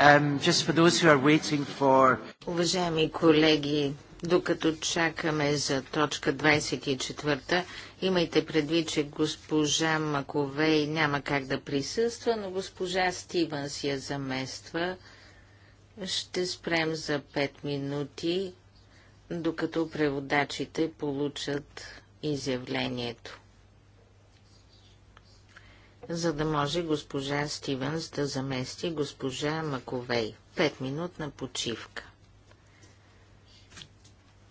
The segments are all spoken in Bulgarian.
Um, Уважаеми колеги, докато чакаме за точка 24, имайте предвид, че госпожа Маковей няма как да присъства, но госпожа Стивенс я замества. Ще спрем за 5 минути, докато преводачите получат изявлението за да може госпожа Стивенс да замести госпожа Маковей. Пет минутна почивка.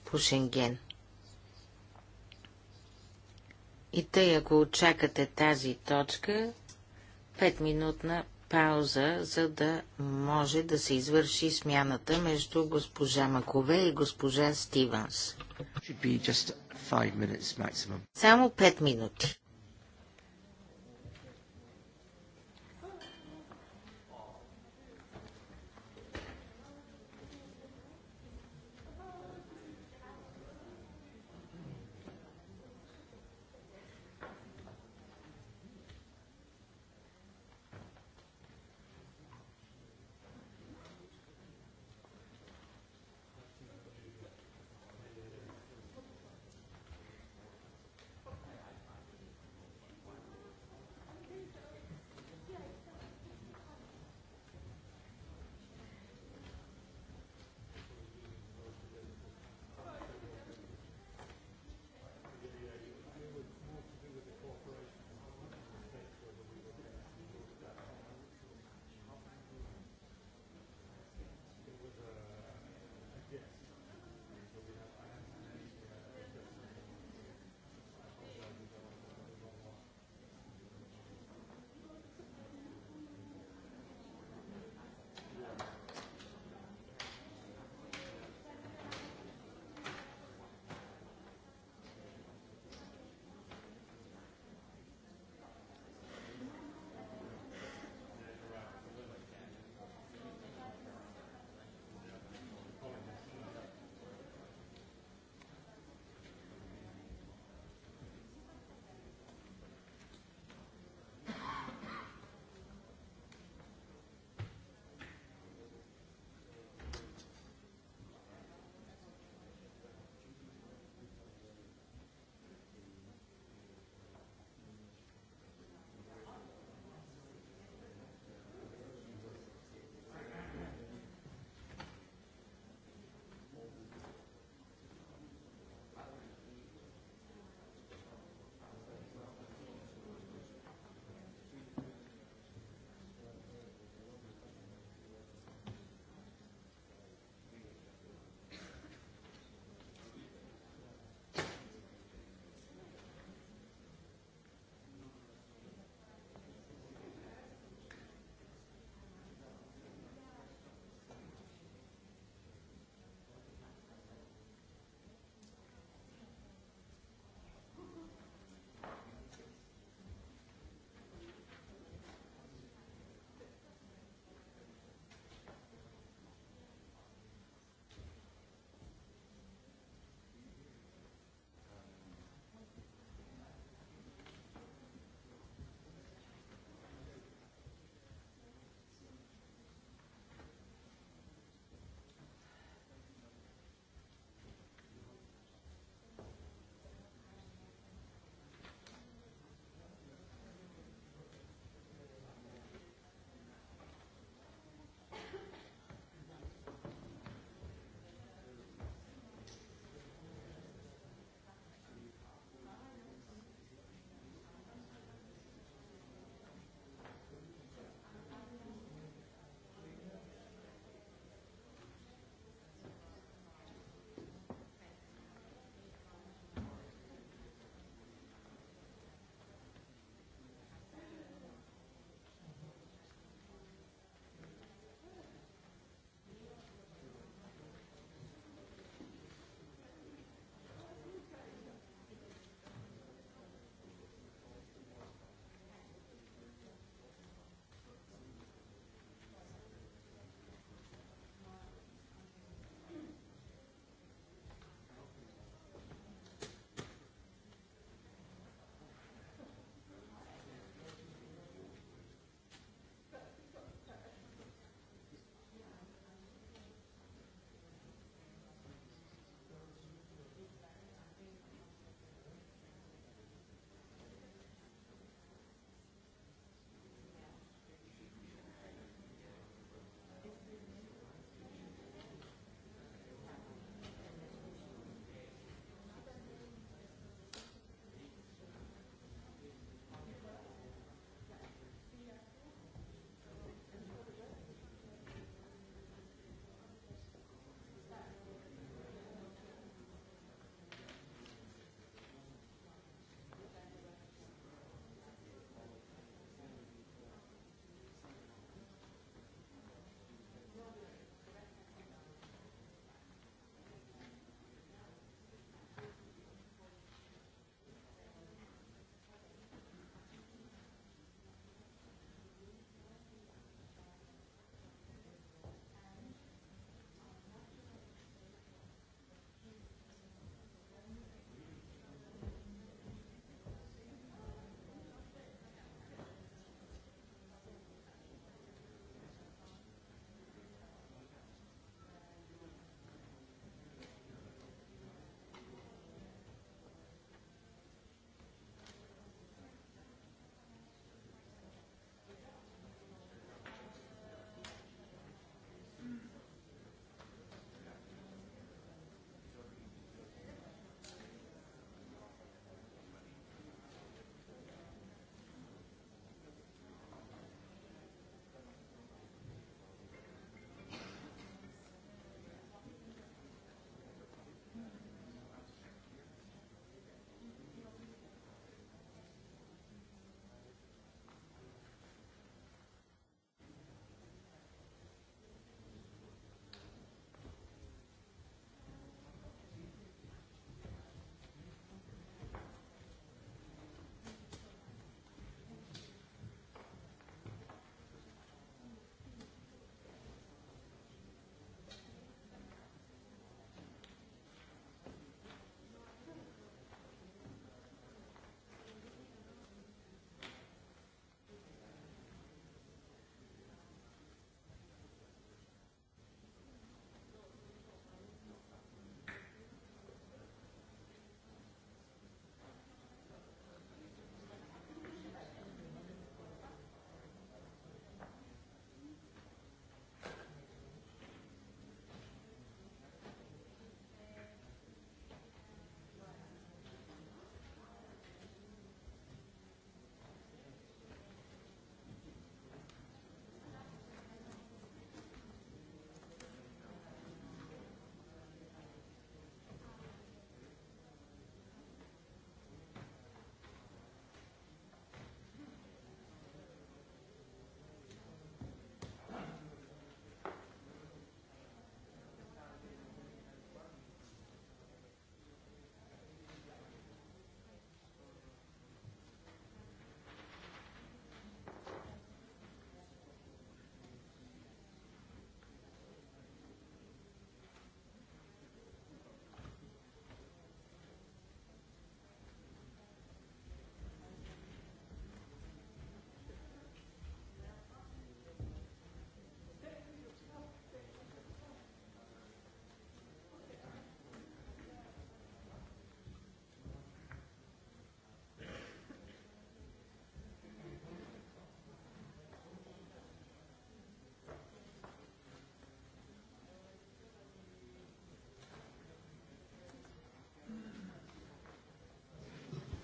По Шенген. И тъй, ако очакате тази точка, 5-минутна пауза, за да може да се извърши смяната между госпожа Макове и госпожа Стивенс. Само пет минути.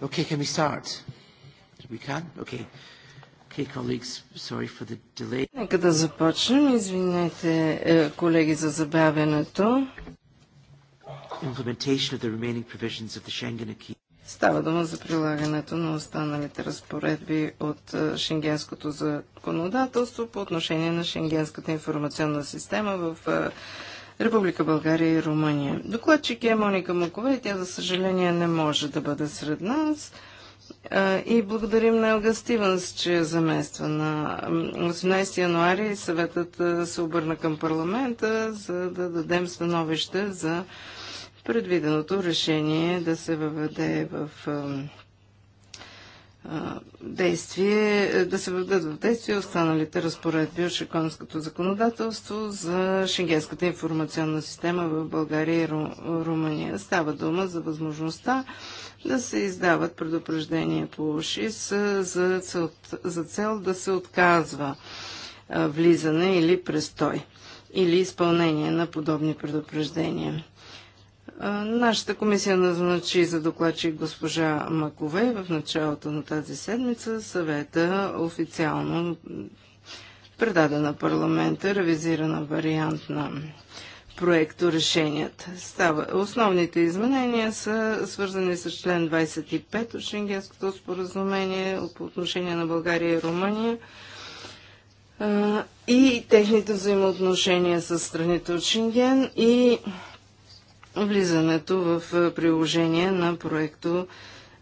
Okay, can we start? We can? Okay. Okay, colleagues, sorry for the delay. Нека да започнем. Извинете, е, колеги, за забавянето. Implementation of the remaining provisions of the Schengen Acquis. Става дума за прилагането на останалите разпоредби от е, шенгенското законодателство по отношение на шенгенската информационна система в е, Република България и Румъния. Докладчик е Моника Мукова и тя, за съжаление, не може да бъде сред нас. И благодарим на Елга Стивенс, че е замества. На 18 януари съветът се обърна към парламента, за да дадем становище за предвиденото решение да се въведе в действие, е, да се въведат в действие останалите разпоредби от шеконското законодателство за Шенгенската информационна система в България и Ру Румъния. Става дума за възможността да се издават предупреждения по ОШИС за цел, за цел да се отказва влизане или престой или изпълнение на подобни предупреждения. Нашата комисия назначи за докладчик госпожа Макове в началото на тази седмица. Съвета официално предаде на парламента ревизирана вариант на проекто решенията. Става. Основните изменения са свързани с член 25 от Шенгенското споразумение по отношение на България и Румъния и техните взаимоотношения с страните от Шенген и влизането в приложение на проекто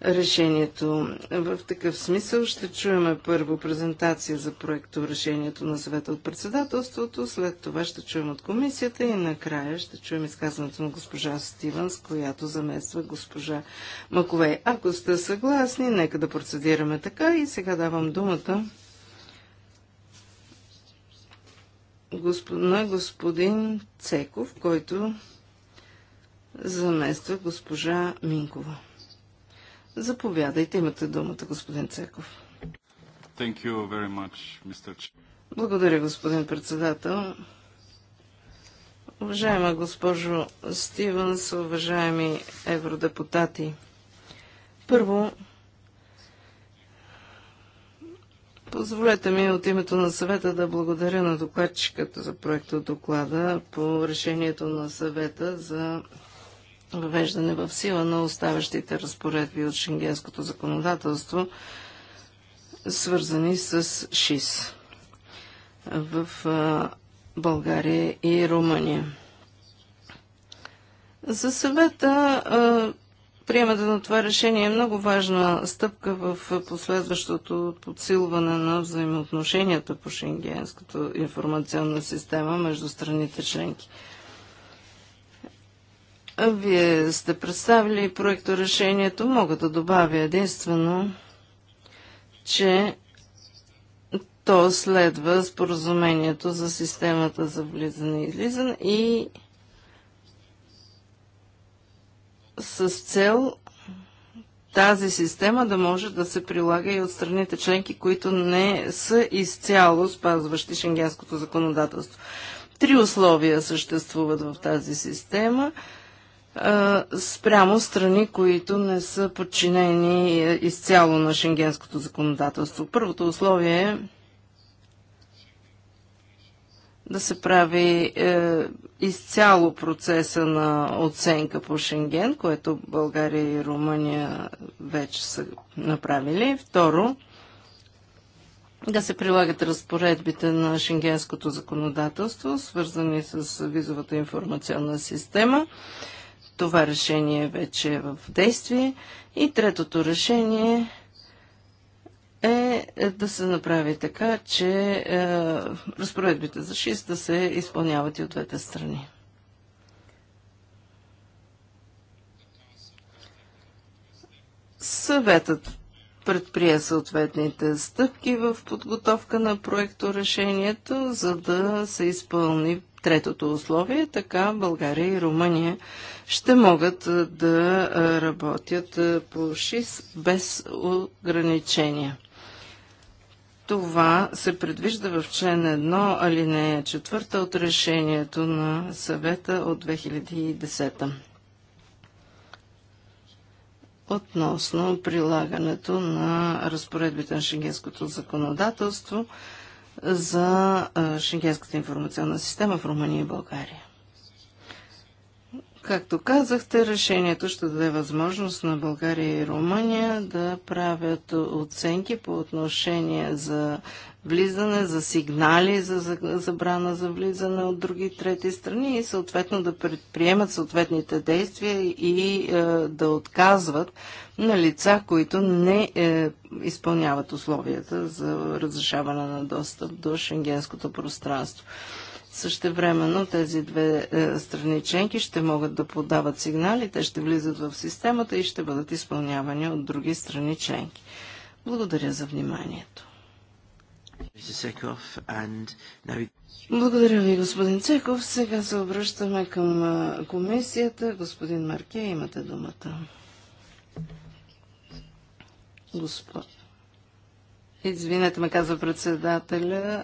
решението. В такъв смисъл ще чуеме първо презентация за проекто решението на съвета от председателството, след това ще чуем от комисията и накрая ще чуем изказването на госпожа Стивенс, която замества госпожа Маковей. Ако сте съгласни, нека да процедираме така и сега давам думата на господин Цеков, който замества госпожа Минкова. Заповядайте, имате думата, господин Цеков. Thank you very much, Mr. Благодаря, господин председател. Уважаема госпожо Стивенс, уважаеми евродепутати, първо, позволете ми от името на съвета да благодаря на докладчиката за проекта доклада по решението на съвета за въвеждане в сила на оставащите разпоредби от шенгенското законодателство, свързани с ШИС в България и Румъния. За съвета приемата на това решение е много важна стъпка в последващото подсилване на взаимоотношенията по шенгенската информационна система между страните членки. Вие сте представили проекто решението. Мога да добавя единствено, че то следва споразумението за системата за влизане и излизане и с цел тази система да може да се прилага и от страните членки, които не са изцяло спазващи шенгенското законодателство. Три условия съществуват в тази система – спрямо страни, които не са подчинени е, изцяло на шенгенското законодателство. Първото условие е да се прави е, изцяло процеса на оценка по Шенген, което България и Румъния вече са направили. Второ, да се прилагат разпоредбите на шенгенското законодателство, свързани с визовата информационна система. Е, това решение вече е в действие. И третото решение е да се направи така, че е, разпоредбите за ШИС да се изпълняват и от двете страни. Съветът предприе съответните стъпки в подготовка на проекторешението, за да се изпълни третото условие, така България и Румъния ще могат да работят по ШИС без ограничения. Това се предвижда в член 1, алинея 4 от решението на съвета от 2010 относно прилагането на разпоредбите на шенгенското законодателство – за Шенгенската информационна система в Румъния и България. Както казахте, решението ще даде възможност на България и Румъния да правят оценки по отношение за влизане, за сигнали за забрана за влизане от други трети страни и съответно да предприемат съответните действия и е, да отказват на лица, които не е, изпълняват условията за разрешаване на достъп до шенгенското пространство. Същевременно тези две е, страни членки ще могат да подават сигнали, те ще влизат в системата и ще бъдат изпълнявани от други страни членки. Благодаря за вниманието. Благодаря ви, господин Цеков. Сега се обръщаме към е, комисията. Господин Марке, имате думата. Господ... Извинете, ме казва председателя.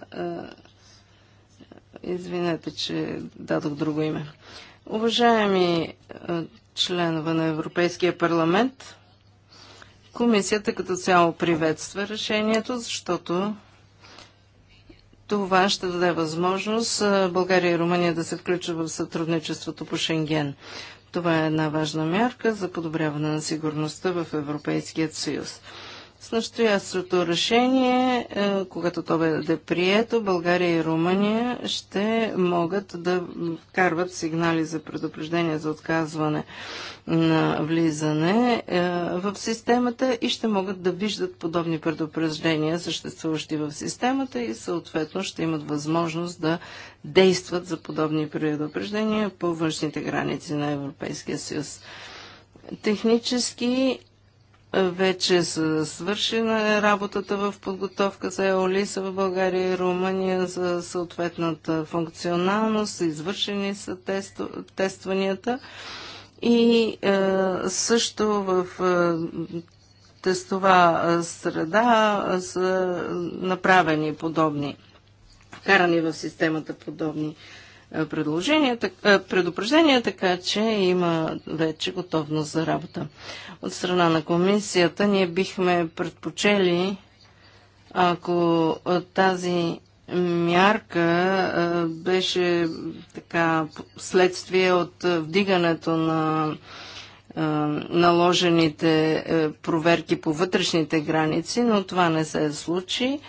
Извинете, че дадох друго име. Уважаеми членове на Европейския парламент, комисията като цяло приветства решението, защото това ще даде възможност България и Румъния да се включат в сътрудничеството по Шенген. Това е една важна мярка за подобряване на сигурността в Европейският съюз. С настоящото решение, е, когато то бъде прието, България и Румъния ще могат да вкарват сигнали за предупреждение за отказване на влизане е, в системата и ще могат да виждат подобни предупреждения, съществуващи в системата и съответно ще имат възможност да действат за подобни предупреждения по външните граници на Европейския съюз. Технически вече са свършена работата в подготовка за Еолиса в България и Румъния за съответната функционалност, извършени са тестванията и е, също в е, тестова среда са направени подобни, карани в системата подобни е, е, предупреждения, така че има вече готовност за работа. От страна на комисията ние бихме предпочели, ако е, тази мярка беше така следствие от вдигането на наложените проверки по вътрешните граници, но това не се случи.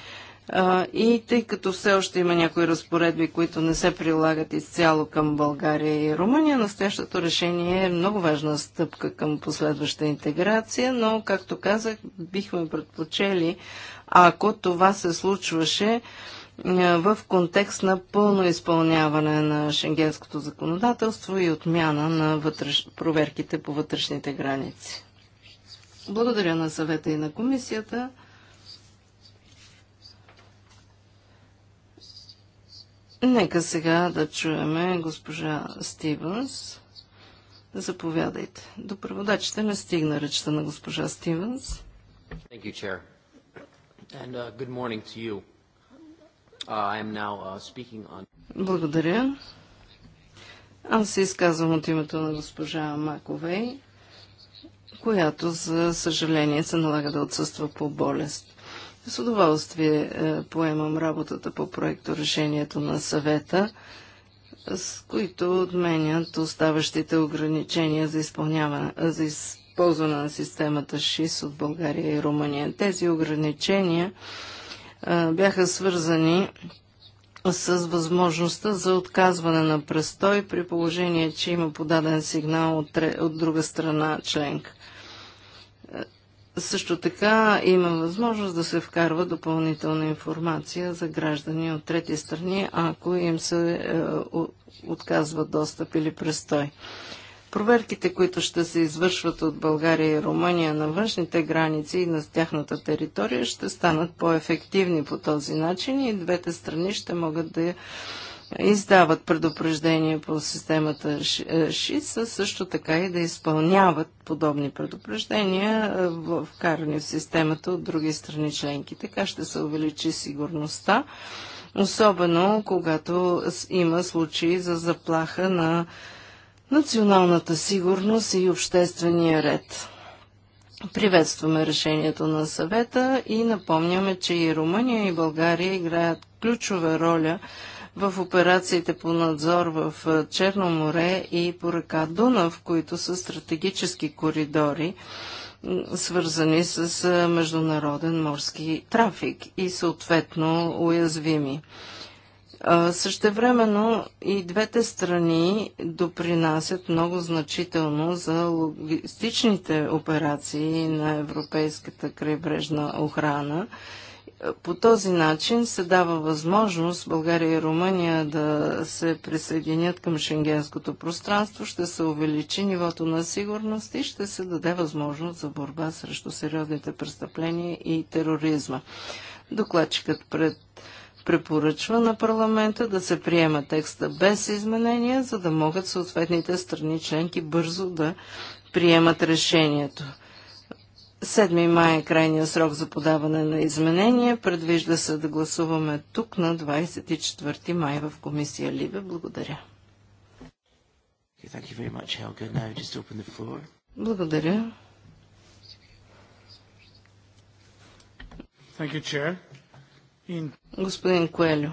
А, и тъй като все още има някои разпоредби, които не се прилагат изцяло към България и Румъния, настоящото решение е много важна стъпка към последваща интеграция, но, както казах, бихме предпочели, ако това се случваше в контекст на пълно изпълняване на шенгенското законодателство и отмяна на вътреш... проверките по вътрешните граници. Благодаря на съвета и на комисията. Нека сега да чуеме госпожа Стивенс. Заповядайте. До преводачите не стигна речта на госпожа Стивенс. Thank you, Chair. And uh, good morning to you. Uh, I am now uh, speaking on... Благодаря. Аз се изказвам от името на госпожа Маковей, която за съжаление се налага да отсъства по болест. С удоволствие е, поемам работата по проекто решението на съвета, с които отменят оставащите ограничения за, изпълняване, за използване на системата ШИС от България и Румъния. Тези ограничения а, е, бяха свързани с възможността за отказване на престой при положение, че има подаден сигнал от, от друга страна членка. Също така има възможност да се вкарва допълнителна информация за граждани от трети страни, ако им се е, отказва достъп или престой. Проверките, които ще се извършват от България и Румъния на външните граници и на тяхната територия, ще станат по-ефективни по този начин и двете страни ще могат да я издават предупреждения по системата е, ШИС, а също така и да изпълняват подобни предупреждения, е, в вкарани в системата от други страни членки. Така ще се увеличи сигурността, особено когато има случаи за заплаха на националната сигурност и обществения ред. Приветстваме решението на съвета и напомняме, че и Румъния и България играят ключова роля – в операциите по надзор в Черно море и по река Дунав, които са стратегически коридори, свързани с международен морски трафик и съответно уязвими. Същевременно и двете страни допринасят много значително за логистичните операции на Европейската крайбрежна охрана по този начин се дава възможност България и Румъния да се присъединят към шенгенското пространство, ще се увеличи нивото на сигурност и ще се даде възможност за борба срещу сериозните престъпления и тероризма. Докладчикът пред препоръчва на парламента да се приема текста без изменения, за да могат съответните страни членки бързо да приемат решението. 7 май е крайния срок за подаване на изменения. Предвижда се да гласуваме тук на 24 май в комисия Либе. Благодаря. Okay, much, Благодаря. You, In... Господин Коелю,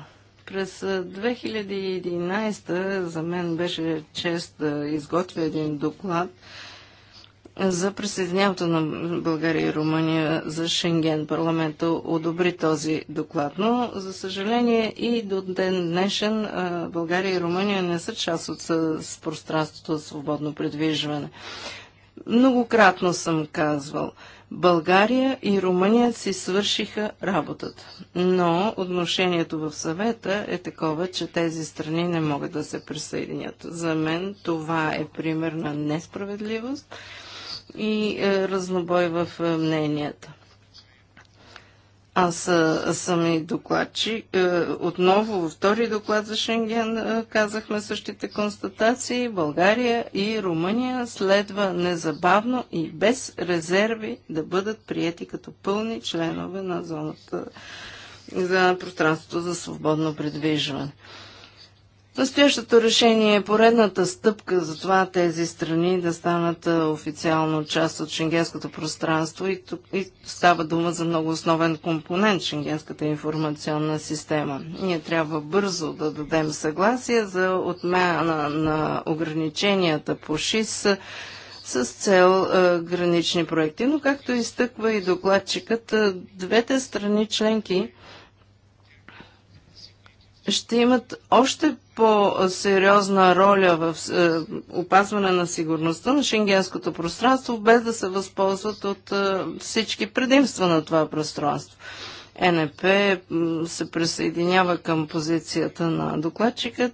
през 2011 за мен беше чест да изготвя един доклад – за присъединяването на България и Румъния за Шенген. Парламента одобри този доклад, но за съжаление и до ден днешен България и Румъния не са част от пространството за свободно предвижване. Многократно съм казвал, България и Румъния си свършиха работата, но отношението в съвета е такова, че тези страни не могат да се присъединят. За мен това е пример на несправедливост и е, разнобой в е, мненията. Аз е, съм и докладчик. Отново във втори доклад за Шенген казахме същите констатации. България и Румъния следва незабавно и без резерви да бъдат приети като пълни членове на зоната за пространството за свободно предвижване. Настоящото решение е поредната стъпка за това тези страни да станат официално част от шенгенското пространство и, тук, и става дума за много основен компонент шенгенската информационна система. Ние трябва бързо да дадем съгласие за отмяна на ограниченията по ШИС с цел а, гранични проекти. Но както изтъква и докладчикът, двете страни членки ще имат още по-сериозна роля в е, опазване на сигурността на шенгенското пространство, без да се възползват от е, всички предимства на това пространство. НП се присъединява към позицията на докладчикът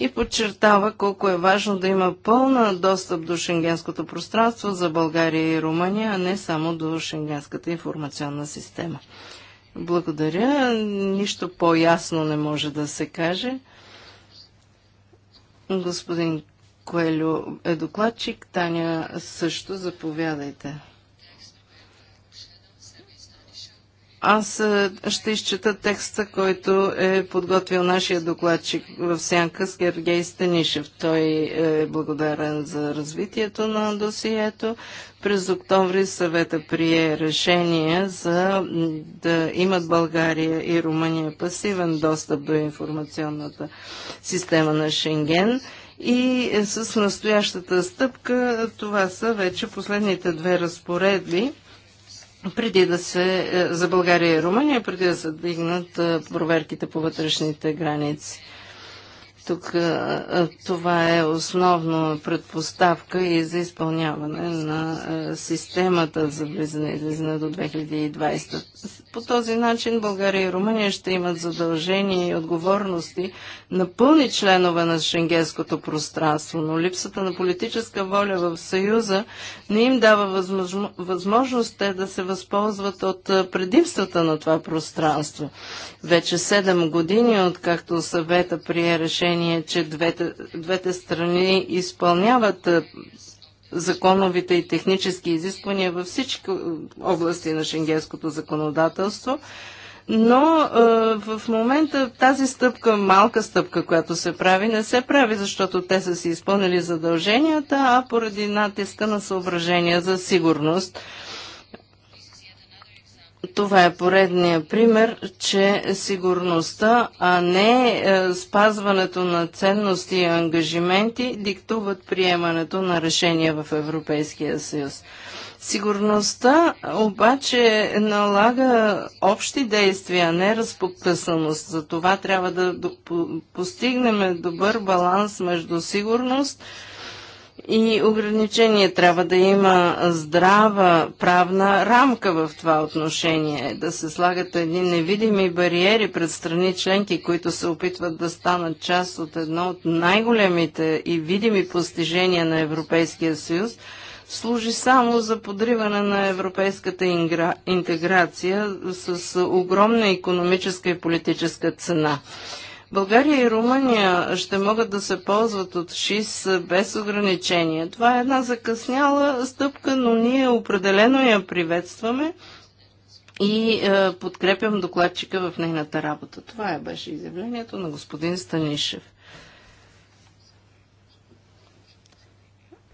и подчертава колко е важно да има пълна достъп до шенгенското пространство за България и Румъния, а не само до шенгенската информационна система. Благодаря. Нищо по-ясно не може да се каже. Господин Коелю е докладчик. Таня също. Заповядайте. Аз е, ще изчета текста, който е подготвил нашия докладчик в сянка с Гергей Станишев. Той е благодарен за развитието на досието. През октомври съвета прие решение за да имат България и Румъния пасивен достъп до информационната система на Шенген. И е, с настоящата стъпка това са вече последните две разпоредби – преди да се, е, за България и Румъния, преди да се дигнат е, проверките по вътрешните граници. Тук това е основна предпоставка и за изпълняване на системата за влизане и до 2020. По този начин България и Румъния ще имат задължения и отговорности на пълни членове на шенгенското пространство, но липсата на политическа воля в Съюза не им дава възможно, възможност те да се възползват от предимствата на това пространство. Вече 7 години, откакто съвета прие решение положение, че двете, двете страни изпълняват законовите и технически изисквания във всички области на шенгенското законодателство. Но е, в момента тази стъпка, малка стъпка, която се прави, не се прави, защото те са си изпълнили задълженията, а поради натиска на съображения за сигурност това е поредния пример, че сигурността, а не е, спазването на ценности и ангажименти диктуват приемането на решения в Европейския съюз. Сигурността обаче налага общи действия, а не разпокъсаност. За това трябва да постигнем добър баланс между сигурност и и ограничения. Трябва да има здрава правна рамка в това отношение, да се слагат едни невидими бариери пред страни членки, които се опитват да станат част от едно от най-големите и видими постижения на Европейския съюз, служи само за подриване на европейската ингра... интеграция с огромна економическа и политическа цена. България и Румъния ще могат да се ползват от ШИС без ограничения. Това е една закъсняла стъпка, но ние определено я приветстваме и е, подкрепям докладчика в нейната работа. Това е беше изявлението на господин Станишев.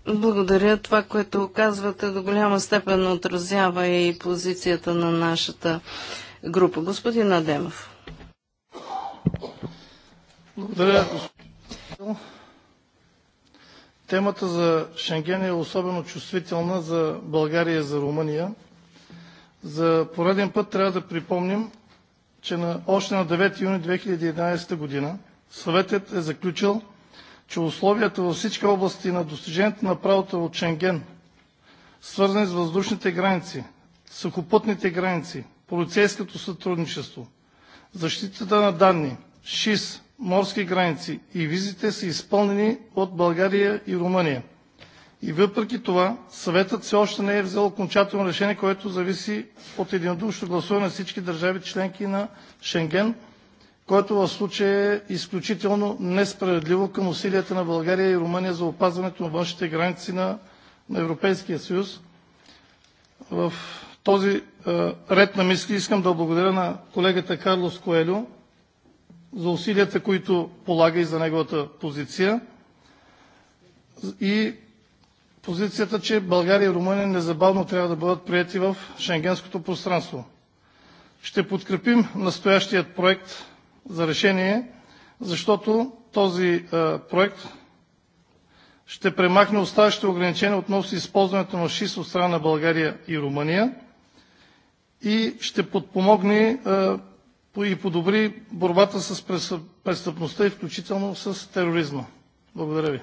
Благодаря. Това, което казвате, до голяма степен отразява и позицията на нашата група. Господин Адемов. Благодаря. Темата за Шенген е особено чувствителна за България и за Румъния. За пореден път трябва да припомним, че на, още на 9 юни 2011 година съветът е заключил, че условията във всички области на достижението на правото от Шенген, свързани с въздушните граници, сухопътните граници, полицейското сътрудничество, защитата на данни, ШИС, морски граници и визите са изпълнени от България и Румъния. И въпреки това Съветът все още не е взел окончателно решение, което зависи от единодушно гласуване на всички държави – членки на Шенген, което в случая е изключително несправедливо към усилията на България и Румъния за опазването на външните граници на Европейския съюз. В този ред на мисли искам да благодаря на колегата Карлос Коелю за усилията, които полага и за неговата позиция и позицията, че България и Румъния незабавно трябва да бъдат прияти в Шенгенското пространство. Ще подкрепим настоящият проект за решение, защото този е, проект ще премахне оставащите ограничения относно използването на ШИС от страна на България и Румъния и ще подпомогне е, и подобри борбата с престъпността и включително с тероризма. Благодаря ви.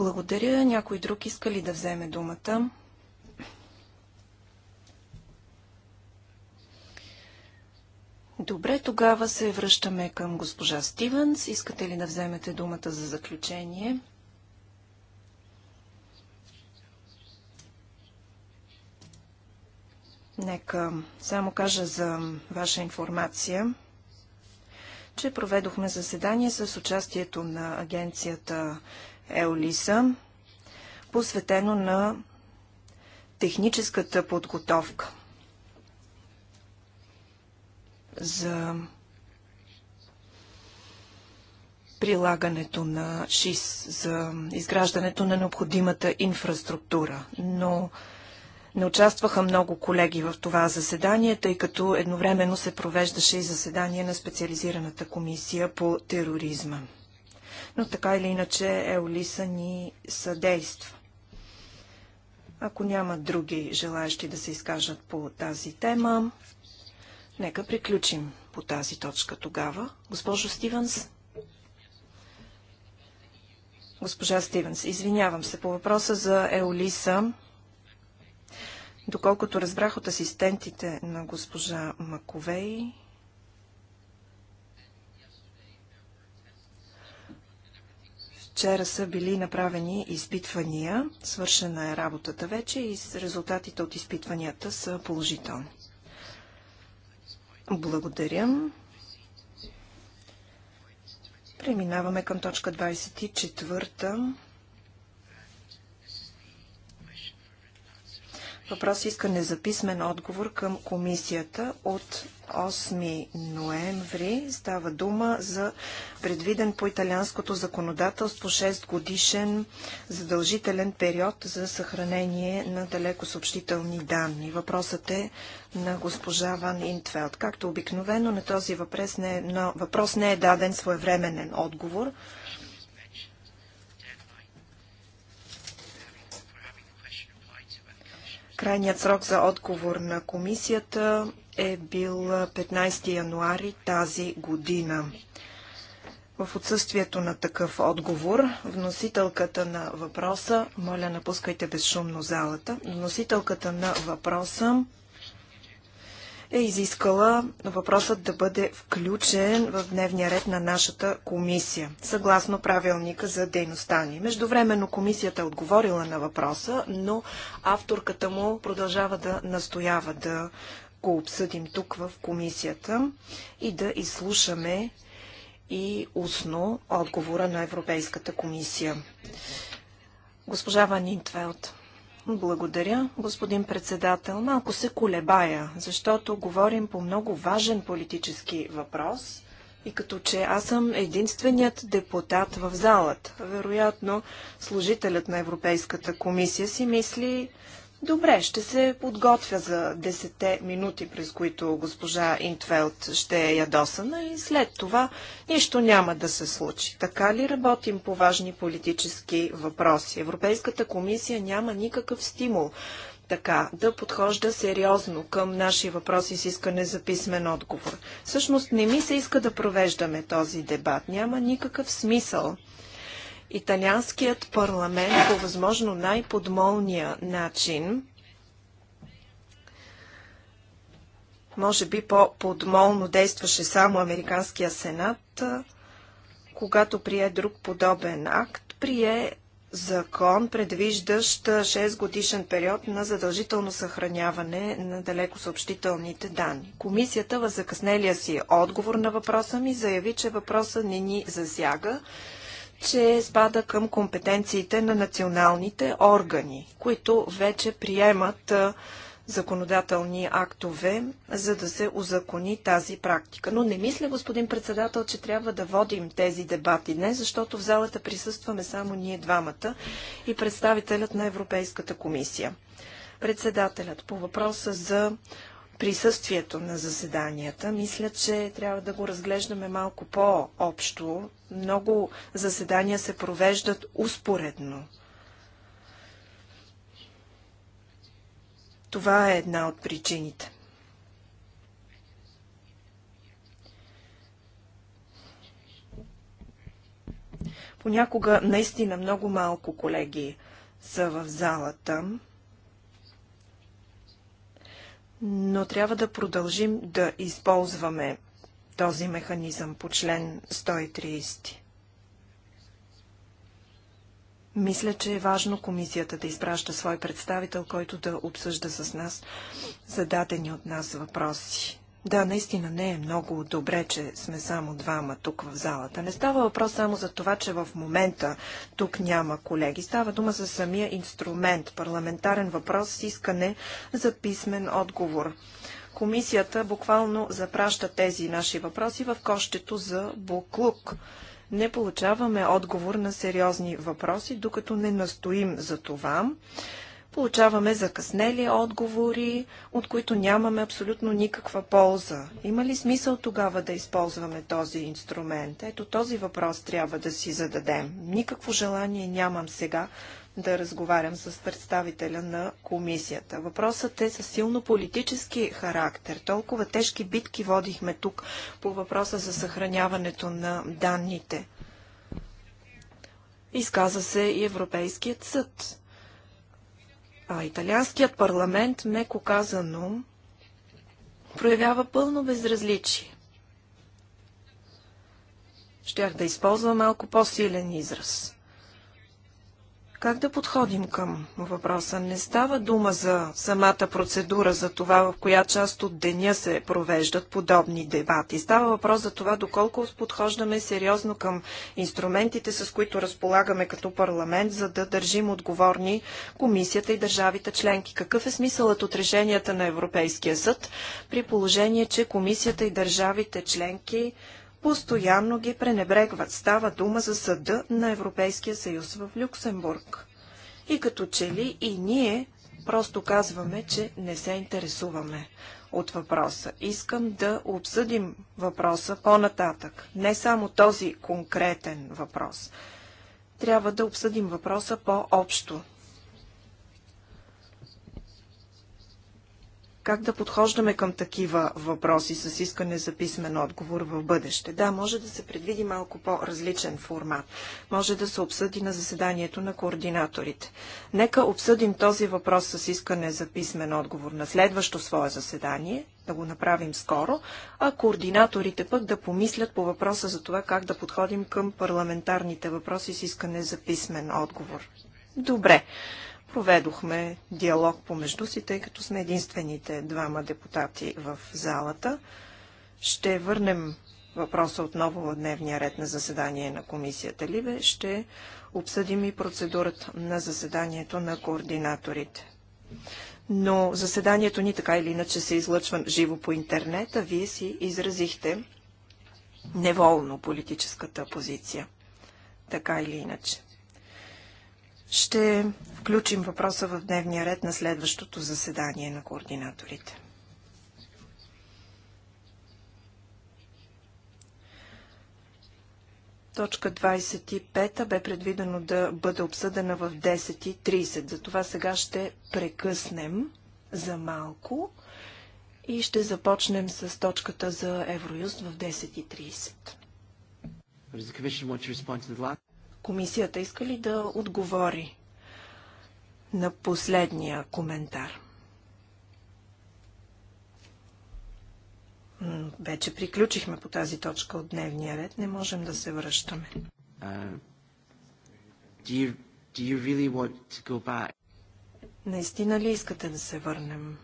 Благодаря. Някой друг иска ли да вземе думата? Добре, тогава се връщаме към госпожа Стивенс. Искате ли да вземете думата за заключение? Нека само кажа за ваша информация, че проведохме заседание с участието на агенцията Еолиса, посветено на техническата подготовка за прилагането на ШИС, за изграждането на необходимата инфраструктура, но не участваха много колеги в това заседание, тъй като едновременно се провеждаше и заседание на специализираната комисия по тероризма. Но така или иначе Еолиса ни съдейства. Ако няма други желаящи да се изкажат по тази тема, Нека приключим по тази точка тогава. Госпожо Стивенс? Госпожа Стивенс, извинявам се по въпроса за Еолиса. Доколкото разбрах от асистентите на госпожа Маковей, Вчера са били направени изпитвания, свършена е работата вече и резултатите от изпитванията са положителни. Благодаря. Преминаваме към точка 24. Въпрос искане за писмен отговор към комисията от 8 ноември става дума за предвиден по италианското законодателство 6 годишен задължителен период за съхранение на далекосъобщителни данни. Въпросът е на госпожа Ван Интфелд. Както обикновено на този въпрос не, е, на въпрос не е даден своевременен отговор. Крайният срок за отговор на комисията е бил 15 януари тази година. В отсъствието на такъв отговор, вносителката на въпроса, моля напускайте безшумно залата, вносителката на въпроса е изискала въпросът да бъде включен в дневния ред на нашата комисия, съгласно правилника за дейността ни. Междувременно комисията е отговорила на въпроса, но авторката му продължава да настоява да го обсъдим тук в комисията и да изслушаме и устно отговора на Европейската комисия. Госпожа Интвелт, Благодаря, господин председател. Малко се колебая, защото говорим по много важен политически въпрос и като че аз съм единственият депутат в залата. Вероятно, служителят на Европейската комисия си мисли Добре, ще се подготвя за 10 минути, през които госпожа Интвелт ще е ядосана и след това нищо няма да се случи. Така ли работим по важни политически въпроси? Европейската комисия няма никакъв стимул така, да подхожда сериозно към наши въпроси с искане за писмен отговор. Всъщност не ми се иска да провеждаме този дебат. Няма никакъв смисъл италианският парламент по възможно най-подмолния начин, може би по-подмолно действаше само Американския сенат, когато прие друг подобен акт, прие закон, предвиждащ 6 годишен период на задължително съхраняване на далеко съобщителните данни. Комисията в закъснелия си отговор на въпроса ми заяви, че въпроса не ни засяга, че спада към компетенциите на националните органи, които вече приемат законодателни актове, за да се узакони тази практика. Но не мисля, господин председател, че трябва да водим тези дебати днес, защото в залата присъстваме само ние двамата и представителят на Европейската комисия. Председателят по въпроса за присъствието на заседанията. Мисля, че трябва да го разглеждаме малко по-общо. Много заседания се провеждат успоредно. Това е една от причините. Понякога наистина много малко колеги са в залата но трябва да продължим да използваме този механизъм по член 130. Мисля, че е важно комисията да изпраща свой представител, който да обсъжда с нас зададени от нас въпроси. Да, наистина не е много добре, че сме само двама тук в залата. Не става въпрос само за това, че в момента тук няма колеги. Става дума за самия инструмент, парламентарен въпрос с искане за писмен отговор. Комисията буквално запраща тези наши въпроси в кощето за буклук. Не получаваме отговор на сериозни въпроси, докато не настоим за това. Получаваме закъснели отговори, от които нямаме абсолютно никаква полза. Има ли смисъл тогава да използваме този инструмент? Ето този въпрос трябва да си зададем. Никакво желание нямам сега да разговарям с представителя на комисията. Въпросът е със силно политически характер. Толкова тежки битки водихме тук по въпроса за съхраняването на данните. Изказа се и Европейският съд. А италианският парламент, меко казано, проявява пълно безразличие. Щях да използвам малко по-силен израз. Как да подходим към въпроса? Не става дума за самата процедура, за това в коя част от деня се провеждат подобни дебати. Става въпрос за това доколко подхождаме сериозно към инструментите, с които разполагаме като парламент, за да държим отговорни комисията и държавите членки. Какъв е смисълът от решенията на Европейския съд при положение, че комисията и държавите членки постоянно ги пренебрегват. Става дума за съда на Европейския съюз в Люксембург. И като че ли и ние просто казваме, че не се интересуваме от въпроса. Искам да обсъдим въпроса по-нататък. Не само този конкретен въпрос. Трябва да обсъдим въпроса по-общо. как да подхождаме към такива въпроси с искане за писмен отговор в бъдеще. Да, може да се предвиди малко по-различен формат. Може да се обсъди на заседанието на координаторите. Нека обсъдим този въпрос с искане за писмен отговор на следващо свое заседание, да го направим скоро, а координаторите пък да помислят по въпроса за това как да подходим към парламентарните въпроси с искане за писмен отговор. Добре. Проведохме диалог помежду си, тъй като сме единствените двама депутати в залата. Ще върнем въпроса отново в дневния ред на заседание на комисията Либе. Ще обсъдим и процедурата на заседанието на координаторите. Но заседанието ни така или иначе се излъчва живо по интернета. Вие си изразихте неволно политическата позиция. Така или иначе. Ще включим въпроса в дневния ред на следващото заседание на координаторите. Точка 25 бе предвидено да бъде обсъдена в 10.30. Затова сега ще прекъснем за малко и ще започнем с точката за Евроюст в 10.30. Комисията иска ли да отговори на последния коментар? Вече приключихме по тази точка от дневния ред. Не можем да се връщаме. Uh, do you, do you really Наистина ли искате да се върнем?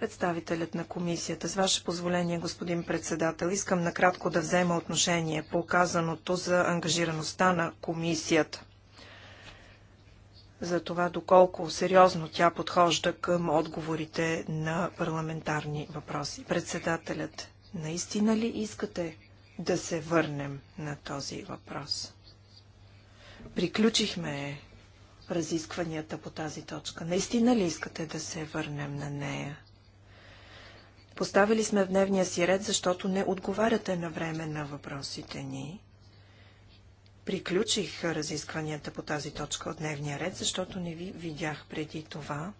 Представителят на комисията. С ваше позволение, господин председател, искам накратко да взема отношение по казаното за ангажираността на комисията. За това доколко сериозно тя подхожда към отговорите на парламентарни въпроси. Председателят, наистина ли искате да се върнем на този въпрос? Приключихме разискванията по тази точка. Наистина ли искате да се върнем на нея? Поставили сме в дневния си ред, защото не отговаряте на време на въпросите ни. Приключих разискванията по тази точка от дневния ред, защото не ви видях преди това.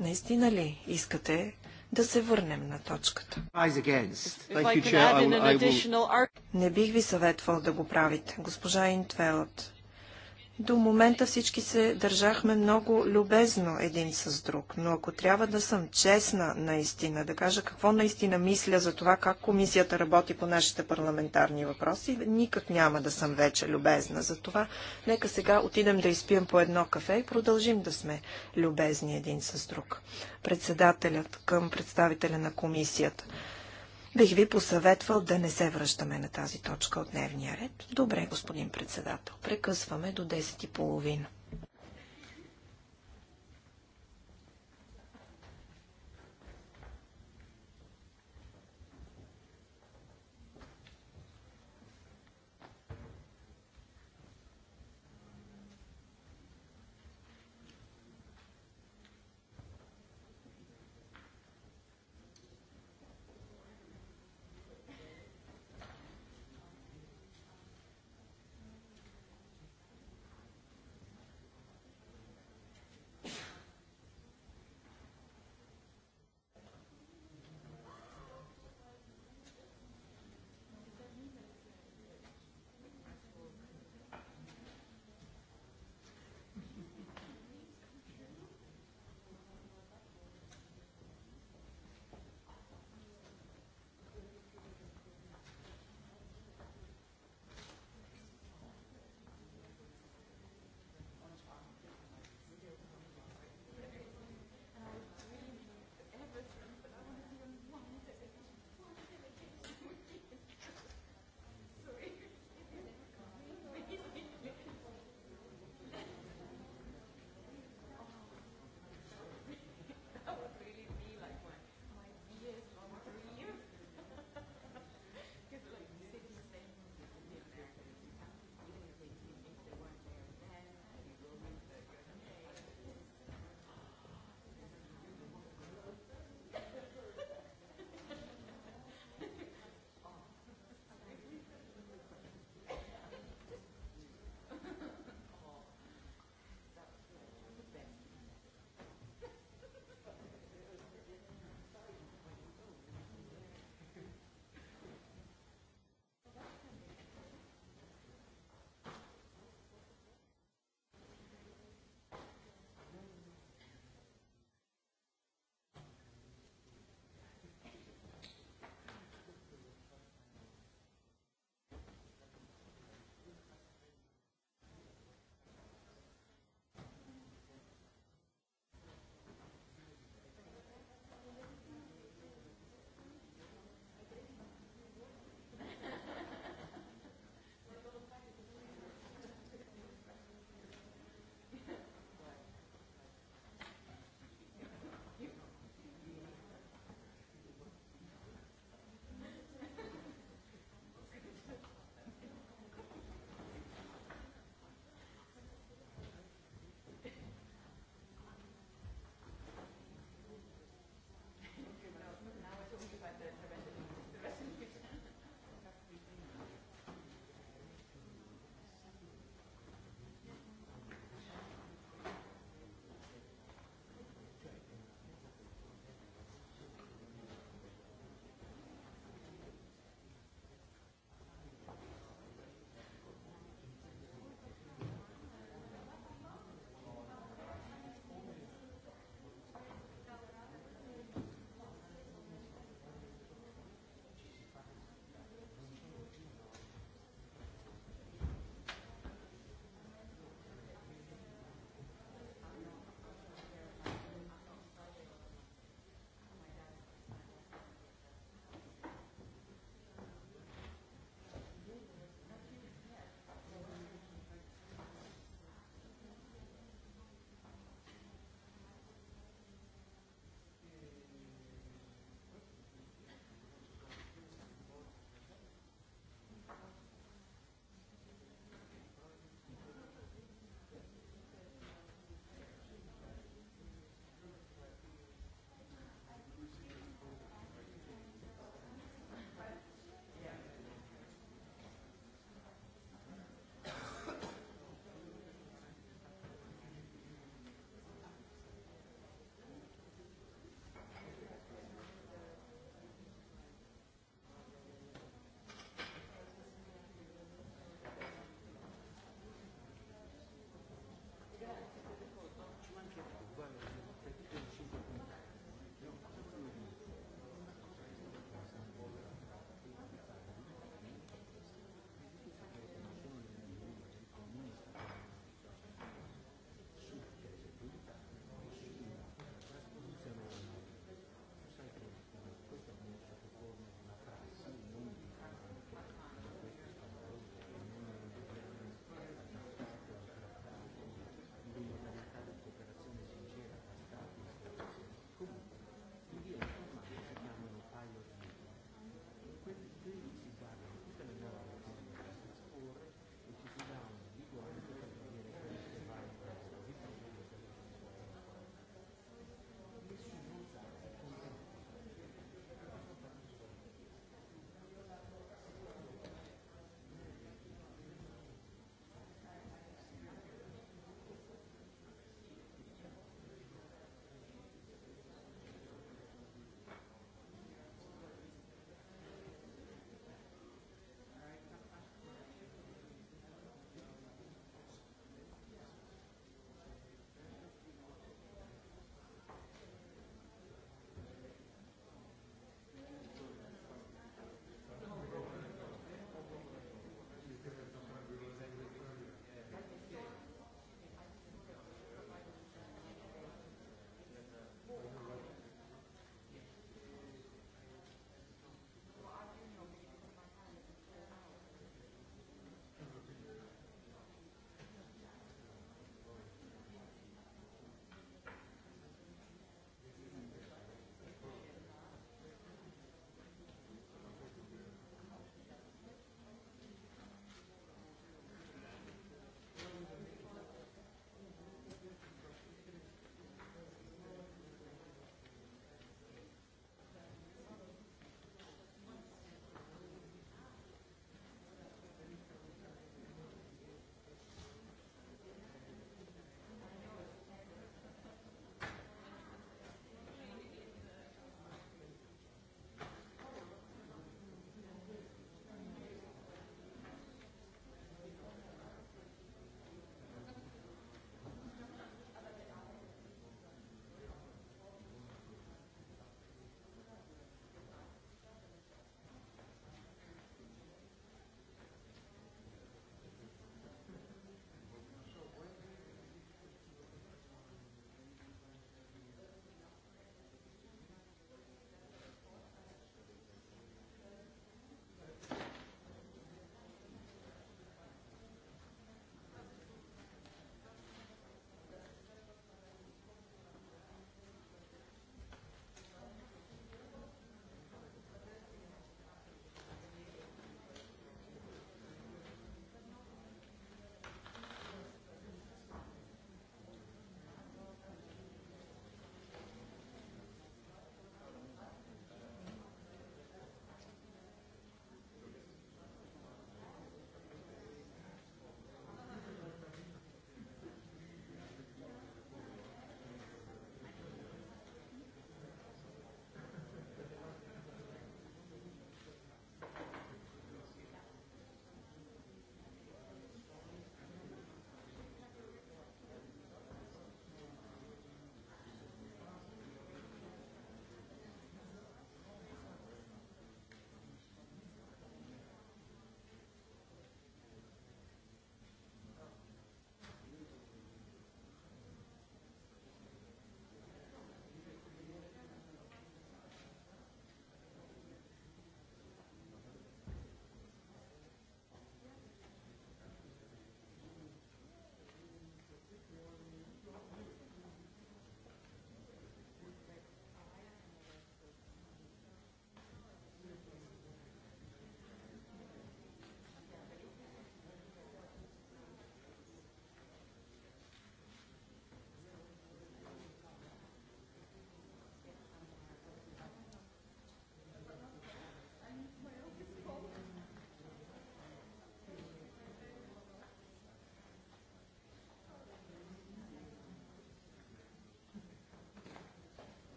Наистина ли искате да се върнем на точката? Не бих ви съветвал да го правите. Госпожа Интвелът, до момента всички се държахме много любезно един с друг, но ако трябва да съм честна наистина, да кажа какво наистина мисля за това как комисията работи по нашите парламентарни въпроси, никак няма да съм вече любезна. Затова нека сега отидем да изпием по едно кафе и продължим да сме любезни един с друг. Председателят към представителя на комисията. Бих ви посъветвал да не се връщаме на тази точка от дневния ред. Добре, господин председател. Прекъсваме до 10.30.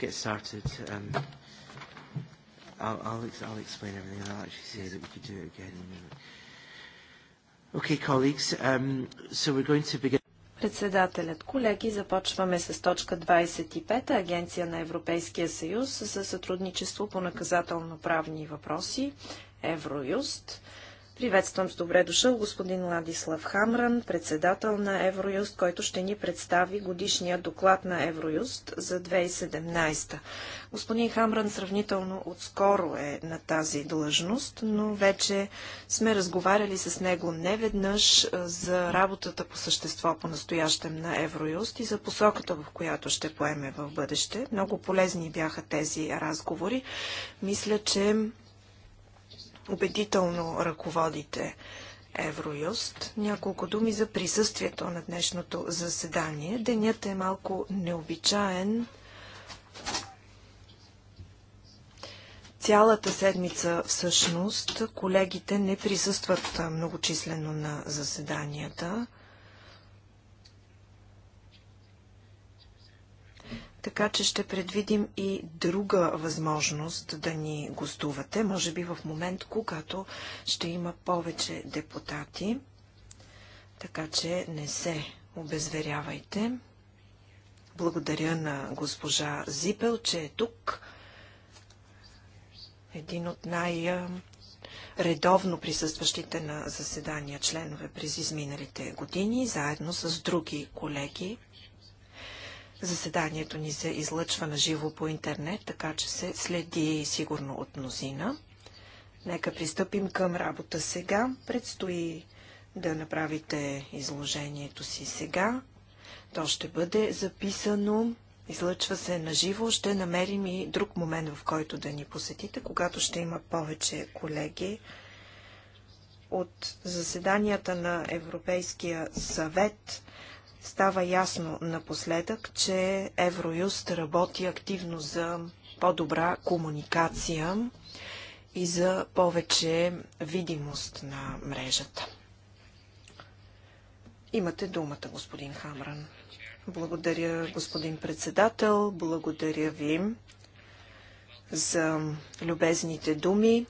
get started, um, I'll, I'll, ex- I'll explain everything I'll actually say that we could do it again Okay, colleagues, um, so we're going to begin. Председателят, колеги, започваме с точка 25, Агенция на Европейския съюз за сътрудничество по наказателно-правни въпроси, Евроюст. Приветствам с добре дошъл господин Ладислав Хамран, председател на Евроюст, който ще ни представи годишния доклад на Евроюст за 2017. Господин Хамран сравнително отскоро е на тази длъжност, но вече сме разговаряли с него неведнъж за работата по същество по настоящем на Евроюст и за посоката, в която ще поеме в бъдеще. Много полезни бяха тези разговори. Мисля, че убедително ръководите Евроюст. Няколко думи за присъствието на днешното заседание. Денят е малко необичаен. Цялата седмица всъщност колегите не присъстват многочислено на заседанията. така че ще предвидим и друга възможност да ни гостувате, може би в момент, когато ще има повече депутати, така че не се обезверявайте. Благодаря на госпожа Зипел, че е тук. Един от най- редовно присъстващите на заседания членове през изминалите години, заедно с други колеги. Заседанието ни се излъчва на живо по интернет, така че се следи сигурно от мнозина. Нека пристъпим към работа сега. Предстои да направите изложението си сега. То ще бъде записано, излъчва се на живо. Ще намерим и друг момент, в който да ни посетите, когато ще има повече колеги. От заседанията на Европейския съвет – Става ясно напоследък, че Евроюст работи активно за по-добра комуникация и за повече видимост на мрежата. Имате думата, господин Хамран. Благодаря, господин председател. Благодаря ви за любезните думи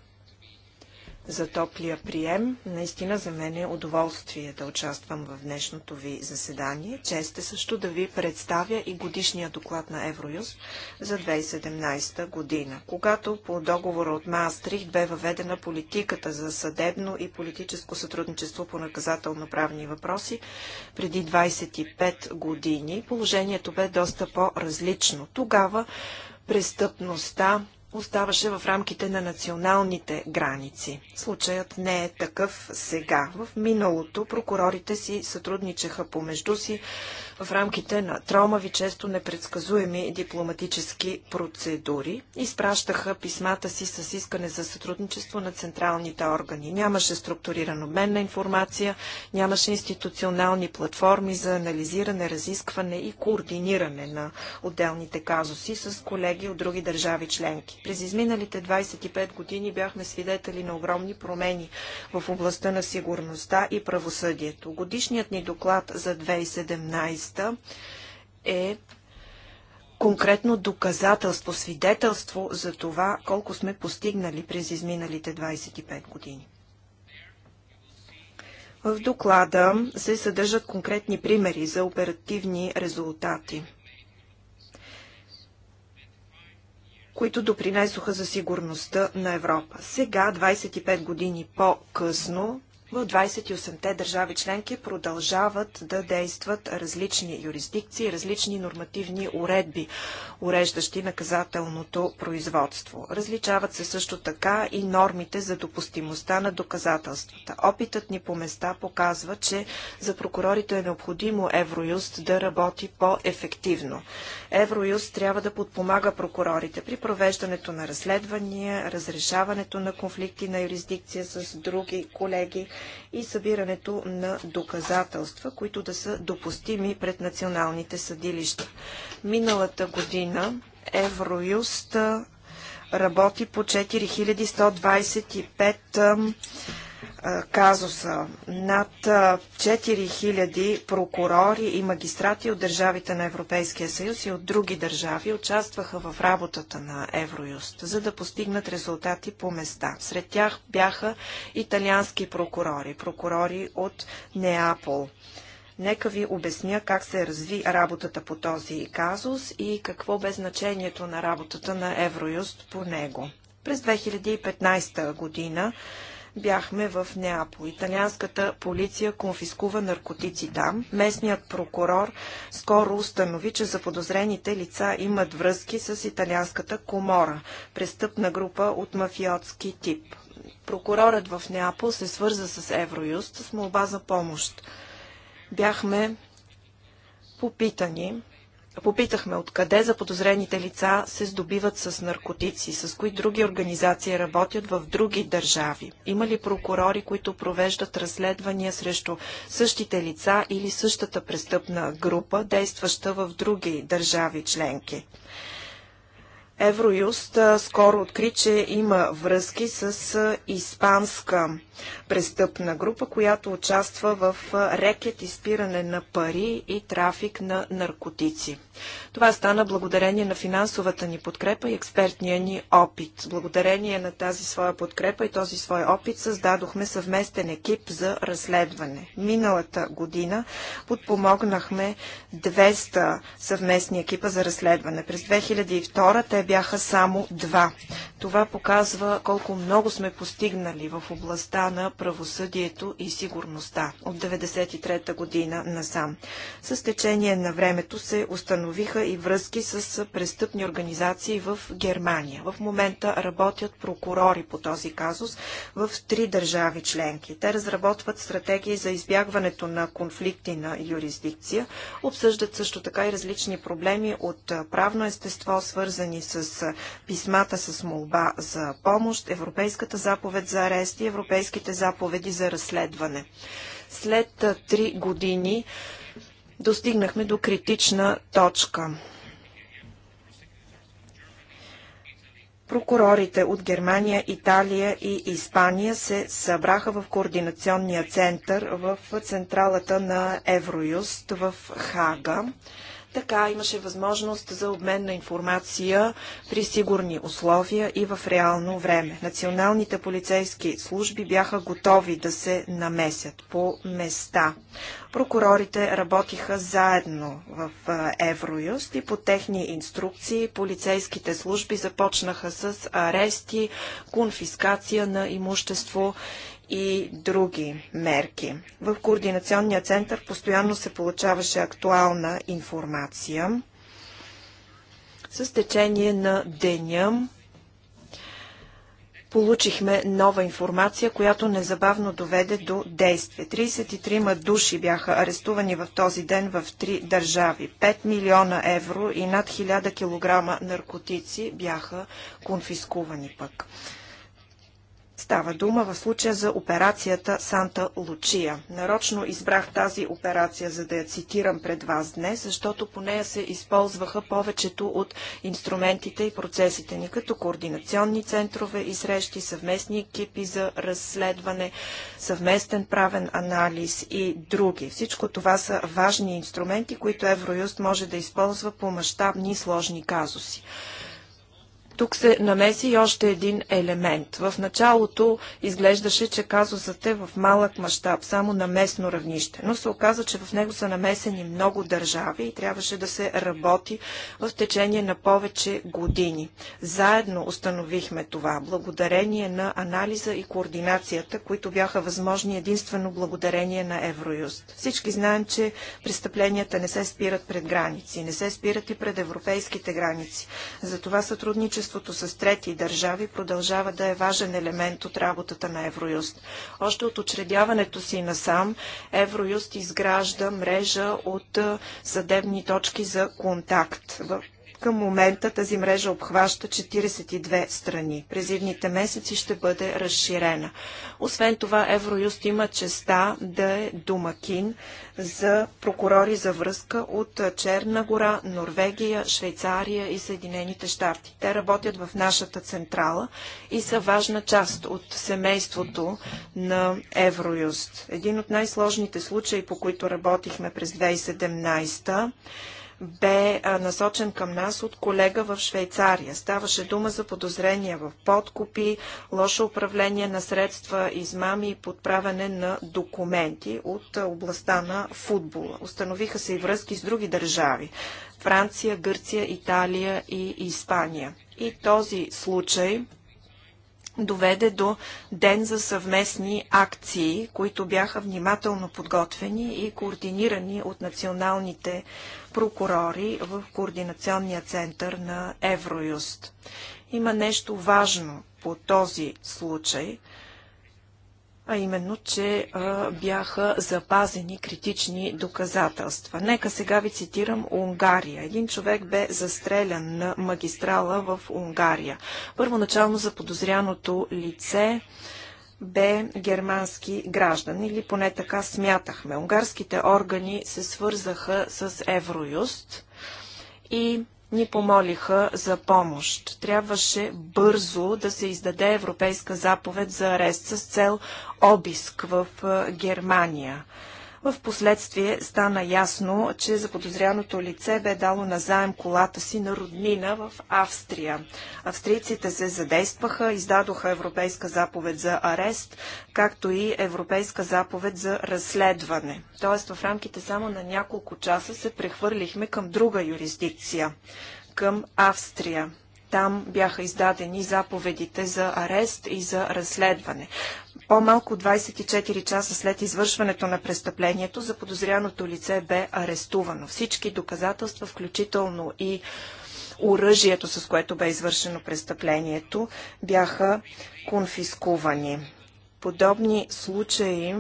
за топлия прием. Наистина за мен е удоволствие да участвам в днешното ви заседание. Чест е също да ви представя и годишния доклад на Евроюз за 2017 година, когато по договора от Маастрих бе въведена политиката за съдебно и политическо сътрудничество по наказателно-правни въпроси преди 25 години. Положението бе доста по-различно. Тогава престъпността оставаше в рамките на националните граници. Случаят не е такъв сега. В миналото прокурорите си сътрудничаха помежду си в рамките на тромави, често непредсказуеми дипломатически процедури. Изпращаха писмата си с искане за сътрудничество на централните органи. Нямаше структуриран обмен на информация, нямаше институционални платформи за анализиране, разискване и координиране на отделните казуси с колеги от други държави членки. През изминалите 25 години бяхме свидетели на огромни промени в областта на сигурността и правосъдието. Годишният ни доклад за 2017 текста е конкретно доказателство, свидетелство за това колко сме постигнали през изминалите 25 години. В доклада се съдържат конкретни примери за оперативни резултати, които допринесоха за сигурността на Европа. Сега, 25 години по-късно, в 28-те държави членки продължават да действат различни юрисдикции, различни нормативни уредби, уреждащи наказателното производство. Различават се също така и нормите за допустимостта на доказателствата. Опитът ни по места показва, че за прокурорите е необходимо Евроюст да работи по-ефективно. Евроюст трябва да подпомага прокурорите при провеждането на разследвания, разрешаването на конфликти на юрисдикция с други колеги, и събирането на доказателства, които да са допустими пред националните съдилища. Миналата година Евроюст работи по 4125 казуса. Над 4000 прокурори и магистрати от държавите на Европейския съюз и от други държави участваха в работата на Евроюст, за да постигнат резултати по места. Сред тях бяха италиански прокурори, прокурори от Неапол. Нека ви обясня как се разви работата по този казус и какво бе значението на работата на Евроюст по него. През 2015 година бяхме в Неапол. Италианската полиция конфискува наркотици там. Местният прокурор скоро установи, че заподозрените лица имат връзки с италианската комора, престъпна група от мафиотски тип. Прокурорът в Неапол се свърза с Евроюст с молба за помощ. Бяхме попитани Попитахме откъде заподозрените лица се здобиват с наркотици, с кои други организации работят в други държави. Има ли прокурори, които провеждат разследвания срещу същите лица или същата престъпна група, действаща в други държави членки? Евроюст скоро откри, че има връзки с испанска престъпна група, която участва в рекет, изпиране на пари и трафик на наркотици. Това стана благодарение на финансовата ни подкрепа и експертния ни опит. Благодарение на тази своя подкрепа и този свой опит създадохме съвместен екип за разследване. Миналата година подпомогнахме 200 съвместни екипа за разследване. През 2002 те бяха само два. Това показва колко много сме постигнали в областта на правосъдието и сигурността от 1993 година насам. С течение на времето се установиха и връзки с престъпни организации в Германия. В момента работят прокурори по този казус в три държави членки. Те разработват стратегии за избягването на конфликти на юрисдикция, обсъждат също така и различни проблеми от правно естество, свързани с писмата с молба за помощ, Европейската заповед за арест и Европейските европейските заповеди за разследване. След три години достигнахме до критична точка. Прокурорите от Германия, Италия и Испания се събраха в координационния център в централата на Евроюст в Хага. Така имаше възможност за обмен на информация при сигурни условия и в реално време. Националните полицейски служби бяха готови да се намесят по места. Прокурорите работиха заедно в Евроюст и по техни инструкции полицейските служби започнаха с арести, конфискация на имущество и други мерки. В Координационния център постоянно се получаваше актуална информация. С течение на деня получихме нова информация, която незабавно доведе до действие. 33 души бяха арестувани в този ден в три държави. 5 милиона евро и над 1000 килограма наркотици бяха конфискувани пък. Става дума в случая за операцията Санта Лучия. Нарочно избрах тази операция, за да я цитирам пред вас днес, защото по нея се използваха повечето от инструментите и процесите ни, като координационни центрове и срещи, съвместни екипи за разследване, съвместен правен анализ и други. Всичко това са важни инструменти, които Евроюст може да използва по мащабни и сложни казуси. Тук се намеси и още един елемент. В началото изглеждаше, че казусът е в малък мащаб, само на местно равнище, но се оказа, че в него са намесени много държави и трябваше да се работи в течение на повече години. Заедно установихме това, благодарение на анализа и координацията, които бяха възможни единствено благодарение на Евроюст. Всички знаем, че престъпленията не се спират пред граници, не се спират и пред европейските граници. Затова сътрудничеството сътрудничеството с трети държави продължава да е важен елемент от работата на Евроюст. Още от учредяването си насам, Евроюст изгражда мрежа от съдебни точки за контакт към момента тази мрежа обхваща 42 страни. През едните месеци ще бъде разширена. Освен това, Евроюст има честа да е домакин за прокурори за връзка от Черна гора, Норвегия, Швейцария и Съединените щати. Те работят в нашата централа и са важна част от семейството на Евроюст. Един от най-сложните случаи, по които работихме през 2017 бе насочен към нас от колега в Швейцария. Ставаше дума за подозрения в подкупи, лошо управление на средства, измами и подправяне на документи от областта на футбола. Установиха се и връзки с други държави – Франция, Гърция, Италия и Испания. И този случай доведе до ден за съвместни акции, които бяха внимателно подготвени и координирани от националните прокурори в Координационния център на Евроюст. Има нещо важно по този случай, а именно, че а, бяха запазени критични доказателства. Нека сега ви цитирам Унгария. Един човек бе застрелян на магистрала в Унгария. Първоначално за подозряното лице бе германски граждан, или поне така смятахме. Унгарските органи се свързаха с Евроюст и ни помолиха за помощ. Трябваше бързо да се издаде европейска заповед за арест с цел обиск в Германия. В последствие стана ясно, че заподозряното лице бе дало назаем колата си на роднина в Австрия. Австрийците се задействаха, издадоха Европейска заповед за арест, както и Европейска заповед за разследване. Тоест в рамките само на няколко часа се прехвърлихме към друга юрисдикция, към Австрия. Там бяха издадени заповедите за арест и за разследване. По-малко 24 часа след извършването на престъплението, заподозряното лице бе арестувано. Всички доказателства, включително и оръжието, с което бе извършено престъплението, бяха конфискувани. Подобни случаи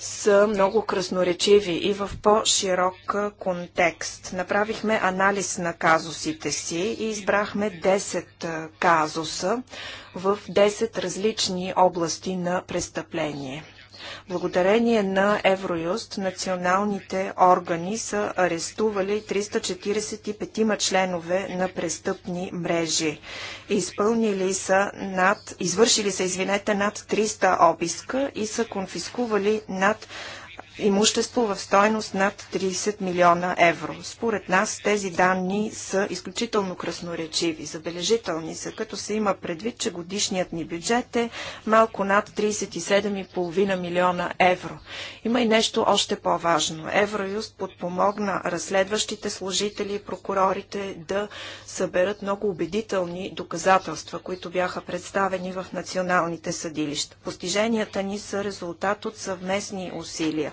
са много красноречиви и в по-широк контекст. Направихме анализ на казусите си и избрахме 10 казуса в 10 различни области на престъпление. Благодарение на Евроюст националните органи са арестували 345 членове на престъпни мрежи. Изпълнили са над, извършили са, извинете, над 300 обиска и са конфискували над имущество в стойност над 30 милиона евро. Според нас тези данни са изключително красноречиви, забележителни са, като се има предвид, че годишният ни бюджет е малко над 37,5 милиона евро. Има и нещо още по-важно. Евроюст подпомогна разследващите служители и прокурорите да съберат много убедителни доказателства, които бяха представени в националните съдилища. Постиженията ни са резултат от съвместни усилия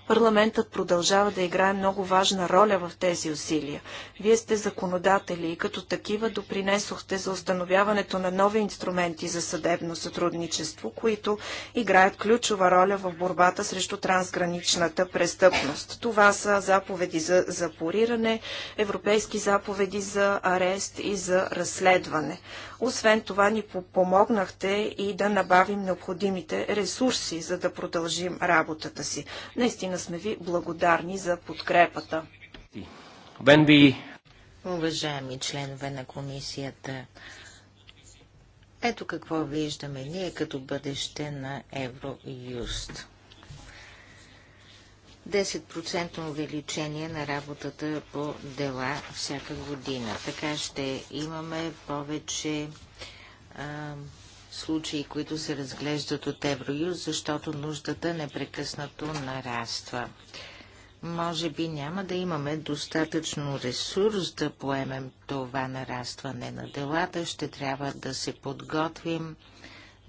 Парламентът продължава да играе много важна роля в тези усилия. Вие сте законодатели и като такива допринесохте за установяването на нови инструменти за съдебно сътрудничество, които играят ключова роля в борбата срещу трансграничната престъпност. Това са заповеди за запориране, европейски заповеди за арест и за разследване. Освен това ни помогнахте и да набавим необходимите ресурси, за да продължим работата си. Наистина Наистина сме ви благодарни за подкрепата. We... Уважаеми членове на комисията, ето какво виждаме ние като бъдеще на Евроюст. 10% увеличение на работата по дела всяка година. Така ще имаме повече а, случаи, които се разглеждат от Евроюз, защото нуждата непрекъснато нараства. Може би няма да имаме достатъчно ресурс да поемем това нарастване на делата, ще трябва да се подготвим.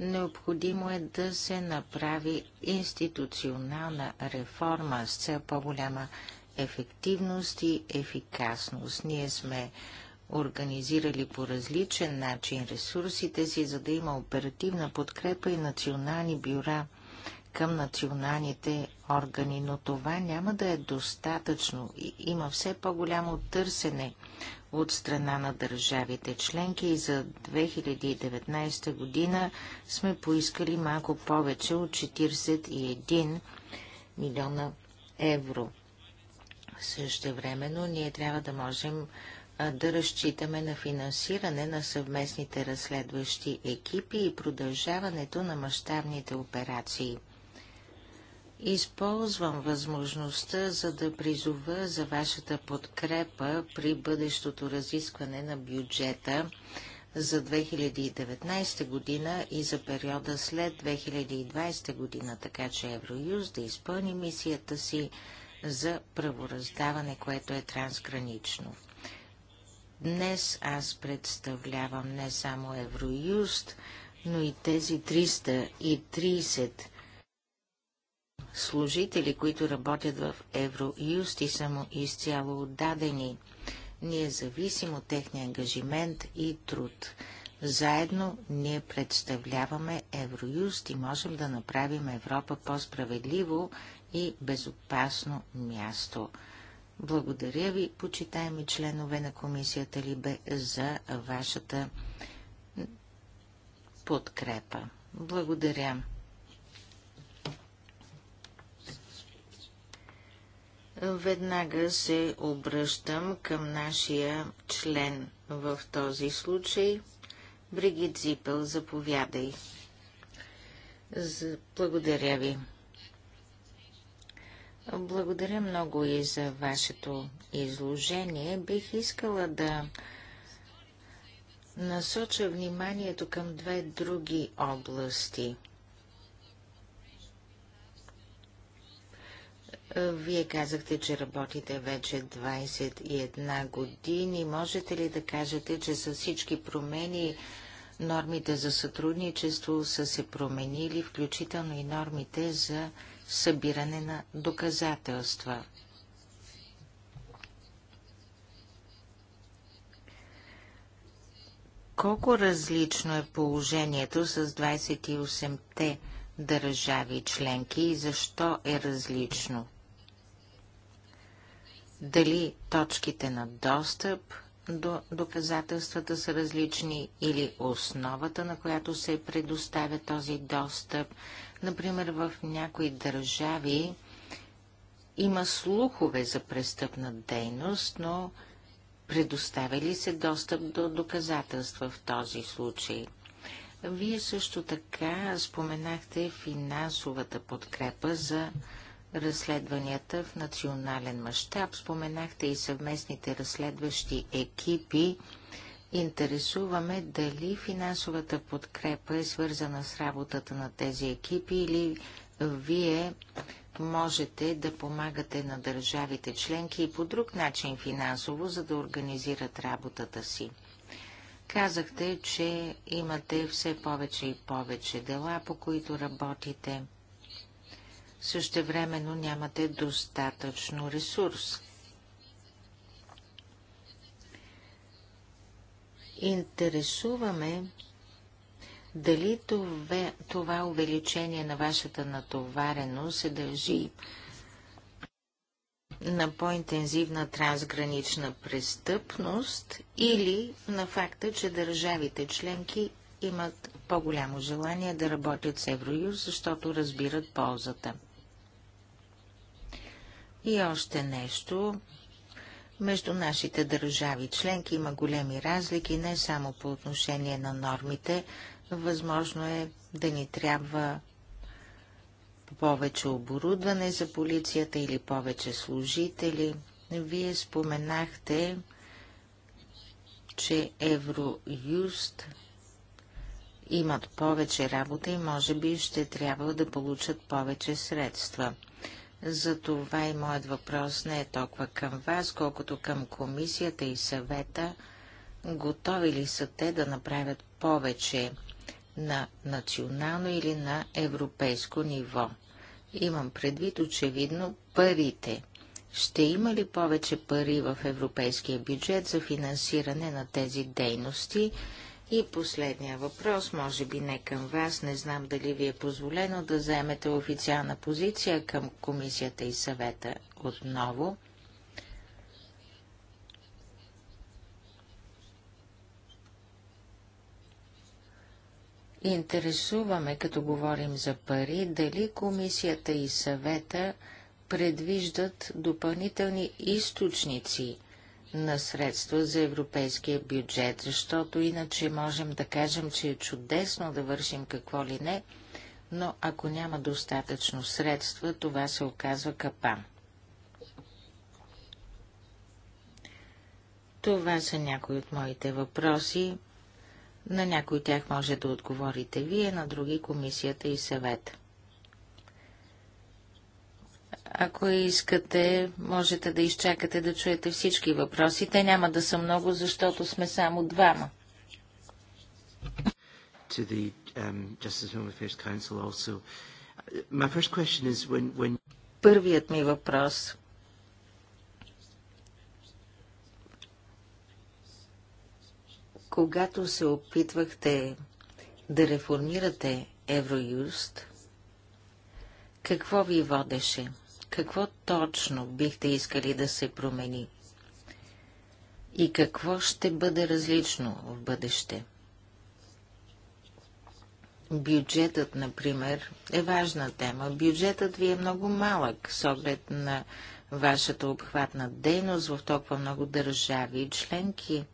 Необходимо е да се направи институционална реформа с цел по-голяма ефективност и ефикасност. Ние сме организирали по различен начин ресурсите си, за да има оперативна подкрепа и национални бюра към националните органи, но това няма да е достатъчно. Има все по-голямо търсене от страна на държавите членки и за 2019 година сме поискали малко повече от 41 милиона евро. Също времено ние трябва да можем да разчитаме на финансиране на съвместните разследващи екипи и продължаването на мащабните операции. Използвам възможността, за да призова за вашата подкрепа при бъдещото разискване на бюджета за 2019 година и за периода след 2020 година, така че Евроюз да изпълни мисията си за правораздаване, което е трансгранично. Днес аз представлявам не само Евроюст, но и тези 330 служители, които работят в Евроюст и са му изцяло отдадени. Ние зависим от техния ангажимент и труд. Заедно ние представляваме Евроюст и можем да направим Европа по-справедливо и безопасно място. Благодаря ви, почитаеми членове на комисията Либе, за вашата подкрепа. Благодаря. Веднага се обръщам към нашия член в този случай. Бригит Зипел, заповядай. Благодаря ви. Благодаря много и за вашето изложение. Бих искала да насоча вниманието към две други области. Вие казахте, че работите вече 21 години. Можете ли да кажете, че с всички промени нормите за сътрудничество са се променили, включително и нормите за събиране на доказателства. Колко различно е положението с 28-те държави членки и защо е различно? Дали точките на достъп до доказателствата са различни или основата, на която се предоставя този достъп, Например, в някои държави има слухове за престъпна дейност, но предоставя ли се достъп до доказателства в този случай? Вие също така споменахте финансовата подкрепа за разследванията в национален мащаб. Споменахте и съвместните разследващи екипи интересуваме дали финансовата подкрепа е свързана с работата на тези екипи или вие можете да помагате на държавите членки и по друг начин финансово, за да организират работата си. Казахте, че имате все повече и повече дела, по които работите. Същевременно нямате достатъчно ресурс. интересуваме дали това, това увеличение на вашата натовареност се дължи на по-интензивна трансгранична престъпност или на факта, че държавите членки имат по-голямо желание да работят с Евроюз, защото разбират ползата. И още нещо, между нашите държави членки има големи разлики, не само по отношение на нормите. Възможно е да ни трябва повече оборудване за полицията или повече служители. Вие споменахте, че Евроюст имат повече работа и може би ще трябва да получат повече средства. Затова и моят въпрос не е толкова към вас, колкото към комисията и съвета. Готови ли са те да направят повече на национално или на европейско ниво? Имам предвид очевидно парите. Ще има ли повече пари в европейския бюджет за финансиране на тези дейности и последния въпрос, може би не към вас, не знам дали ви е позволено да заемете официална позиция към комисията и съвета отново. Интересуваме, като говорим за пари, дали комисията и съвета предвиждат допълнителни източници на средства за европейския бюджет, защото иначе можем да кажем, че е чудесно да вършим какво ли не, но ако няма достатъчно средства, това се оказва капан. Това са някои от моите въпроси. На някои тях може да отговорите вие, на други комисията и съвета. Ако искате, можете да изчакате да чуете всички въпроси. Те няма да са много, защото сме само двама. To the um, Justice Affairs Council also. My first question is when, when... Първият ми въпрос. Когато се опитвахте да реформирате Евроюст, какво ви водеше? Какво точно бихте искали да се промени? И какво ще бъде различно в бъдеще? Бюджетът, например, е важна тема. Бюджетът ви е много малък с оглед на вашата обхватна дейност в толкова много държави и членки.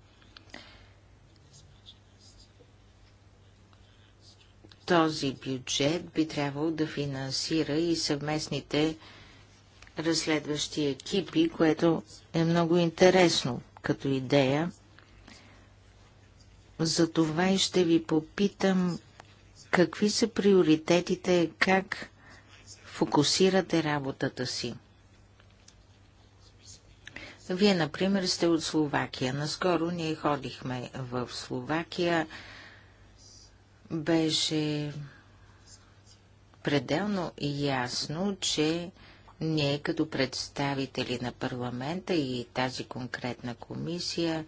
Този бюджет би трябвало да финансира и съвместните разследващи екипи, което е много интересно като идея. За това и ще ви попитам какви са приоритетите, как фокусирате работата си. Вие, например, сте от Словакия. Наскоро ние ходихме в Словакия. Беше пределно ясно, че ние като представители на парламента и тази конкретна комисия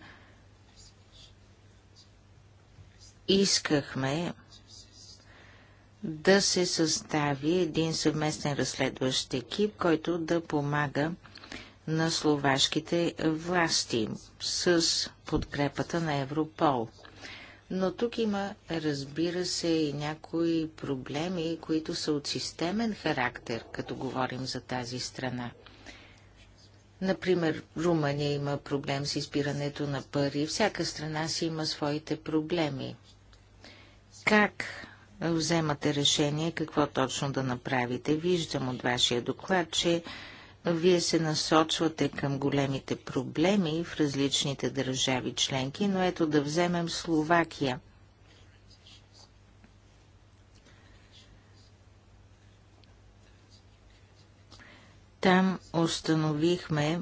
искахме да се състави един съвместен разследващ екип, който да помага на словашките власти с подкрепата на Европол – но тук има, разбира се, и някои проблеми, които са от системен характер, като говорим за тази страна. Например, Румъния има проблем с изпирането на пари. Всяка страна си има своите проблеми. Как вземате решение какво точно да направите? Виждам от вашия доклад, че вие се насочвате към големите проблеми в различните държави членки, но ето да вземем Словакия. Там установихме,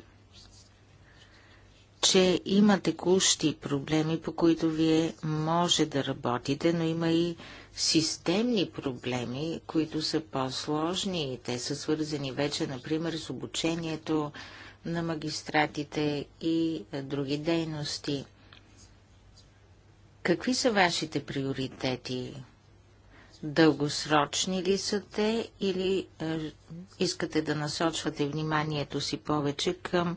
че има текущи проблеми, по които вие може да работите, но има и системни проблеми, които са по-сложни. и Те са свързани вече, например, с обучението на магистратите и други дейности. Какви са вашите приоритети? Дългосрочни ли са те или искате да насочвате вниманието си повече към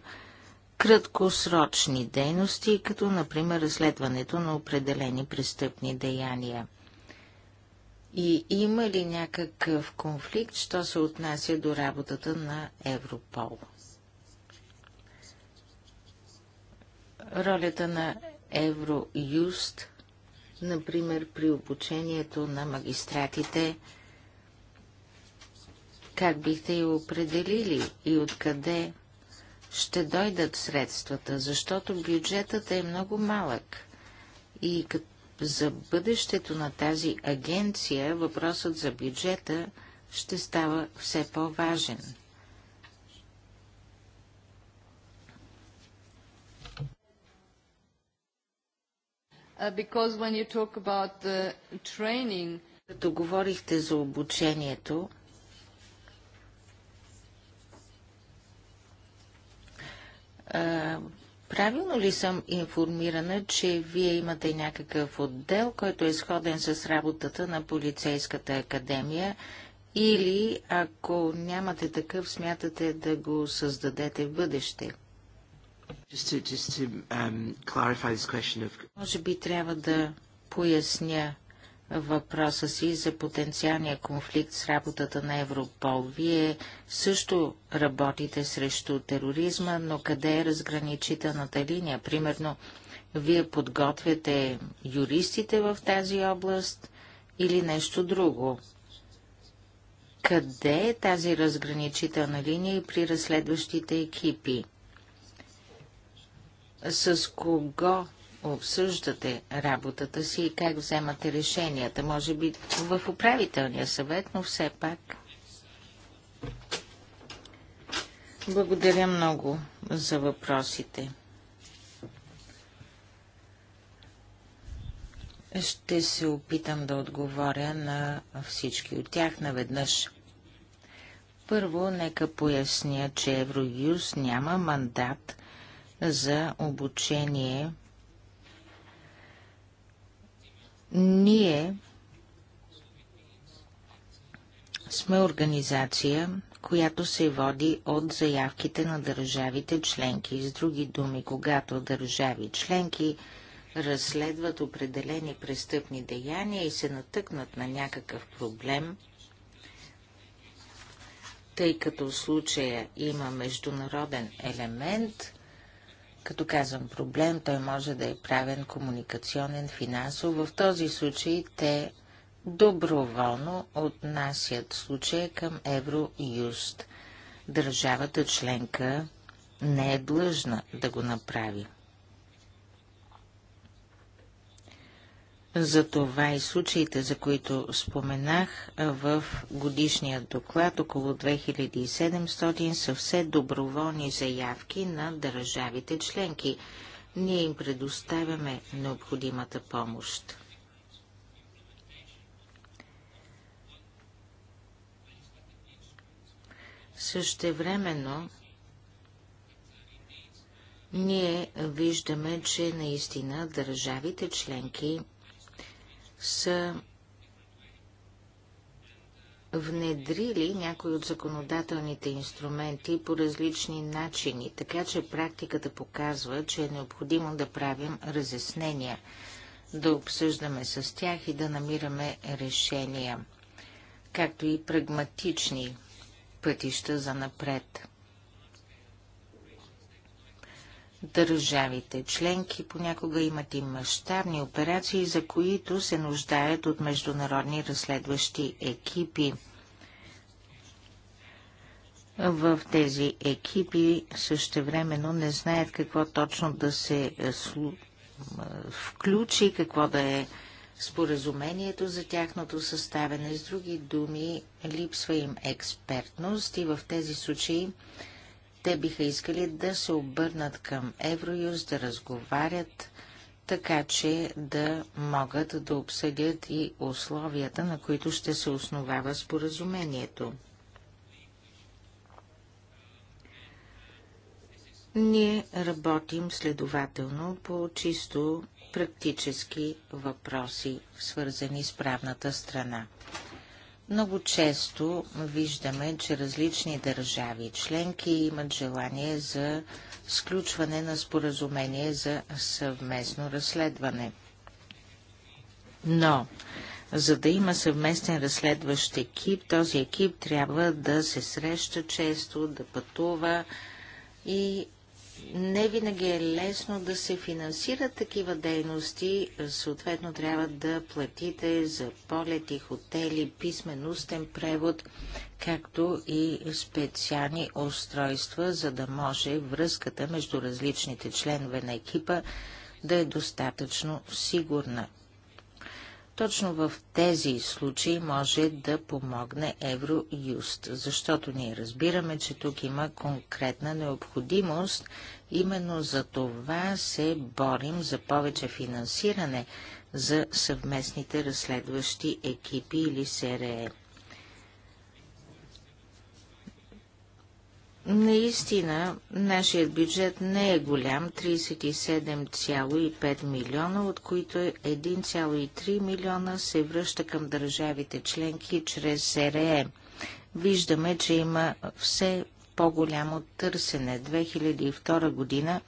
краткосрочни дейности, като например разследването на определени престъпни деяния? И има ли някакъв конфликт, що се отнася до работата на Европол? Ролята на Евроюст, например, при обучението на магистратите, как бихте я определили и откъде ще дойдат средствата, защото бюджетът е много малък. И като за бъдещето на тази агенция въпросът за бюджета ще става все по-важен. Uh, because when you talk about the training... Като говорихте за обучението, uh, Правилно ли съм информирана, че вие имате някакъв отдел, който е сходен с работата на полицейската академия или ако нямате такъв, смятате да го създадете в бъдеще? Just to, just to, um, of... Може би трябва да поясня въпроса си за потенциалния конфликт с работата на Европол. Вие също работите срещу тероризма, но къде е разграничителната линия? Примерно, вие подготвяте юристите в тази област или нещо друго? Къде е тази разграничителна линия и при разследващите екипи? С кого обсъждате работата си и как вземате решенията. Може би в управителния съвет, но все пак. Благодаря много за въпросите. Ще се опитам да отговоря на всички от тях наведнъж. Първо, нека поясня, че Евроюз няма мандат за обучение Ние сме организация, която се води от заявките на държавите членки. С други думи, когато държави членки разследват определени престъпни деяния и се натъкнат на някакъв проблем, тъй като в случая има международен елемент, като казвам проблем, той може да е правен, комуникационен, финансов. В този случай те доброволно отнасят случая към Евроюст. Държавата членка не е длъжна да го направи. За това и случаите, за които споменах в годишния доклад, около 2700 са все доброволни заявки на държавите членки. Ние им предоставяме необходимата помощ. Същевременно ние виждаме, че наистина държавите членки са внедрили някои от законодателните инструменти по различни начини, така че практиката показва, че е необходимо да правим разяснения, да обсъждаме с тях и да намираме решения, както и прагматични пътища за напред. Държавите членки понякога имат и мащабни операции, за които се нуждаят от международни разследващи екипи. В тези екипи същевременно не знаят какво точно да се е, е, включи, какво да е споразумението за тяхното съставяне. С други думи, липсва им експертност и в тези случаи те биха искали да се обърнат към Евроюз, да разговарят, така че да могат да обсъдят и условията, на които ще се основава споразумението. Ние работим следователно по чисто практически въпроси, свързани с правната страна. Много често виждаме, че различни държави членки имат желание за сключване на споразумение за съвместно разследване. Но, за да има съвместен разследващ екип, този екип трябва да се среща често, да пътува и не винаги е лесно да се финансират такива дейности. Съответно трябва да платите за полети, хотели, писмен устен превод, както и специални устройства, за да може връзката между различните членове на екипа да е достатъчно сигурна. Точно в тези случаи може да помогне Евроюст, защото ние разбираме, че тук има конкретна необходимост. Именно за това се борим за повече финансиране за съвместните разследващи екипи или СРЕ. Наистина, нашият бюджет не е голям 37,5 милиона, от които 1,3 милиона се връща към държавите членки чрез СРЕ. Виждаме, че има все по-голямо търсене. 2002 година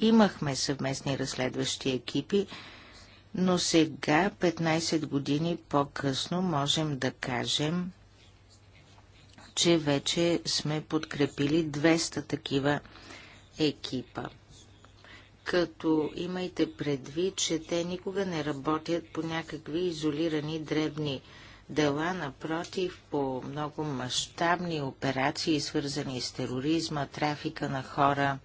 имахме съвместни разследващи екипи, но сега, 15 години по-късно, можем да кажем, че вече сме подкрепили 200 такива екипа. Като имайте предвид, че те никога не работят по някакви изолирани дребни дела, напротив, по много мащабни операции, свързани с тероризма, трафика на хора,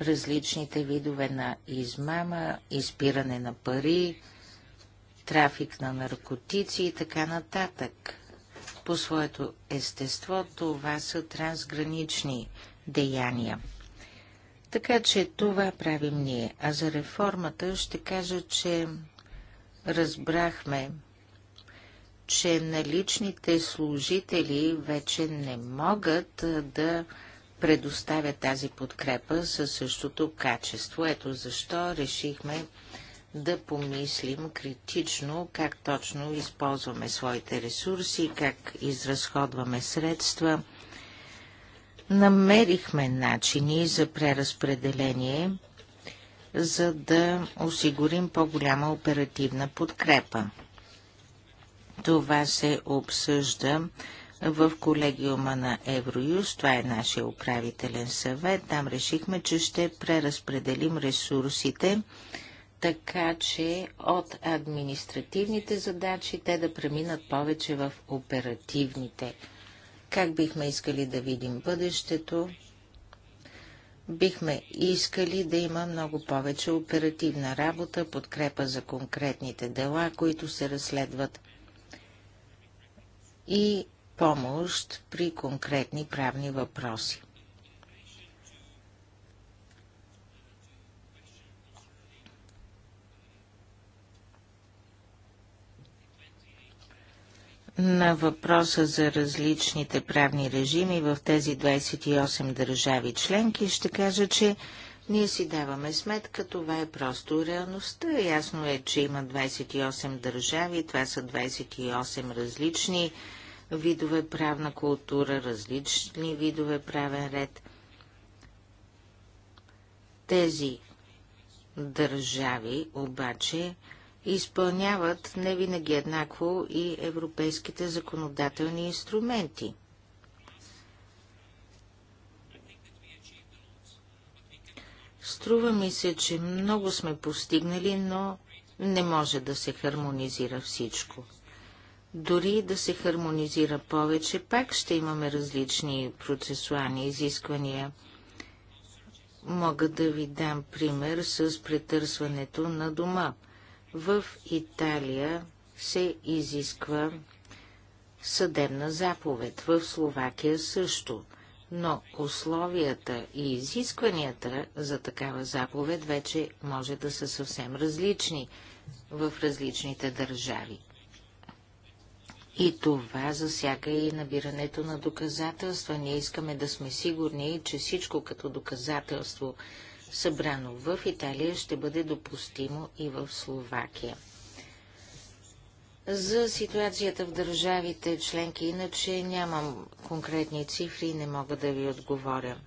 различните видове на измама, изпиране на пари, трафик на наркотици и така нататък. По своето естество това са трансгранични деяния. Така че това правим ние. А за реформата ще кажа, че разбрахме, че наличните служители вече не могат да предоставят тази подкрепа със същото качество. Ето защо решихме да помислим критично как точно използваме своите ресурси, как изразходваме средства. Намерихме начини за преразпределение, за да осигурим по-голяма оперативна подкрепа. Това се обсъжда в колегиума на Евроюз, това е нашия управителен съвет. Там решихме, че ще преразпределим ресурсите, така че от административните задачи те да преминат повече в оперативните. Как бихме искали да видим бъдещето? Бихме искали да има много повече оперативна работа, подкрепа за конкретните дела, които се разследват и помощ при конкретни правни въпроси. на въпроса за различните правни режими в тези 28 държави членки, ще кажа, че ние си даваме сметка, това е просто реалността. Ясно е, че има 28 държави, това са 28 различни видове правна култура, различни видове правен ред. Тези държави обаче изпълняват не винаги еднакво и европейските законодателни инструменти. Струва ми се, че много сме постигнали, но не може да се хармонизира всичко. Дори да се хармонизира повече, пак ще имаме различни процесуални изисквания. Мога да ви дам пример с претърсването на дома – в Италия се изисква съдебна заповед, в Словакия също, но условията и изискванията за такава заповед вече може да са съвсем различни в различните държави. И това засяга и набирането на доказателства. Ние искаме да сме сигурни, че всичко като доказателство събрано в Италия, ще бъде допустимо и в Словакия. За ситуацията в държавите членки, иначе нямам конкретни цифри и не мога да ви отговоря.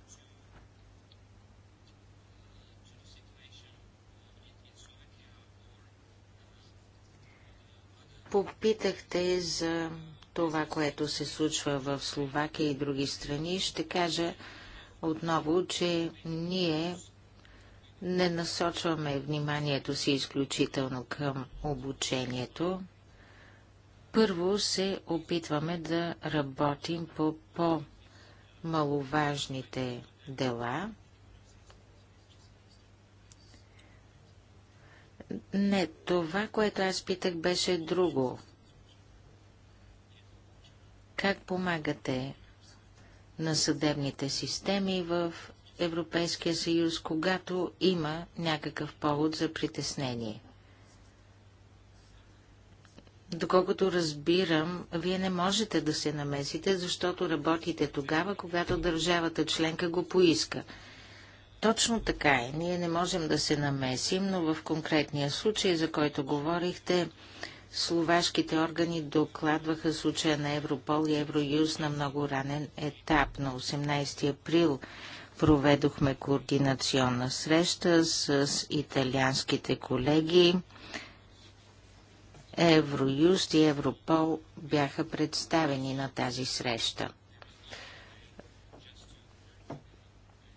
Попитахте за това, което се случва в Словакия и други страни. Ще кажа отново, че ние не насочваме вниманието си изключително към обучението. Първо се опитваме да работим по по-маловажните дела. Не, това, което аз питах, беше друго. Как помагате на съдебните системи в Европейския съюз, когато има някакъв повод за притеснение. Доколкото разбирам, вие не можете да се намесите, защото работите тогава, когато държавата членка го поиска. Точно така е. Ние не можем да се намесим, но в конкретния случай, за който говорихте, словашките органи докладваха случая на Европол и Евроюз на много ранен етап на 18 април проведохме координационна среща с италианските колеги. Евроюст и Европол бяха представени на тази среща.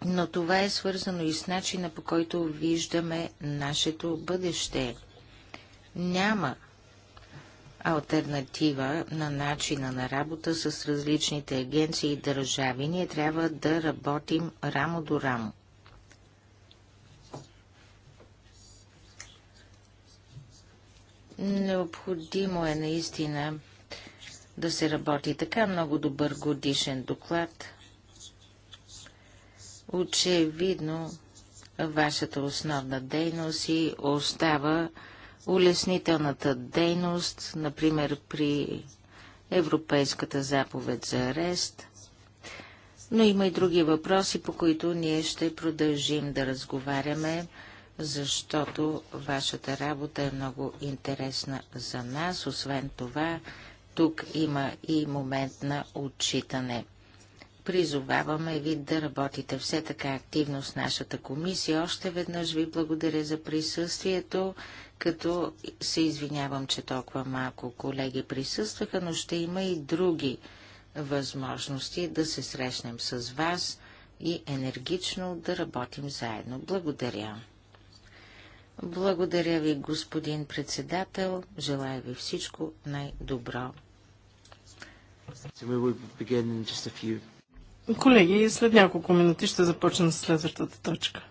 Но това е свързано и с начина по който виждаме нашето бъдеще. Няма альтернатива на начина на работа с различните агенции и държави. Ние трябва да работим рамо до рамо. Необходимо е наистина да се работи така много добър годишен доклад. Очевидно, вашата основна дейност и остава улеснителната дейност, например при Европейската заповед за арест. Но има и други въпроси, по които ние ще продължим да разговаряме, защото вашата работа е много интересна за нас. Освен това, тук има и момент на отчитане. Призоваваме ви да работите все така активно с нашата комисия. Още веднъж ви благодаря за присъствието като се извинявам, че толкова малко колеги присъстваха, но ще има и други възможности да се срещнем с вас и енергично да работим заедно. Благодаря. Благодаря ви, господин председател. Желая ви всичко най-добро. Колеги, след няколко минути ще започна с следващата точка.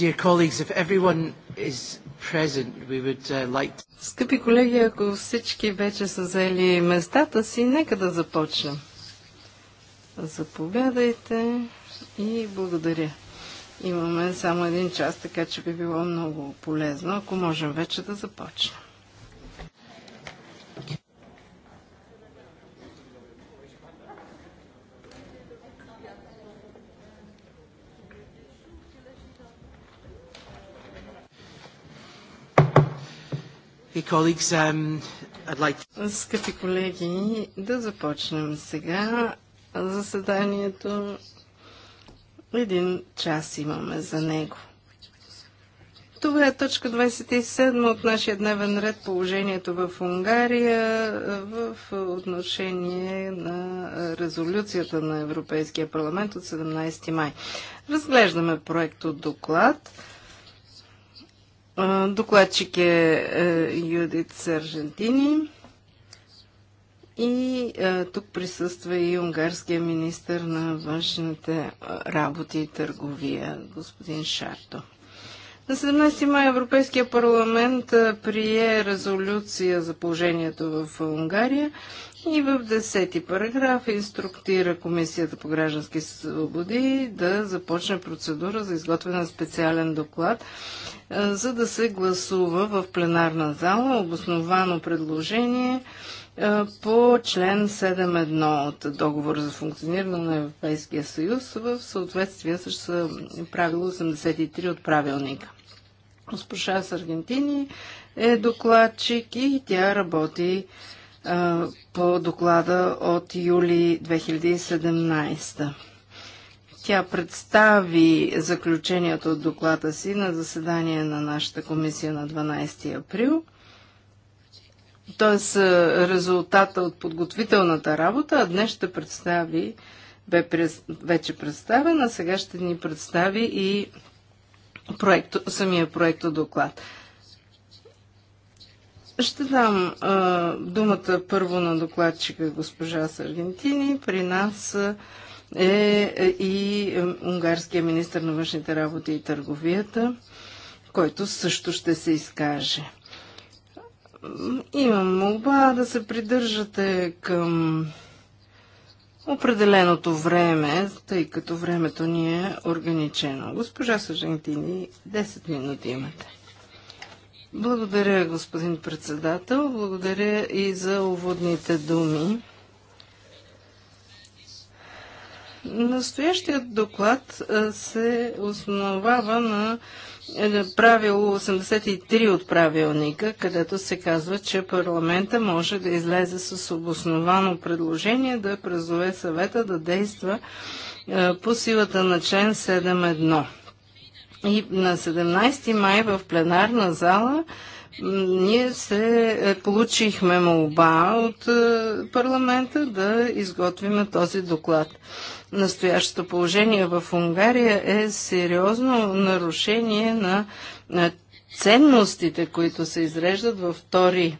Dear colleagues, if everyone is present, we would uh, like to... Скъпи колеги, ако всички вече са взели местата си, нека да започнем. Заповядайте и благодаря. Имаме само един час, така че би било много полезно, ако можем вече да започнем. Um, Скъпи колеги, да започнем сега заседанието. Един час имаме за него. Това е точка 27 от нашия дневен ред положението в Унгария в отношение на резолюцията на Европейския парламент от 17 май. Разглеждаме проект от доклад. Докладчик е, е Юдит Саржентини. И е, тук присъства и унгарския министр на външните е, работи и търговия, господин Шарто. На 17 май Европейския парламент прие резолюция за положението в Унгария и в 10 параграф инструктира Комисията по граждански свободи да започне процедура за изготвяне на специален доклад, за да се гласува в пленарна зала обосновано предложение по член 7.1 от договора за функциониране на Европейския съюз в съответствие с правило 83 от правилника. Госпожа с Аргентини е докладчик и тя работи по доклада от юли 2017. Тя представи заключението от доклада си на заседание на нашата комисия на 12 април. Тоест резултата от подготвителната работа, а днес ще представи, бе през, вече представена, сега ще ни представи и проект, самия проект от доклад. Ще дам а, думата първо на докладчика госпожа Саргентини. При нас е, е и е, унгарския министр на външните работи и търговията, който също ще се изкаже. Имам молба да се придържате към определеното време, тъй като времето ни е органичено. Госпожа Сажентини, 10 минути имате. Благодаря, господин председател. Благодаря и за уводните думи. Настоящият доклад се основава на правило 83 от правилника, където се казва, че парламента може да излезе с обосновано предложение да призове съвета да действа по силата на член 7.1. И на 17 май в пленарна зала ние се е, получихме молба от е, парламента да изготвиме този доклад. Настоящото положение в Унгария е сериозно нарушение на, ценностите, които се изреждат във втори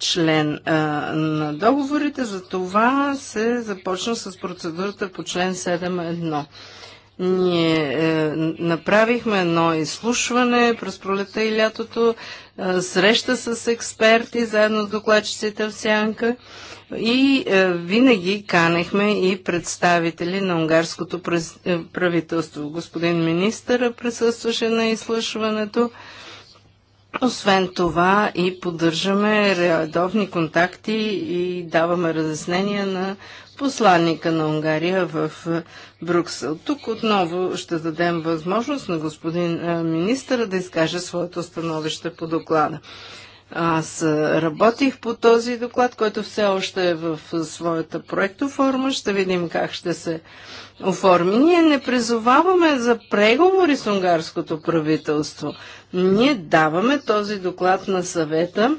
член а, на договорите. За това се започна с процедурата по член 7.1. Ние е, направихме едно изслушване през пролета и лятото, е, среща с експерти, заедно с докладчиците в Сянка и е, винаги канехме и представители на унгарското през, е, правителство. Господин министър присъстваше на изслушването. Освен това и поддържаме редовни контакти и даваме разяснения на посланника на Унгария в е, Бруксел. Тук отново ще дадем възможност на господин е, министъра да изкаже своето становище по доклада. Аз е, работих по този доклад, който все още е в своята проектоформа. Ще видим как ще се оформи. Ние не призоваваме за преговори с унгарското правителство. Ние даваме този доклад на съвета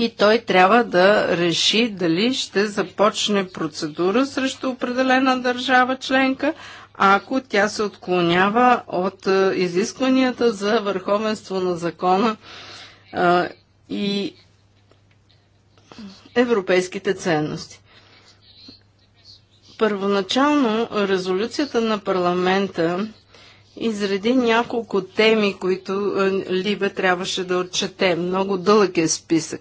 и той трябва да реши дали ще започне процедура срещу определена държава членка, ако тя се отклонява от е, изискванията за върховенство на закона а, е, и европейските ценности. Първоначално резолюцията на парламента изреди няколко теми, които е, Либе трябваше да отчете. Много дълъг е списък.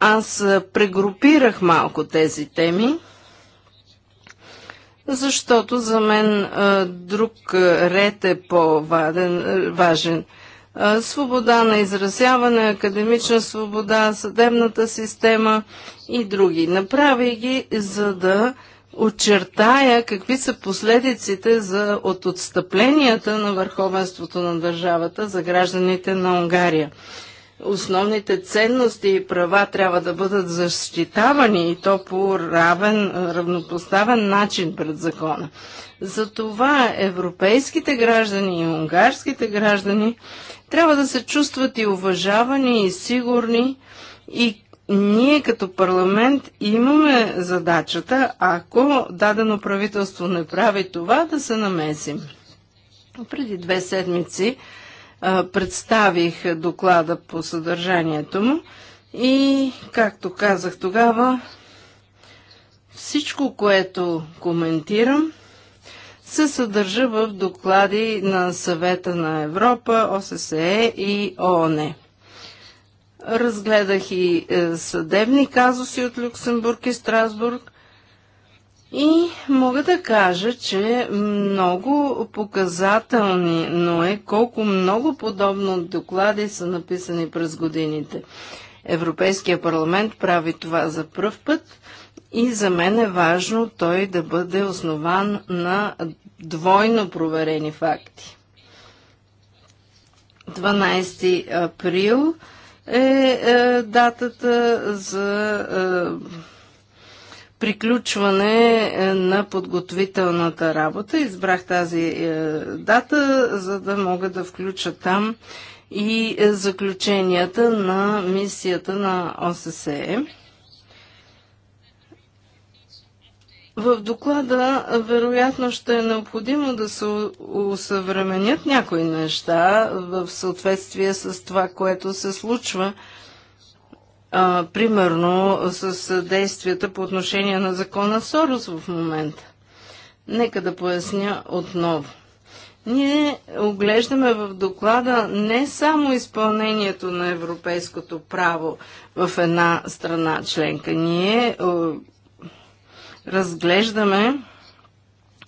Аз е, прегрупирах малко тези теми, защото за мен е, друг ред е по-важен. Свобода на изразяване, академична свобода, съдебната система и други. Направи ги, за да очертая какви са последиците за, от отстъпленията на върховенството на държавата за гражданите на Унгария. Основните ценности и права трябва да бъдат защитавани и то по равен, равнопоставен начин пред закона. Затова европейските граждани и унгарските граждани трябва да се чувстват и уважавани и сигурни и ние като парламент имаме задачата, ако дадено правителство не прави това, да се намесим. Преди две седмици а, представих доклада по съдържанието му и, както казах тогава, всичко, което коментирам, се съдържа в доклади на Съвета на Европа, ОССЕ и ООН. Е. Разгледах и е, съдебни казуси от Люксембург и Страсбург. И мога да кажа, че много показателни, но е колко много подобно доклади са написани през годините. Европейския парламент прави това за пръв път и за мен е важно той да бъде основан на двойно проверени факти. 12 април е, е датата за е, приключване е, на подготовителната работа. Избрах тази дата, за да мога да включа там и заключенията на мисията на ОССЕ. В доклада вероятно ще е необходимо да се усъвременят някои неща в съответствие с това, което се случва. А, примерно с действията по отношение на закона Сорос в момента. Нека да поясня отново. Ние оглеждаме в доклада не само изпълнението на европейското право в една страна членка. Ние разглеждаме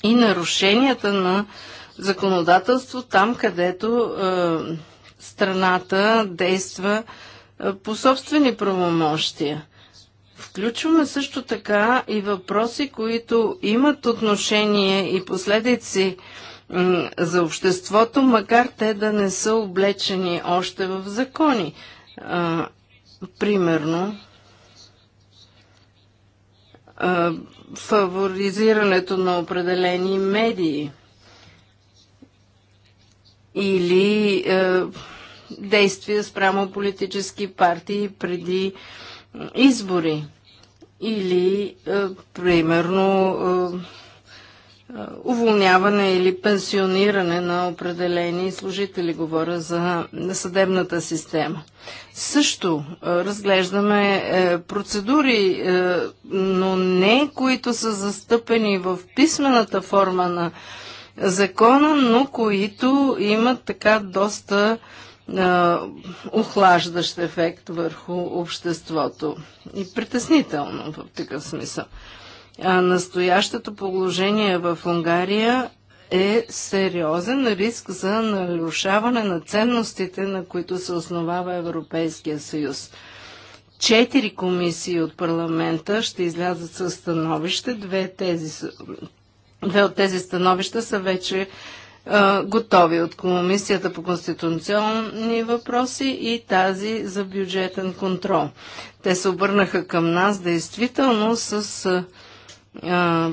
и нарушенията на законодателство там, където е, страната действа е, по собствени правомощия. Включваме също така и въпроси, които имат отношение и последици за обществото, макар те да не са облечени още в закони. примерно, фаворизирането на определени медии или е, действия спрямо политически партии преди избори или, примерно, уволняване или пенсиониране на определени служители, говоря за съдебната система. Също разглеждаме е, процедури, е, но не които са застъпени в писмената форма на закона, но които имат така доста охлаждащ ефект върху обществото и притеснително в такъв смисъл. А настоящото положение в Унгария е сериозен риск за нарушаване на ценностите, на които се основава Европейския съюз. Четири комисии от парламента ще излязат със становище. Две, тези, две от тези становища са вече а, готови от Комисията по конституционни въпроси и тази за бюджетен контрол. Те се обърнаха към нас действително с а,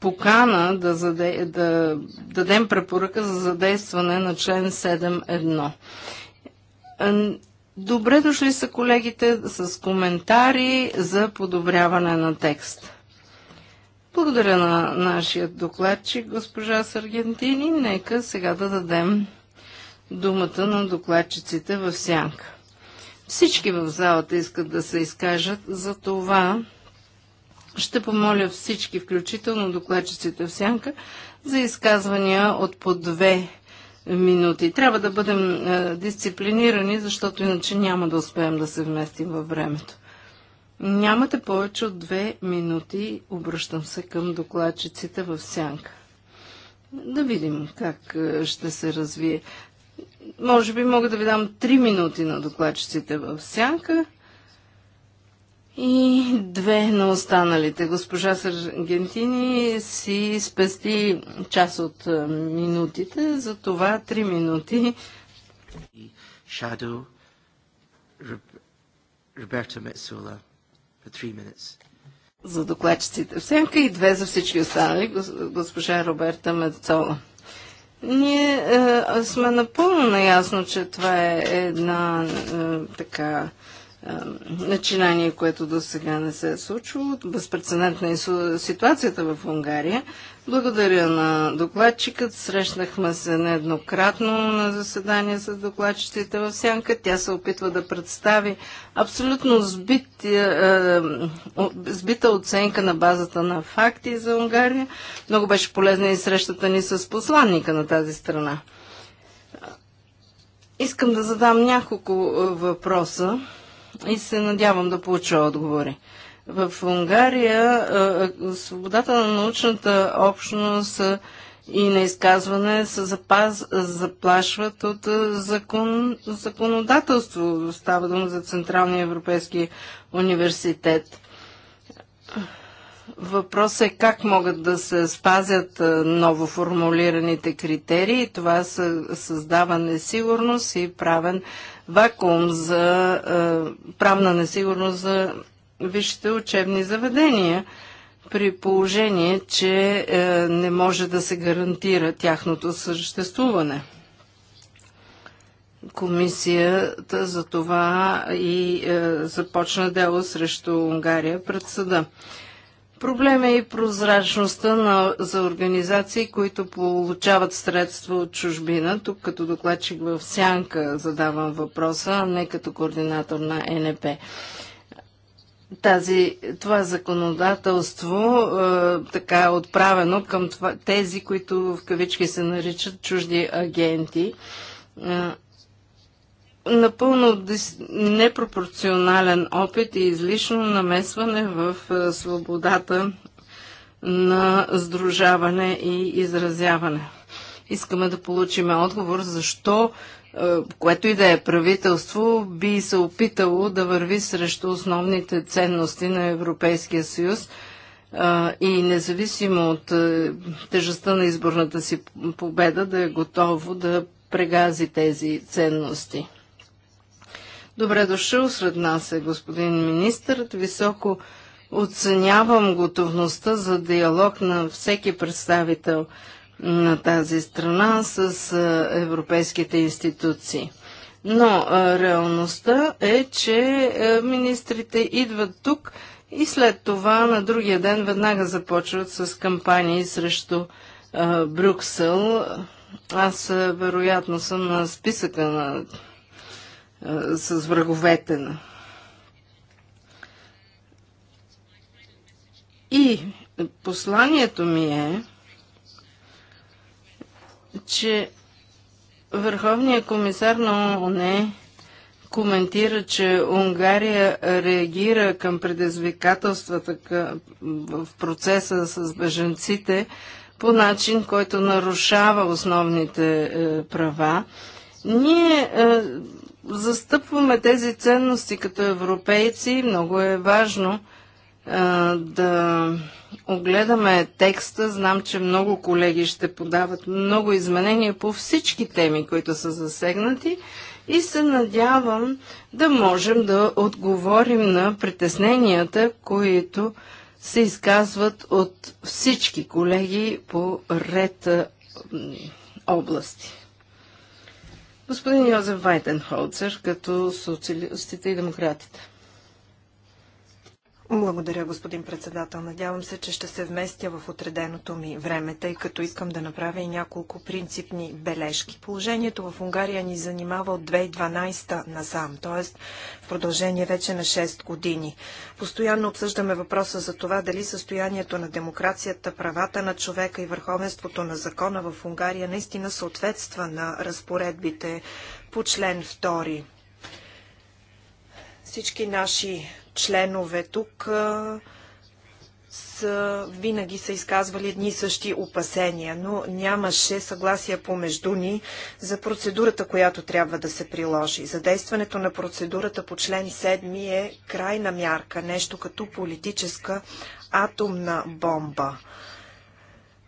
покана да, заде, да дадем препоръка за задействане на член 7.1. Добре дошли са колегите с коментари за подобряване на текст. Благодаря на нашия докладчик, госпожа Саргентини. Нека сега да дадем думата на докладчиците в сянка. Всички в залата искат да се изкажат за това. Ще помоля всички, включително докладчиците в сянка, за изказвания от по две минути. Трябва да бъдем е, дисциплинирани, защото иначе няма да успеем да се вместим във времето. Нямате повече от две минути, обръщам се към докладчиците в сянка. Да видим как е, ще се развие. Може би мога да ви дам три минути на докладчиците в сянка и две на останалите. Госпожа Саргентини си спести част от минутите, за това три минути. Шадо Роберто Мецула for три минути. За докладчиците. сенка и две за всички останали, госпожа Роберта Мецола. Ние е, сме напълно наясно, че това е една е, така начинание, което до сега не се е случило. Безпредседентна е ситуацията в Унгария. Благодаря на докладчикът. Срещнахме се нееднократно на заседание с докладчиците в Сянка. Тя се опитва да представи абсолютно сбит, е, сбита оценка на базата на факти за Унгария. Много беше полезна и срещата ни с посланника на тази страна. Искам да задам няколко въпроса и се надявам да получа отговори. В Унгария свободата на научната общност и на изказване се запаз, заплашват от закон, законодателство. Става дума за Централния европейски университет. Въпрос е как могат да се спазят ново формулираните критерии. Това създава несигурност и правен вакуум за правна несигурност за висшите учебни заведения при положение, че не може да се гарантира тяхното съществуване. Комисията за това и започна дело срещу Унгария пред съда. Проблем е и прозрачността на, за организации, които получават средства от чужбина. Тук като докладчик в Сянка задавам въпроса, а не като координатор на НП. Тази, това законодателство е, така е отправено към това, тези, които в кавички се наричат чужди агенти. Е, напълно непропорционален опит и излишно намесване в е, свободата на сдружаване и изразяване. Искаме да получим отговор защо е, което и да е правителство, би се опитало да върви срещу основните ценности на Европейския съюз е, и независимо от тежестта на изборната си победа да е готово да прегази тези ценности. Добре дошъл сред нас е господин министър. Високо оценявам готовността за диалог на всеки представител на тази страна с европейските институции. Но реалността е, че министрите идват тук и след това на другия ден веднага започват с кампании срещу Брюксел. Аз вероятно съм на списъка на с враговете на. И посланието ми е, че Върховният комисар на ООН коментира, че Унгария реагира към предизвикателствата в процеса с беженците по начин, който нарушава основните е, права. Ние е, застъпваме тези ценности като европейци, много е важно а, да огледаме текста. Знам, че много колеги ще подават много изменения по всички теми, които са засегнати и се надявам да можем да отговорим на притесненията, които се изказват от всички колеги по ред области господин Йозеф Вайтенхолцер, като социалистите и демократите. Благодаря, господин председател. Надявам се, че ще се вместя в отреденото ми време, тъй като искам да направя и няколко принципни бележки. Положението в Унгария ни занимава от 2012 насам, т.е. в продължение вече на 6 години. Постоянно обсъждаме въпроса за това дали състоянието на демокрацията, правата на човека и върховенството на закона в Унгария наистина съответства на разпоредбите по член 2 всички наши членове тук са, винаги са изказвали едни и същи опасения, но нямаше съгласие помежду ни за процедурата, която трябва да се приложи. Задействането на процедурата по член 7 е крайна мярка, нещо като политическа атомна бомба.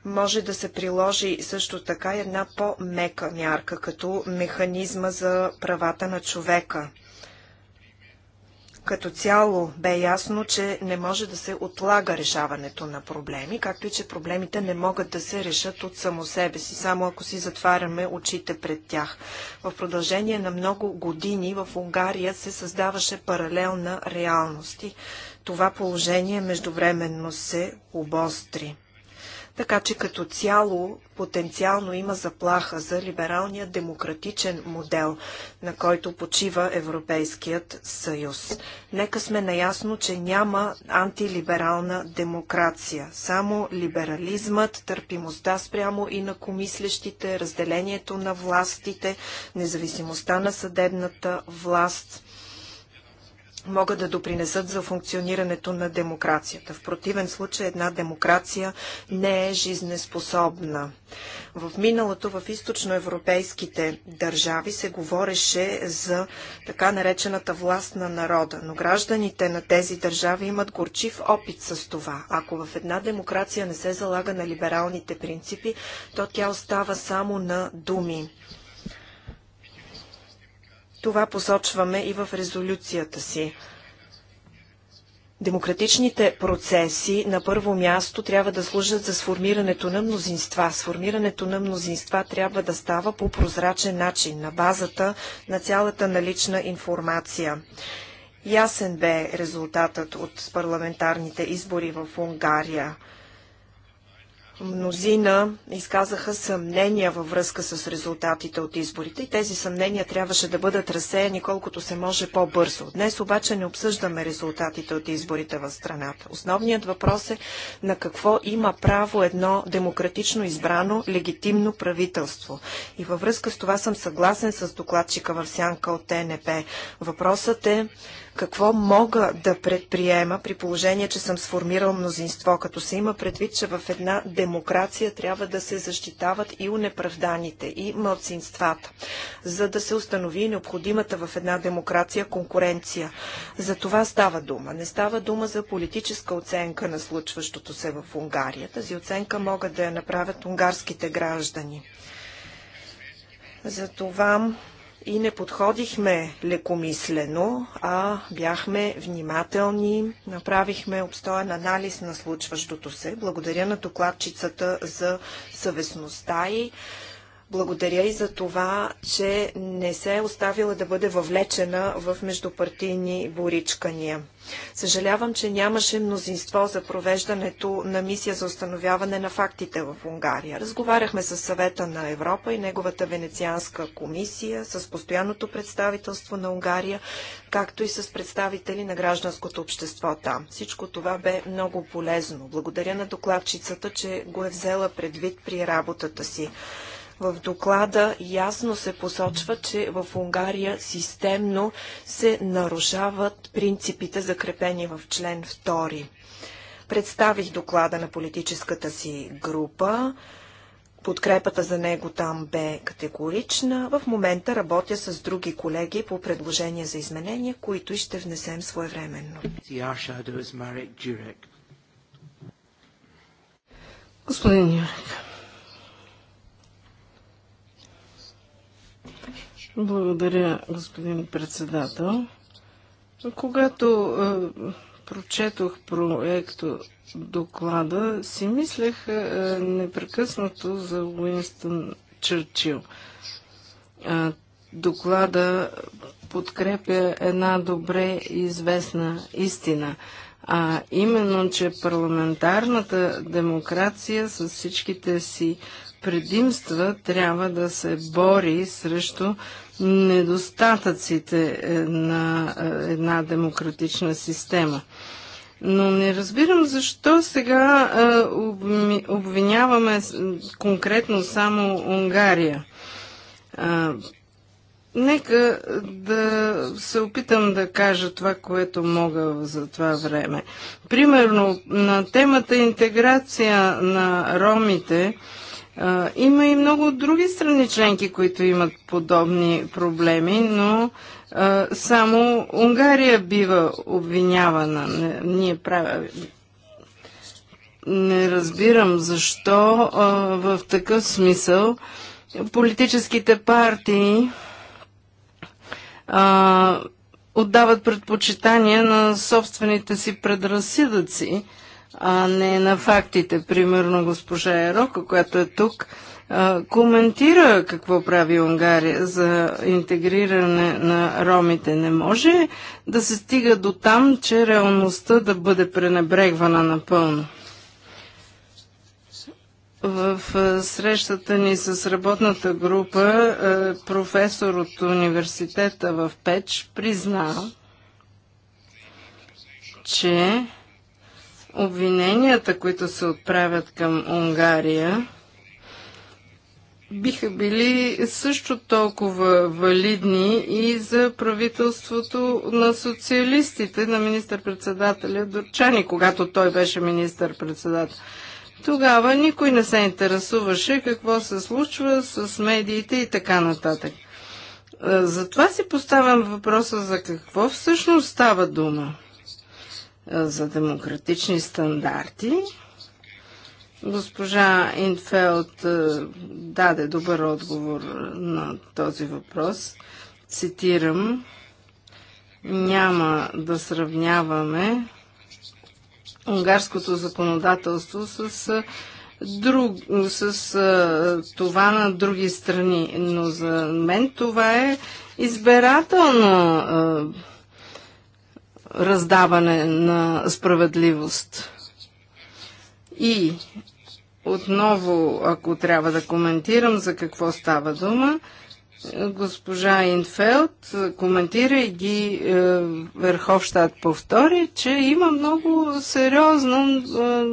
Може да се приложи също така една по-мека мярка, като механизма за правата на човека – като цяло бе ясно, че не може да се отлага решаването на проблеми, както и че проблемите не могат да се решат от само себе си, само ако си затваряме очите пред тях. В продължение на много години в Унгария се създаваше паралелна реалност и това положение междувременно се обостри. Така че като цяло потенциално има заплаха за либералния демократичен модел, на който почива Европейският съюз. Нека сме наясно, че няма антилиберална демокрация. Само либерализмът, търпимостта спрямо и на комислещите, разделението на властите, независимостта на съдебната власт – могат да допринесат за функционирането на демокрацията. В противен случай една демокрация не е жизнеспособна. В миналото в източноевропейските държави се говореше за така наречената власт на народа, но гражданите на тези държави имат горчив опит с това. Ако в една демокрация не се залага на либералните принципи, то тя остава само на думи. Това посочваме и в резолюцията си. Демократичните процеси на първо място трябва да служат за сформирането на мнозинства. Сформирането на мнозинства трябва да става по прозрачен начин, на базата на цялата налична информация. Ясен бе резултатът от парламентарните избори в Унгария – Мнозина изказаха съмнения във връзка с резултатите от изборите и тези съмнения трябваше да бъдат разсеяни колкото се може по-бързо. Днес обаче не обсъждаме резултатите от изборите в страната. Основният въпрос е на какво има право едно демократично избрано легитимно правителство. И във връзка с това съм съгласен с докладчика в сянка от ТНП. Въпросът е какво мога да предприема при положение, че съм сформирал мнозинство, като се има предвид, че в една демокрация трябва да се защитават и унеправданите, и мълцинствата, за да се установи необходимата в една демокрация конкуренция. За това става дума. Не става дума за политическа оценка на случващото се в Унгария. Тази оценка могат да я направят унгарските граждани. За това и не подходихме лекомислено, а бяхме внимателни, направихме обстоен анализ на случващото се. Благодаря на докладчицата за съвестността и благодаря и за това, че не се е оставила да бъде въвлечена в междупартийни боричкания. Съжалявам, че нямаше мнозинство за провеждането на мисия за установяване на фактите в Унгария. Разговаряхме с съвета на Европа и неговата венецианска комисия, с постоянното представителство на Унгария, както и с представители на гражданското общество там. Всичко това бе много полезно. Благодаря на докладчицата, че го е взела предвид при работата си. В доклада ясно се посочва, че в Унгария системно се нарушават принципите закрепени в член 2. Представих доклада на политическата си група. Подкрепата за него там бе категорична. В момента работя с други колеги по предложения за изменения, които ще внесем своевременно. Господин Юрек. Благодаря, господин председател. Когато е, прочетох проекто доклада, си мислех е, непрекъснато за Уинстън Чърчил. Е, доклада подкрепя една добре известна истина, а именно, че парламентарната демокрация с всичките си предимства трябва да се бори срещу недостатъците е, на е, една демократична система. Но не разбирам защо сега е, обвиняваме конкретно само Унгария. Нека да се опитам да кажа това, което мога за това време. Примерно на темата интеграция на ромите има и много други страни членки, които имат подобни проблеми, но само Унгария бива обвинявана. Ние правя... Не разбирам защо в такъв смисъл политическите партии отдават предпочитания на собствените си предразсъдъци а не на фактите. Примерно госпожа Ерока, която е тук, коментира какво прави Унгария за интегриране на ромите. Не може да се стига до там, че реалността да бъде пренебрегвана напълно. В срещата ни с работната група професор от университета в Печ призна, че обвиненията, които се отправят към Унгария, биха били също толкова валидни и за правителството на социалистите, на министър-председателя Дорчани, когато той беше министър-председател. Тогава никой не се интересуваше какво се случва с медиите и така нататък. Затова си поставям въпроса за какво всъщност става дума. Е, за демократични стандарти. Госпожа Инфелд е, даде добър отговор на този въпрос. Цитирам, няма да сравняваме унгарското законодателство с, е, друг, с това на други страни, но за мен това е избирателно раздаване на справедливост. И отново, ако трябва да коментирам за какво става дума, госпожа Инфелд, ги е, Верховщад повтори, че има много сериозно е,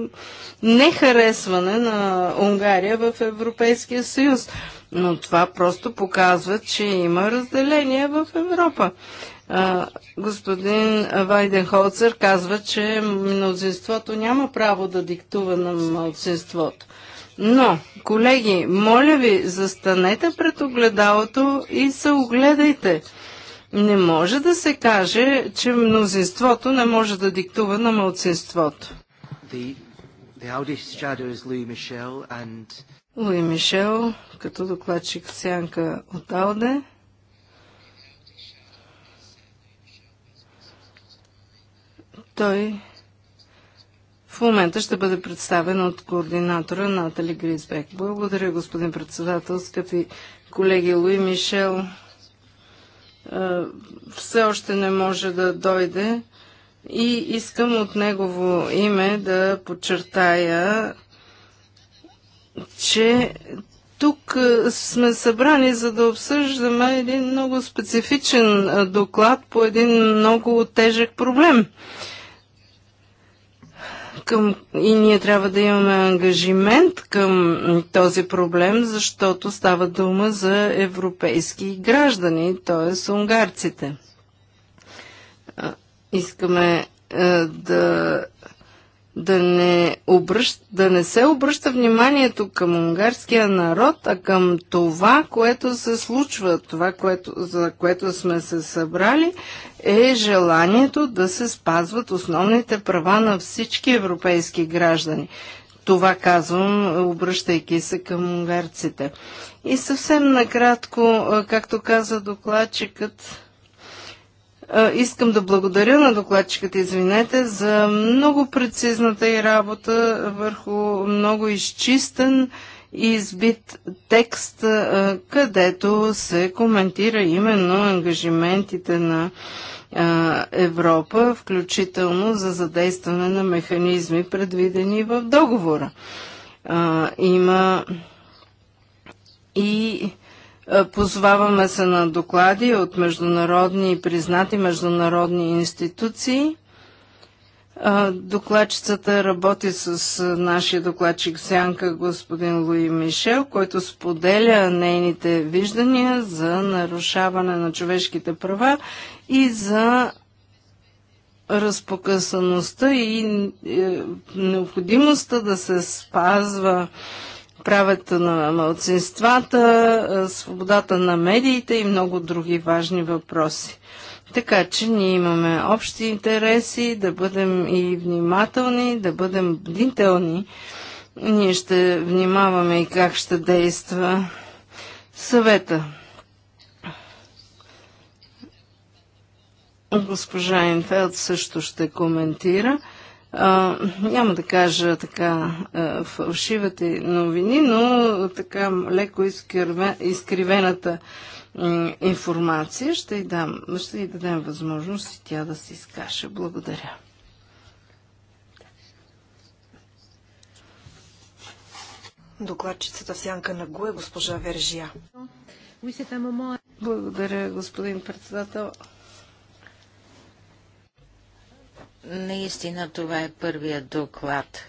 нехаресване на Унгария в Европейския съюз. Но това просто показва, че има разделение в Европа господин Вайденхолцер казва, че мнозинството няма право да диктува на младсинството. Но, колеги, моля ви, застанете пред огледалото и се огледайте. Не може да се каже, че мнозинството не може да диктува на мълцинството. Луи Мишел, като докладчик сянка от Алде. Той в момента ще бъде представен от координатора Натали Гризбек. Благодаря, господин председател, скъпи колеги Луи Мишел. Е, все още не може да дойде и искам от негово име да подчертая, че тук е, сме събрани за да обсъждаме един много специфичен е, доклад по един много тежък проблем към, и ние трябва да имаме ангажимент към този проблем, защото става дума за европейски граждани, т.е. унгарците. Искаме да да не, обръщ, да не се обръща вниманието към унгарския народ, а към това, което се случва, това, което, за което сме се събрали, е желанието да се спазват основните права на всички европейски граждани. Това казвам, обръщайки се към унгарците. И съвсем накратко, както каза докладчикът, е, искам да благодаря на докладчиката, извинете, за много прецизната и работа върху много изчистен и избит текст, е, където се коментира именно ангажиментите на е, Европа, включително за задействане на механизми, предвидени в договора. Има и е, Позваваме се на доклади от международни и признати международни институции. Е, докладчицата работи с нашия докладчик Сянка, господин Луи Мишел, който споделя нейните виждания за нарушаване на човешките права и за разпокъсаността и е, необходимостта да се спазва Правата на младсинствата, свободата на медиите и много други важни въпроси. Така че ние имаме общи интереси, да бъдем и внимателни, да бъдем бдителни. Ние ще внимаваме и как ще действа съвета. Госпожа Инфелд също ще коментира. А, няма да кажа така а, фалшивите новини, но така леко изкривената а, информация ще й, дам, ще й дадем възможност и тя да се изкаже. Благодаря. Докладчицата в сянка на ГУЕ, госпожа Вержия. Е- Благодаря, господин председател. Наистина това е първият доклад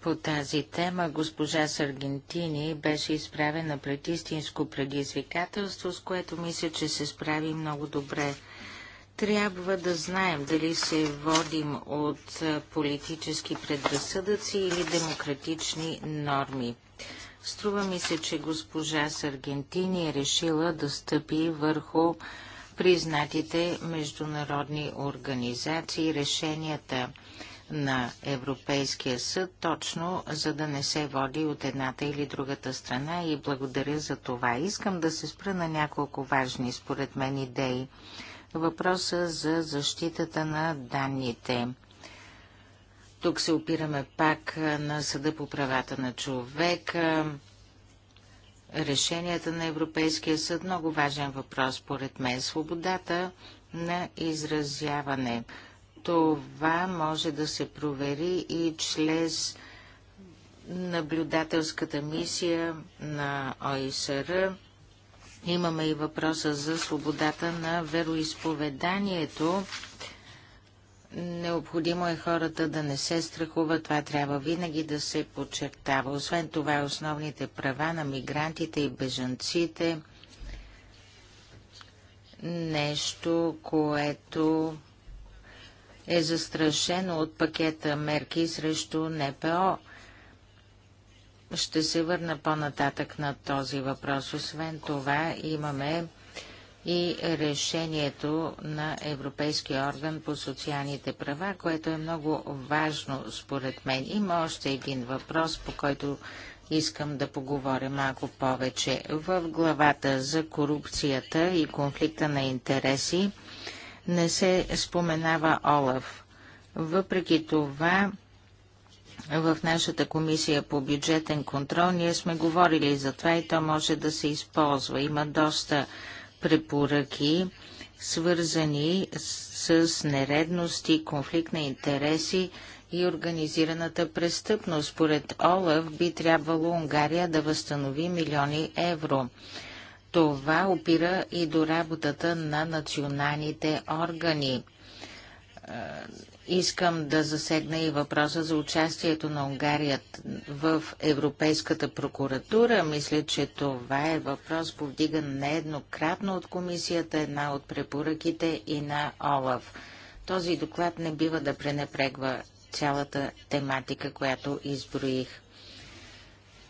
по тази тема. Госпожа Саргентини беше изправена пред истинско предизвикателство, с което мисля, че се справи много добре. Трябва да знаем дали се водим от политически предразсъдъци или демократични норми. Струва ми се, че госпожа Саргентини е решила да стъпи върху признатите международни организации, решенията на Европейския съд, точно за да не се води от едната или другата страна и благодаря за това. Искам да се спра на няколко важни, според мен, идеи. Въпроса за защитата на данните. Тук се опираме пак на Съда по правата на човека, решенията на Европейския съд. Много важен въпрос, според мен. Свободата на изразяване. Това може да се провери и чрез наблюдателската мисия на ОИСР. Имаме и въпроса за свободата на вероисповеданието. Необходимо е хората да не се страхуват, това трябва винаги да се подчертава. Освен това, основните права на мигрантите и бежанците нещо, което е застрашено от пакета мерки срещу НПО. Ще се върна по-нататък на този въпрос. Освен това, имаме и решението на Европейския орган по социалните права, което е много важно според мен. Има още един въпрос, по който искам да поговоря малко повече. В главата за корупцията и конфликта на интереси не се споменава Олаф. Въпреки това, в нашата комисия по бюджетен контрол ние сме говорили за това и то може да се използва. Има доста препоръки, свързани с, с нередности, конфликт на интереси и организираната престъпност. Според Олаф би трябвало Унгария да възстанови милиони евро. Това опира и до работата на националните органи Искам да засегна и въпроса за участието на Унгария в Европейската прокуратура. Мисля, че това е въпрос повдиган нееднократно от комисията, една от препоръките и на ОЛАВ. Този доклад не бива да пренепрегва цялата тематика, която изброих.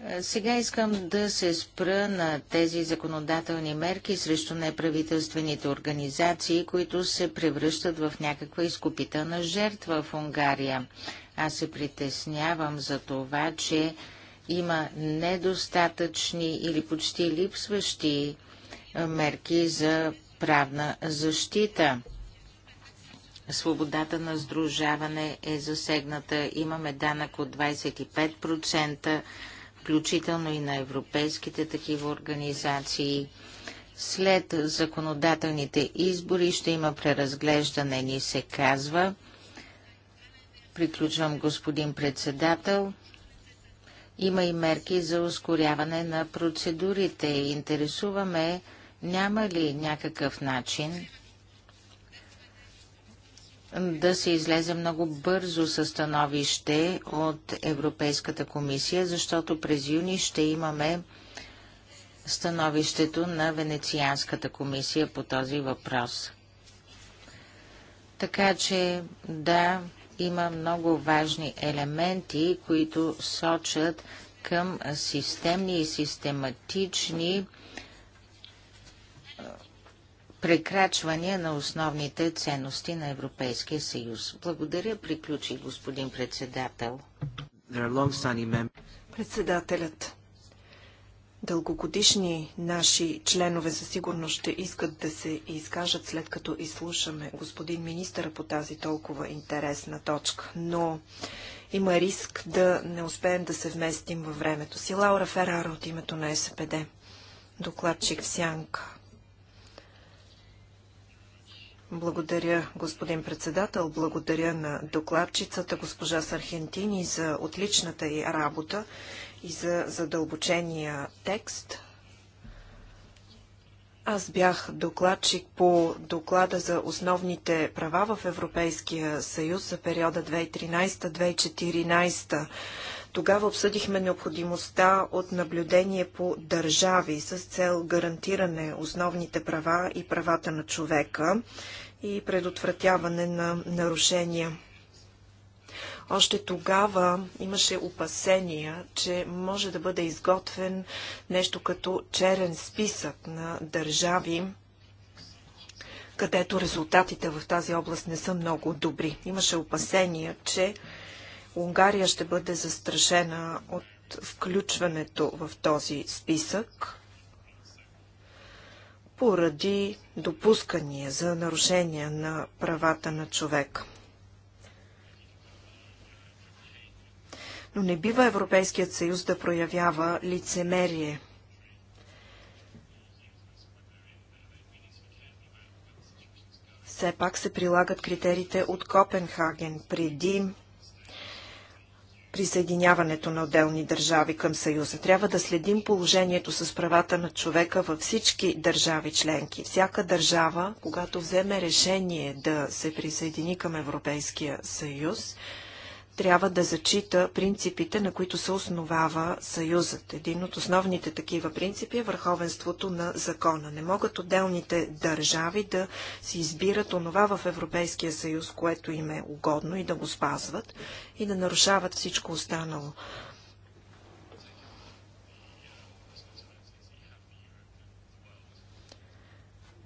Е, сега искам да се спра на тези законодателни мерки срещу неправителствените организации, които се превръщат в някаква изкупителна жертва в Унгария. Аз се притеснявам за това, че има недостатъчни или почти липсващи е, мерки за правна защита. Свободата на сдружаване е засегната. Имаме данък от 25% включително и на европейските такива организации. След законодателните избори ще има преразглеждане, ни се казва. Приключвам, господин председател. Има и мерки за ускоряване на процедурите. Интересуваме няма ли някакъв начин да се излезе много бързо със становище от Европейската комисия, защото през юни ще имаме становището на Венецианската комисия по този въпрос. Така че, да, има много важни елементи, които сочат към системни и систематични прекрачвания на основните ценности на Европейския съюз. Благодаря, приключи господин председател. Председателят. Дългогодишни наши членове със сигурност ще искат да се изкажат след като изслушаме господин министъра по тази толкова интересна точка, но има риск да не успеем да се вместим във времето си. Лаура Ферара от името на СПД, докладчик в Сянка. Благодаря, господин председател. Благодаря на докладчицата госпожа Сархентини за отличната й работа и за задълбочения текст. Аз бях докладчик по доклада за основните права в Европейския съюз за периода 2013-2014. Тогава обсъдихме необходимостта от наблюдение по държави с цел гарантиране основните права и правата на човека и предотвратяване на нарушения. Още тогава имаше опасения, че може да бъде изготвен нещо като черен списък на държави, където резултатите в тази област не са много добри. Имаше опасения, че Унгария ще бъде застрашена от включването в този списък поради допускания за нарушения на правата на човек. Но не бива Европейският съюз да проявява лицемерие. Все пак се прилагат критериите от Копенхаген преди присъединяването на отделни държави към Съюза. Трябва да следим положението с правата на човека във всички държави членки. Всяка държава, когато вземе решение да се присъедини към Европейския съюз, трябва да зачита принципите, на които се основава Съюзът. Един от основните такива принципи е върховенството на закона. Не могат отделните държави да си избират онова в Европейския съюз, което им е угодно и да го спазват и да нарушават всичко останало.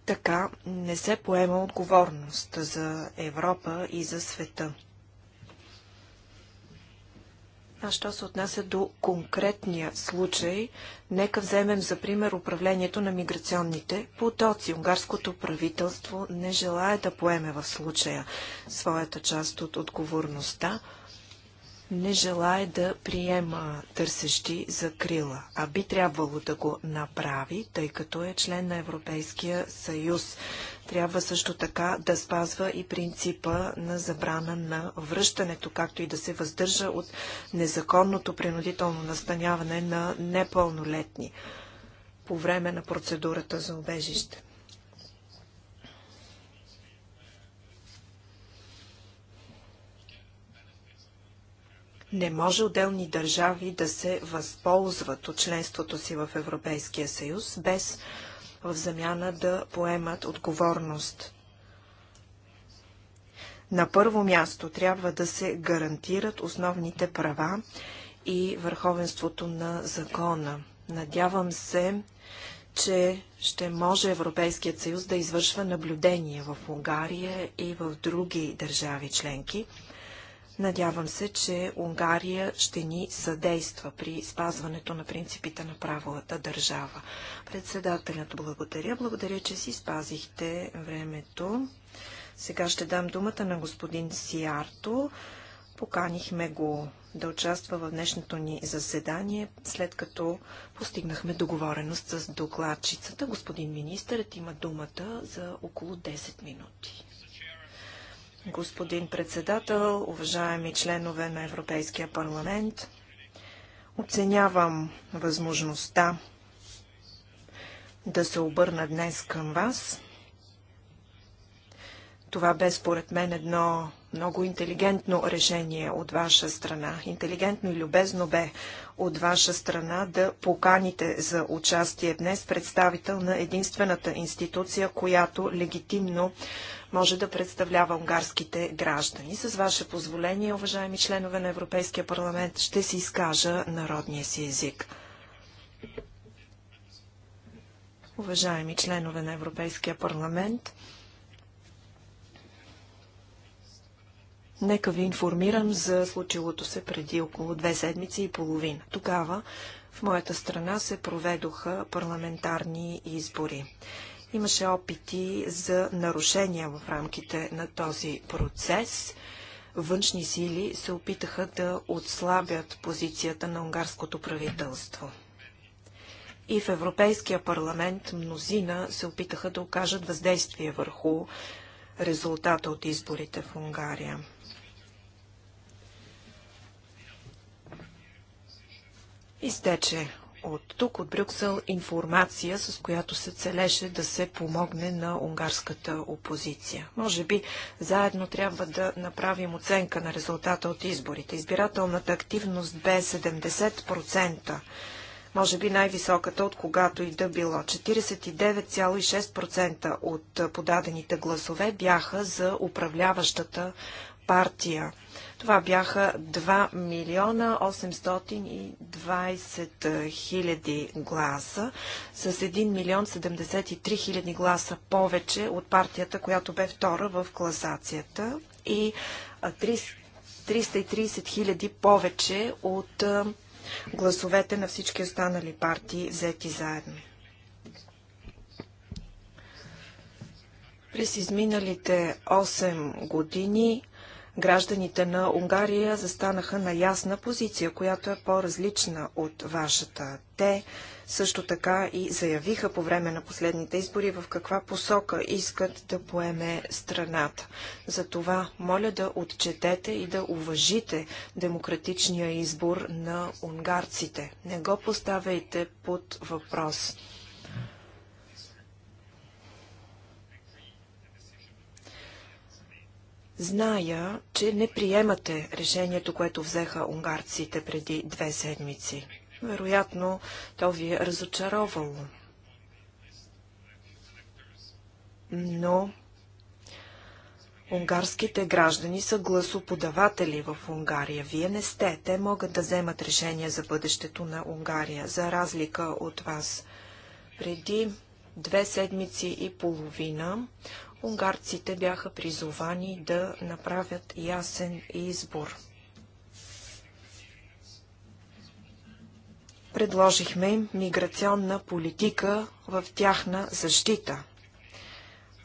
Така не се поема отговорност за Европа и за света. А що се отнася до конкретния случай, нека вземем за пример управлението на миграционните потоци. Унгарското правителство не желая да поеме в случая своята част от отговорността не желае да приема търсещи за крила, а би трябвало да го направи, тъй като е член на Европейския съюз. Трябва също така да спазва и принципа на забрана на връщането, както и да се въздържа от незаконното принудително настаняване на непълнолетни по време на процедурата за убежище. Не може отделни държави да се възползват от членството си в Европейския съюз, без в замяна да поемат отговорност. На първо място трябва да се гарантират основните права и върховенството на закона. Надявам се, че ще може Европейският съюз да извършва наблюдение в Унгария и в други държави членки, Надявам се, че Унгария ще ни съдейства при спазването на принципите на правовата държава. Председателят благодаря. Благодаря, че си спазихте времето. Сега ще дам думата на господин Сиарто. Поканихме го да участва в днешното ни заседание, след като постигнахме договореност с докладчицата. Господин министърът има думата за около 10 минути господин председател, уважаеми членове на Европейския парламент. Оценявам възможността да се обърна днес към вас. Това бе според мен едно много интелигентно решение от ваша страна. Интелигентно и любезно бе от ваша страна да поканите за участие днес представител на единствената институция, която легитимно може да представлява унгарските граждани. С ваше позволение, уважаеми членове на Европейския парламент, ще си изкажа народния си език. Уважаеми членове на Европейския парламент, Нека ви информирам за случилото се преди около две седмици и половина. Тогава в моята страна се проведоха парламентарни избори. Имаше опити за нарушения в рамките на този процес. Външни сили се опитаха да отслабят позицията на унгарското правителство. И в Европейския парламент мнозина се опитаха да окажат въздействие върху резултата от изборите в Унгария. Изтече от тук, от Брюксел, информация, с която се целеше да се помогне на унгарската опозиция. Може би заедно трябва да направим оценка на резултата от изборите. Избирателната активност бе 70%. Може би най-високата от когато и да било. 49,6% от подадените гласове бяха за управляващата партия. Това бяха 2 милиона 820 хиляди гласа с 1 милион 73 хиляди гласа повече от партията, която бе втора в класацията и 330 000 повече от гласовете на всички останали партии взети заедно. През изминалите 8 години гражданите на Унгария застанаха на ясна позиция, която е по-различна от вашата. Те също така и заявиха по време на последните избори в каква посока искат да поеме страната. Затова моля да отчетете и да уважите демократичния избор на унгарците. Не го поставяйте под въпрос. Зная, че не приемате решението, което взеха унгарците преди две седмици. Вероятно, то ви е разочаровало. Но унгарските граждани са гласоподаватели в Унгария. Вие не сте. Те могат да вземат решение за бъдещето на Унгария, за разлика от вас. Преди две седмици и половина унгарците бяха призовани да направят ясен избор. Предложихме им миграционна политика в тяхна защита.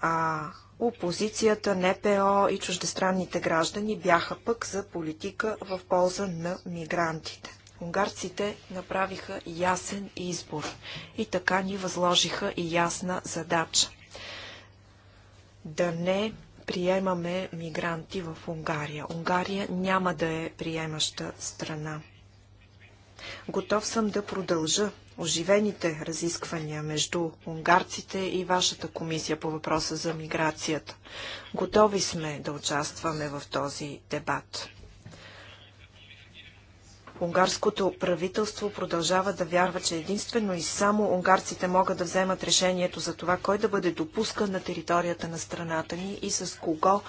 А опозицията, НПО и чуждестранните граждани бяха пък за политика в полза на мигрантите. Унгарците направиха ясен избор и така ни възложиха и ясна задача да не приемаме мигранти в Унгария. Унгария няма да е приемаща страна. Готов съм да продължа оживените разисквания между унгарците и вашата комисия по въпроса за миграцията. Готови сме да участваме в този дебат. Унгарското правителство продължава да вярва, че единствено и само унгарците могат да вземат решението за това, кой да бъде допускан на територията на страната ни и с кого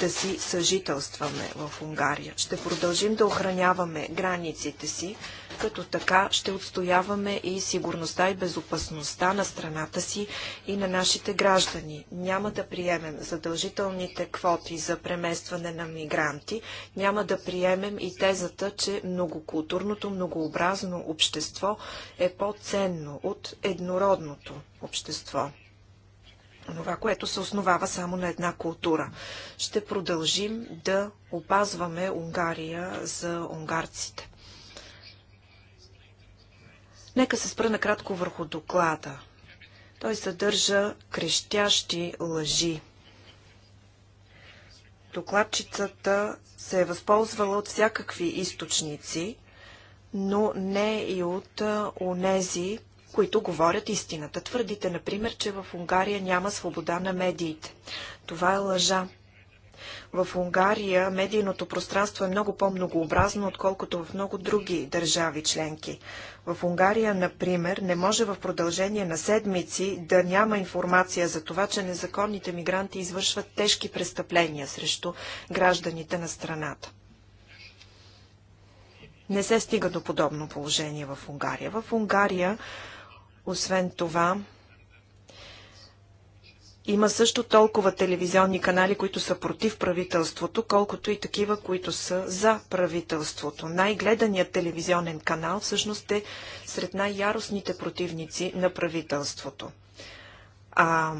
да си съжителстваме в Унгария. Ще продължим да охраняваме границите си, като така ще отстояваме и сигурността и безопасността на страната си и на нашите граждани. Няма да приемем задължителните квоти за преместване на мигранти, няма да приемем и тезата, че многокултурното, многообразно общество е по-ценно от еднородното общество това, което се основава само на една култура. Ще продължим да опазваме Унгария за унгарците. Нека се спра накратко върху доклада. Той съдържа крещящи лъжи. Докладчицата се е възползвала от всякакви източници, но не и от онези, които говорят истината. Твърдите, например, че в Унгария няма свобода на медиите. Това е лъжа. В Унгария медийното пространство е много по-многообразно, отколкото в много други държави членки. В Унгария, например, не може в продължение на седмици да няма информация за това, че незаконните мигранти извършват тежки престъпления срещу гражданите на страната. Не се стига до подобно положение в Унгария. В Унгария, освен това, има също толкова телевизионни канали, които са против правителството, колкото и такива, които са за правителството. Най-гледаният телевизионен канал всъщност е сред най-яростните противници на правителството. А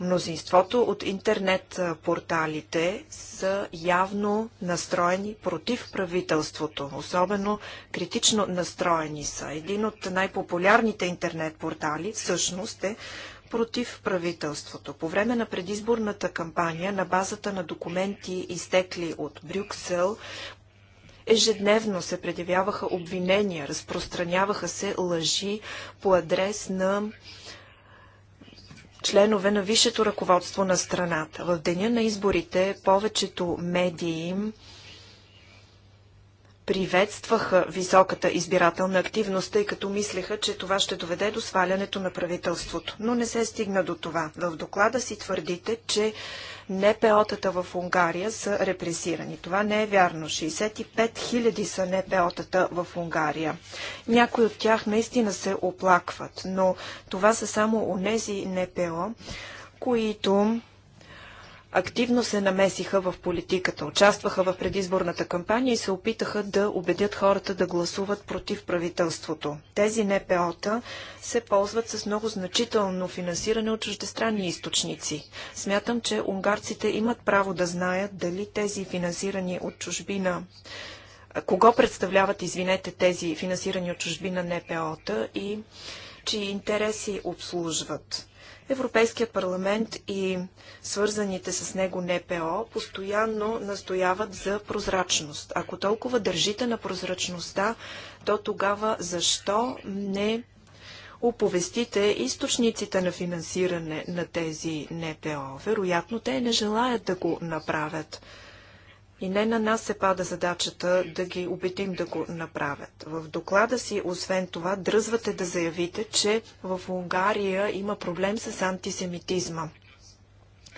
мнозинството от интернет порталите са явно настроени против правителството. Особено критично настроени са. Един от най-популярните интернет портали всъщност е против правителството. По време на предизборната кампания, на базата на документи изтекли от Брюксел, ежедневно се предявяваха обвинения, разпространяваха се лъжи по адрес на членове на висшето ръководство на страната. В деня на изборите повечето медии приветстваха високата избирателна активност, тъй като мислеха, че това ще доведе до свалянето на правителството. Но не се стигна до това. В доклада си твърдите, че НПО-тата в Унгария са репресирани. Това не е вярно. 65 000 са НПО-тата в Унгария. Някои от тях наистина се оплакват, но това са само онези НПО, които активно се намесиха в политиката, участваха в предизборната кампания и се опитаха да убедят хората да гласуват против правителството. Тези НПО-та се ползват с много значително финансиране от чуждестранни източници. Смятам, че унгарците имат право да знаят дали тези финансирани от чужбина кого представляват, извинете, тези финансирани от чужбина НПО-та и чии интереси обслужват. Европейският парламент и свързаните с него НПО постоянно настояват за прозрачност. Ако толкова държите на прозрачността, то тогава защо не оповестите източниците на финансиране на тези НПО? Вероятно те не желаят да го направят. И не на нас се пада задачата да ги убедим да го направят. В доклада си, освен това, дръзвате да заявите, че в Унгария има проблем с антисемитизма.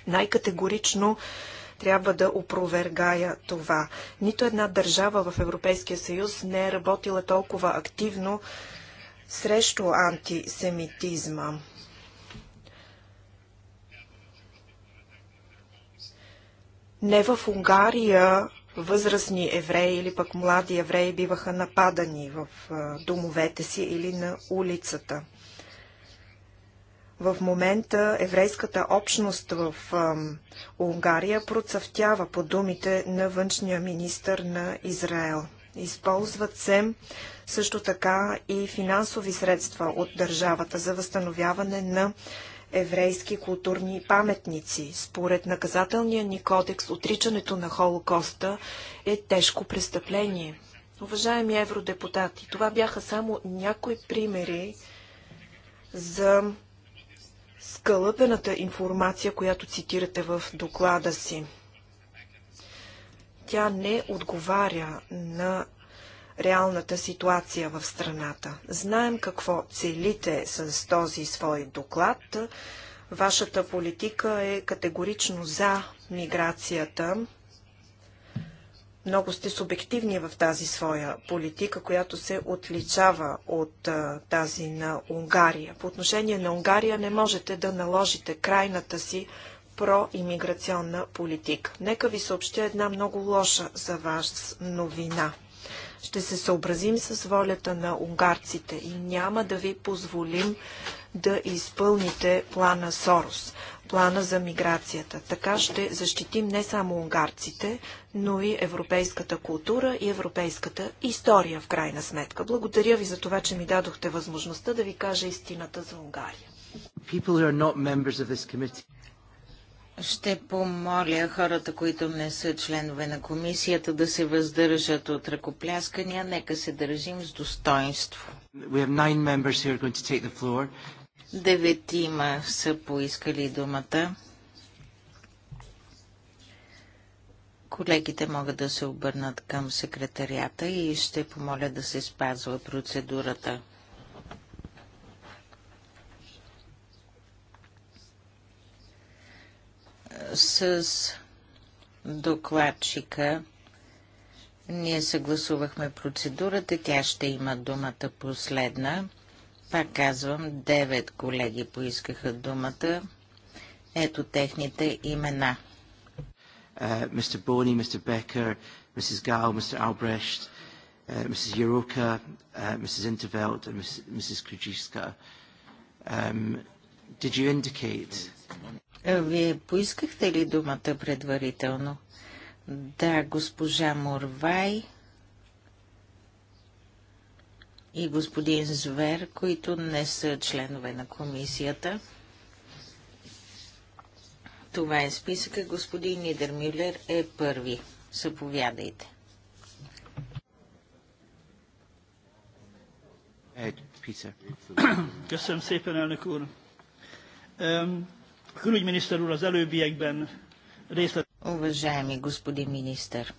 Най-категорично трябва да опровергая това. Нито една държава в Европейския съюз не е работила толкова активно срещу антисемитизма. Не в Унгария възрастни евреи или пък млади евреи биваха нападани в домовете си или на улицата. В момента еврейската общност в Унгария процъфтява по думите на външния министр на Израел. Използват се също така и финансови средства от държавата за възстановяване на еврейски културни паметници. Според наказателния ни кодекс, отричането на Холокоста е тежко престъпление. Уважаеми евродепутати, това бяха само някои примери за скълъпената информация, която цитирате в доклада си. Тя не отговаря на реалната ситуация в страната. Знаем какво целите с този свой доклад. Вашата политика е категорично за миграцията. Много сте субективни в тази своя политика, която се отличава от а, тази на Унгария. По отношение на Унгария не можете да наложите крайната си проимиграционна политика. Нека ви съобщя една много лоша за вас новина. Ще се съобразим с волята на унгарците и няма да ви позволим да изпълните плана Сорос, плана за миграцията. Така ще защитим не само унгарците, но и европейската култура и европейската история в крайна сметка. Благодаря ви за това, че ми дадохте възможността да ви кажа истината за Унгария. Ще помоля хората, които не са членове на комисията, да се въздържат от ръкопляскания. Нека се държим с достоинство. Деветима са поискали думата. Колегите могат да се обърнат към секретарията и ще помоля да се спазва процедурата. с докладчика ние съгласувахме процедурата, тя ще има думата последна. Пак казвам, девет колеги поискаха думата. Ето техните имена. Мистер Бони, мистер Бекер, мисис Гал, мистер Албрешт, мисис Юрока, мисис Интервелт и мисис Круджиска. Did you indicate? Вие поискахте ли думата предварително? Да, госпожа Морвай и господин Звер, които не са членове на комисията. Това е списъка. Господин Нидермюлер е първи. Съповядайте. Ето, Peter. Köszönöm се elnök úr. Уважаеми господин министър,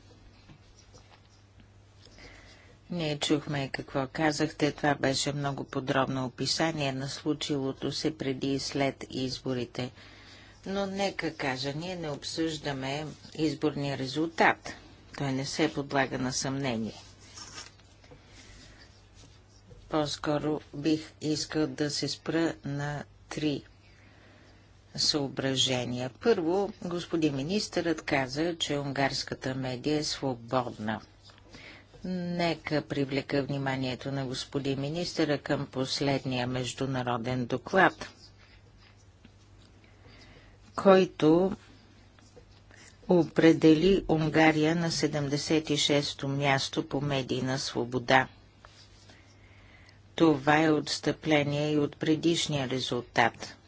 ние чухме какво казахте. Това беше много подробно описание на случилото се преди и след изборите. Но нека кажа, ние не обсъждаме изборния резултат. Той не се подлага на съмнение. По-скоро бих искал да се спра на три съображения. Първо, господин министърът каза, че унгарската медия е свободна. Нека привлека вниманието на господин министъра към последния международен доклад, който определи Унгария на 76-то място по медийна свобода. Това е отстъпление и от предишния резултат –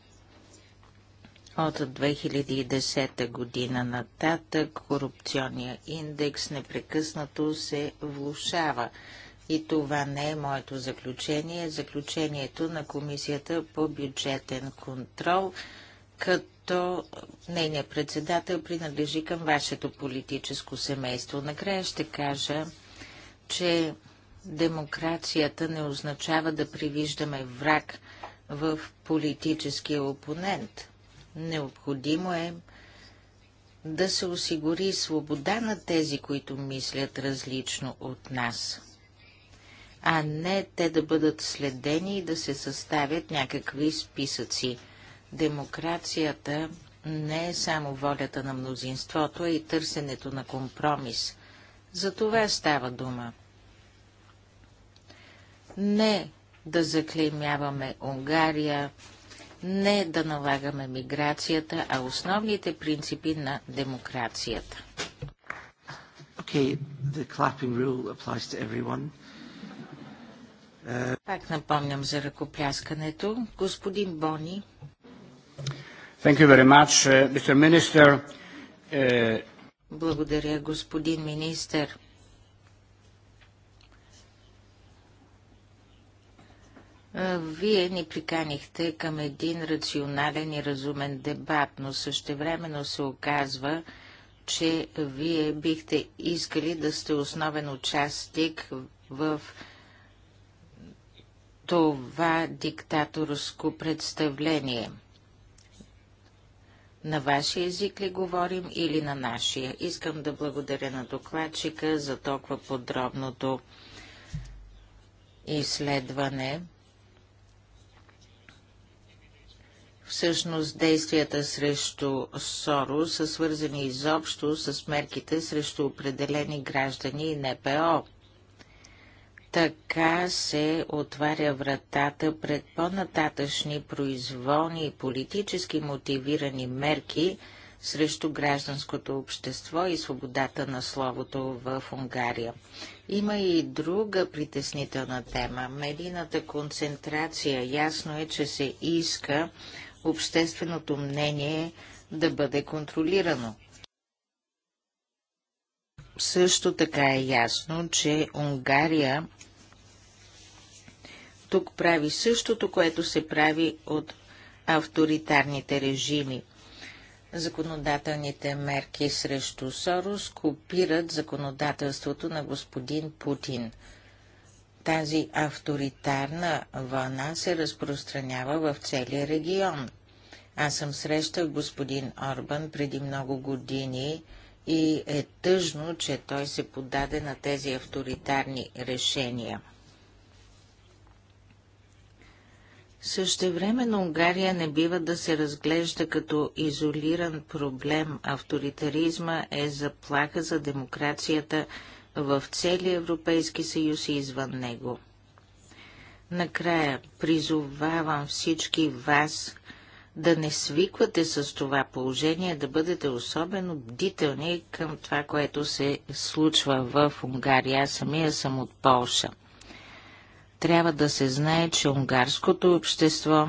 от 2010 година нататък корупционния индекс непрекъснато се влушава. И това не е моето заключение, заключението на Комисията по бюджетен контрол, като нейният председател принадлежи към вашето политическо семейство. Накрая ще кажа, че демокрацията не означава да привиждаме враг в политическия опонент. Необходимо е да се осигури свобода на тези, които мислят различно от нас, а не те да бъдат следени и да се съставят някакви списъци. Демокрацията не е само волята на мнозинството, а и търсенето на компромис. За това става дума. Не да заклеймяваме Унгария, не да налагаме миграцията, а основните принципи на демокрацията. Okay, the clapping rule applies to everyone. Uh... Пак напомням за ръкопляскането. Господин Бони. Thank you very much, uh, Mr. Minister. Uh... Благодаря, господин министър. Вие ни приканихте към един рационален и разумен дебат, но същевременно се оказва, че вие бихте искали да сте основен участник в това диктаторско представление. На вашия език ли говорим или на нашия? Искам да благодаря на докладчика за толкова подробното изследване. Всъщност действията срещу Соро са свързани изобщо с мерките срещу определени граждани и НПО. Така се отваря вратата пред по-нататъчни произволни и политически мотивирани мерки срещу гражданското общество и свободата на словото в Унгария. Има и друга притеснителна тема – медийната концентрация. Ясно е, че се иска общественото мнение да бъде контролирано. Също така е ясно, че Унгария тук прави същото, което се прави от авторитарните режими. Законодателните мерки срещу Сорос копират законодателството на господин Путин – тази авторитарна вълна се разпространява в целия регион. Аз съм срещал господин Орбан преди много години и е тъжно, че той се подаде на тези авторитарни решения. Същевременно Унгария не бива да се разглежда като изолиран проблем. Авторитаризма е заплаха за демокрацията в целия Европейски съюз и извън него. Накрая призовавам всички вас да не свиквате с това положение, да бъдете особено бдителни към това, което се случва в Унгария. Аз самия съм от Полша. Трябва да се знае, че унгарското общество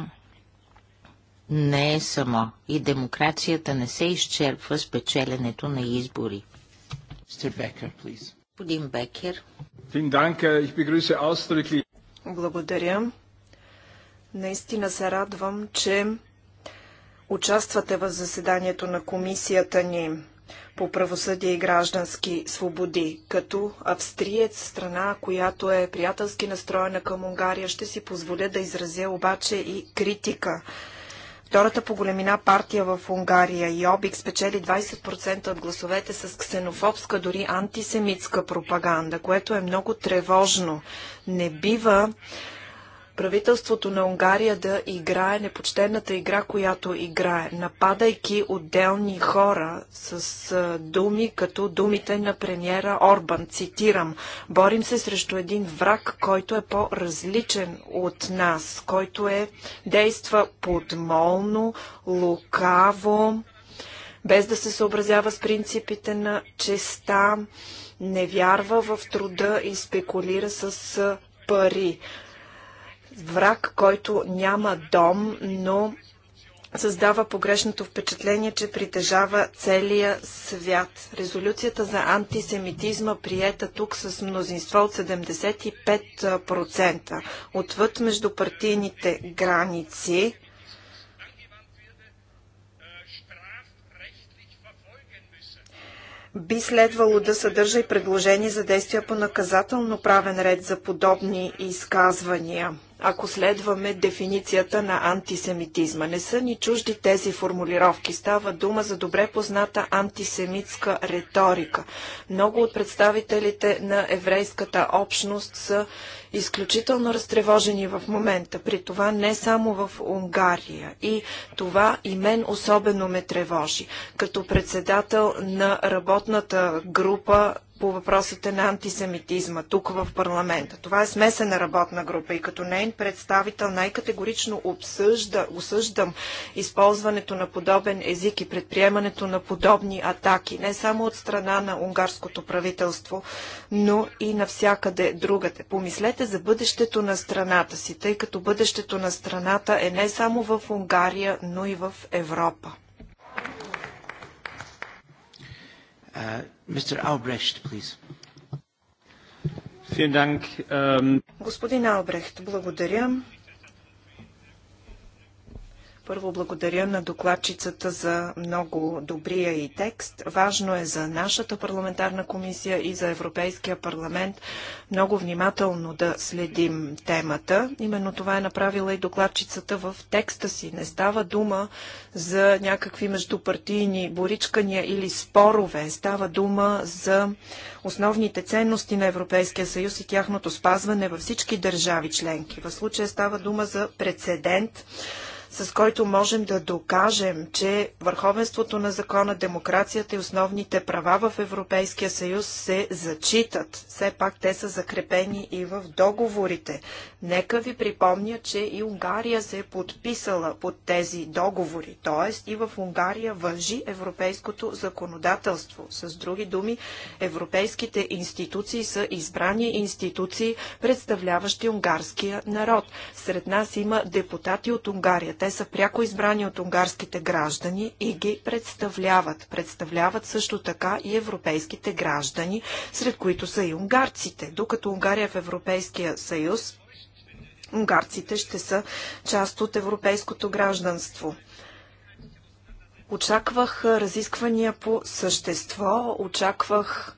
не е само и демокрацията не се изчерпва с печеленето на избори. Mr. Becker, please. Господин Бекер. Äh, Благодаря. Наистина се радвам, че участвате в заседанието на комисията ни по правосъдие и граждански свободи. Като австриец, страна, която е приятелски настроена към Унгария, ще си позволя да изразя обаче и критика Втората по големина партия в Унгария и Обик спечели 20% от гласовете с ксенофобска, дори антисемитска пропаганда, което е много тревожно. Не бива правителството на Унгария да играе непочтената игра, която играе, нападайки отделни хора с думи, като думите на премьера Орбан. Цитирам, борим се срещу един враг, който е по-различен от нас, който е действа подмолно, лукаво, без да се съобразява с принципите на честа, не вярва в труда и спекулира с пари враг, който няма дом, но създава погрешното впечатление, че притежава целия свят. Резолюцията за антисемитизма приета тук с мнозинство от 75%. Отвъд между партийните граници би следвало да съдържа и предложение за действия по наказателно правен ред за подобни изказвания ако следваме дефиницията на антисемитизма. Не са ни чужди тези формулировки. Става дума за добре позната антисемитска риторика. Много от представителите на еврейската общност са изключително разтревожени в момента, при това не само в Унгария. И това и мен особено ме тревожи. Като председател на работната група по въпросите на антисемитизма тук в парламента. Това е смесена работна група и като нейн представител най-категорично обсъжда, осъждам използването на подобен език и предприемането на подобни атаки, не само от страна на унгарското правителство, но и навсякъде другате. Помислете за бъдещето на страната си, тъй като бъдещето на страната е не само в Унгария, но и в Европа. Uh, Mr. Albrecht, please. Ähm, Господин Албрехт, благодаря. Първо благодаря на докладчицата за много добрия и текст. Важно е за нашата парламентарна комисия и за Европейския парламент много внимателно да следим темата. Именно това е направила и докладчицата в текста си. Не става дума за някакви междупартийни боричкания или спорове. Става дума за основните ценности на Европейския съюз и тяхното спазване във всички държави членки. В случая става дума за прецедент с който можем да докажем, че върховенството на закона, демокрацията и основните права в Европейския съюз се зачитат. Все пак те са закрепени и в договорите. Нека ви припомня, че и Унгария се е подписала под тези договори, т.е. и в Унгария въжи европейското законодателство. С други думи, европейските институции са избрани институции, представляващи унгарския народ. Сред нас има депутати от Унгария. Те са пряко избрани от унгарските граждани и ги представляват. Представляват също така и европейските граждани, сред които са и унгарците. Докато Унгария е в Европейския съюз, унгарците ще са част от европейското гражданство. Очаквах разисквания по същество, очаквах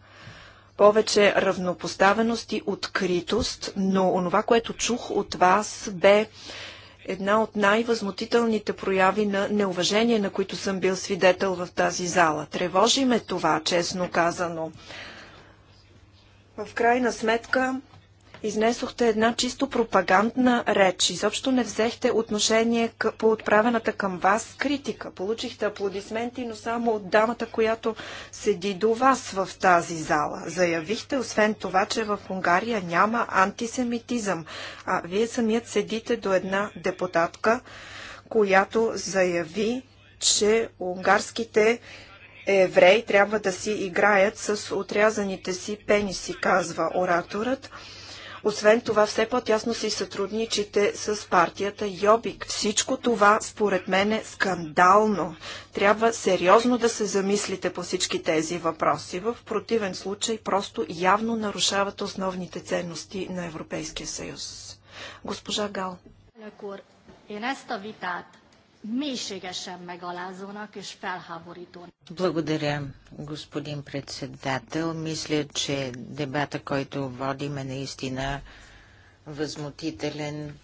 повече равнопоставеност и откритост, но онова, което чух от вас бе една от най-възмутителните прояви на неуважение, на които съм бил свидетел в тази зала. Тревожи ме това, честно казано. В крайна сметка, изнесохте една чисто пропагандна реч. Изобщо не взехте отношение по отправената към вас критика. Получихте аплодисменти, но само от дамата, която седи до вас в тази зала. Заявихте, освен това, че в Унгария няма антисемитизъм. А вие самият седите до една депутатка, която заяви, че унгарските евреи трябва да си играят с отрязаните си пениси, казва ораторът. Освен това, все по-тясно си сътрудничите с партията Йобик. Всичко това, според мен, е скандално. Трябва сериозно да се замислите по всички тези въпроси. В противен случай, просто явно нарушават основните ценности на Европейския съюз. Госпожа Гал. Е благодаря, господин председател. Мисля, че дебата, който водим е наистина възмутителен.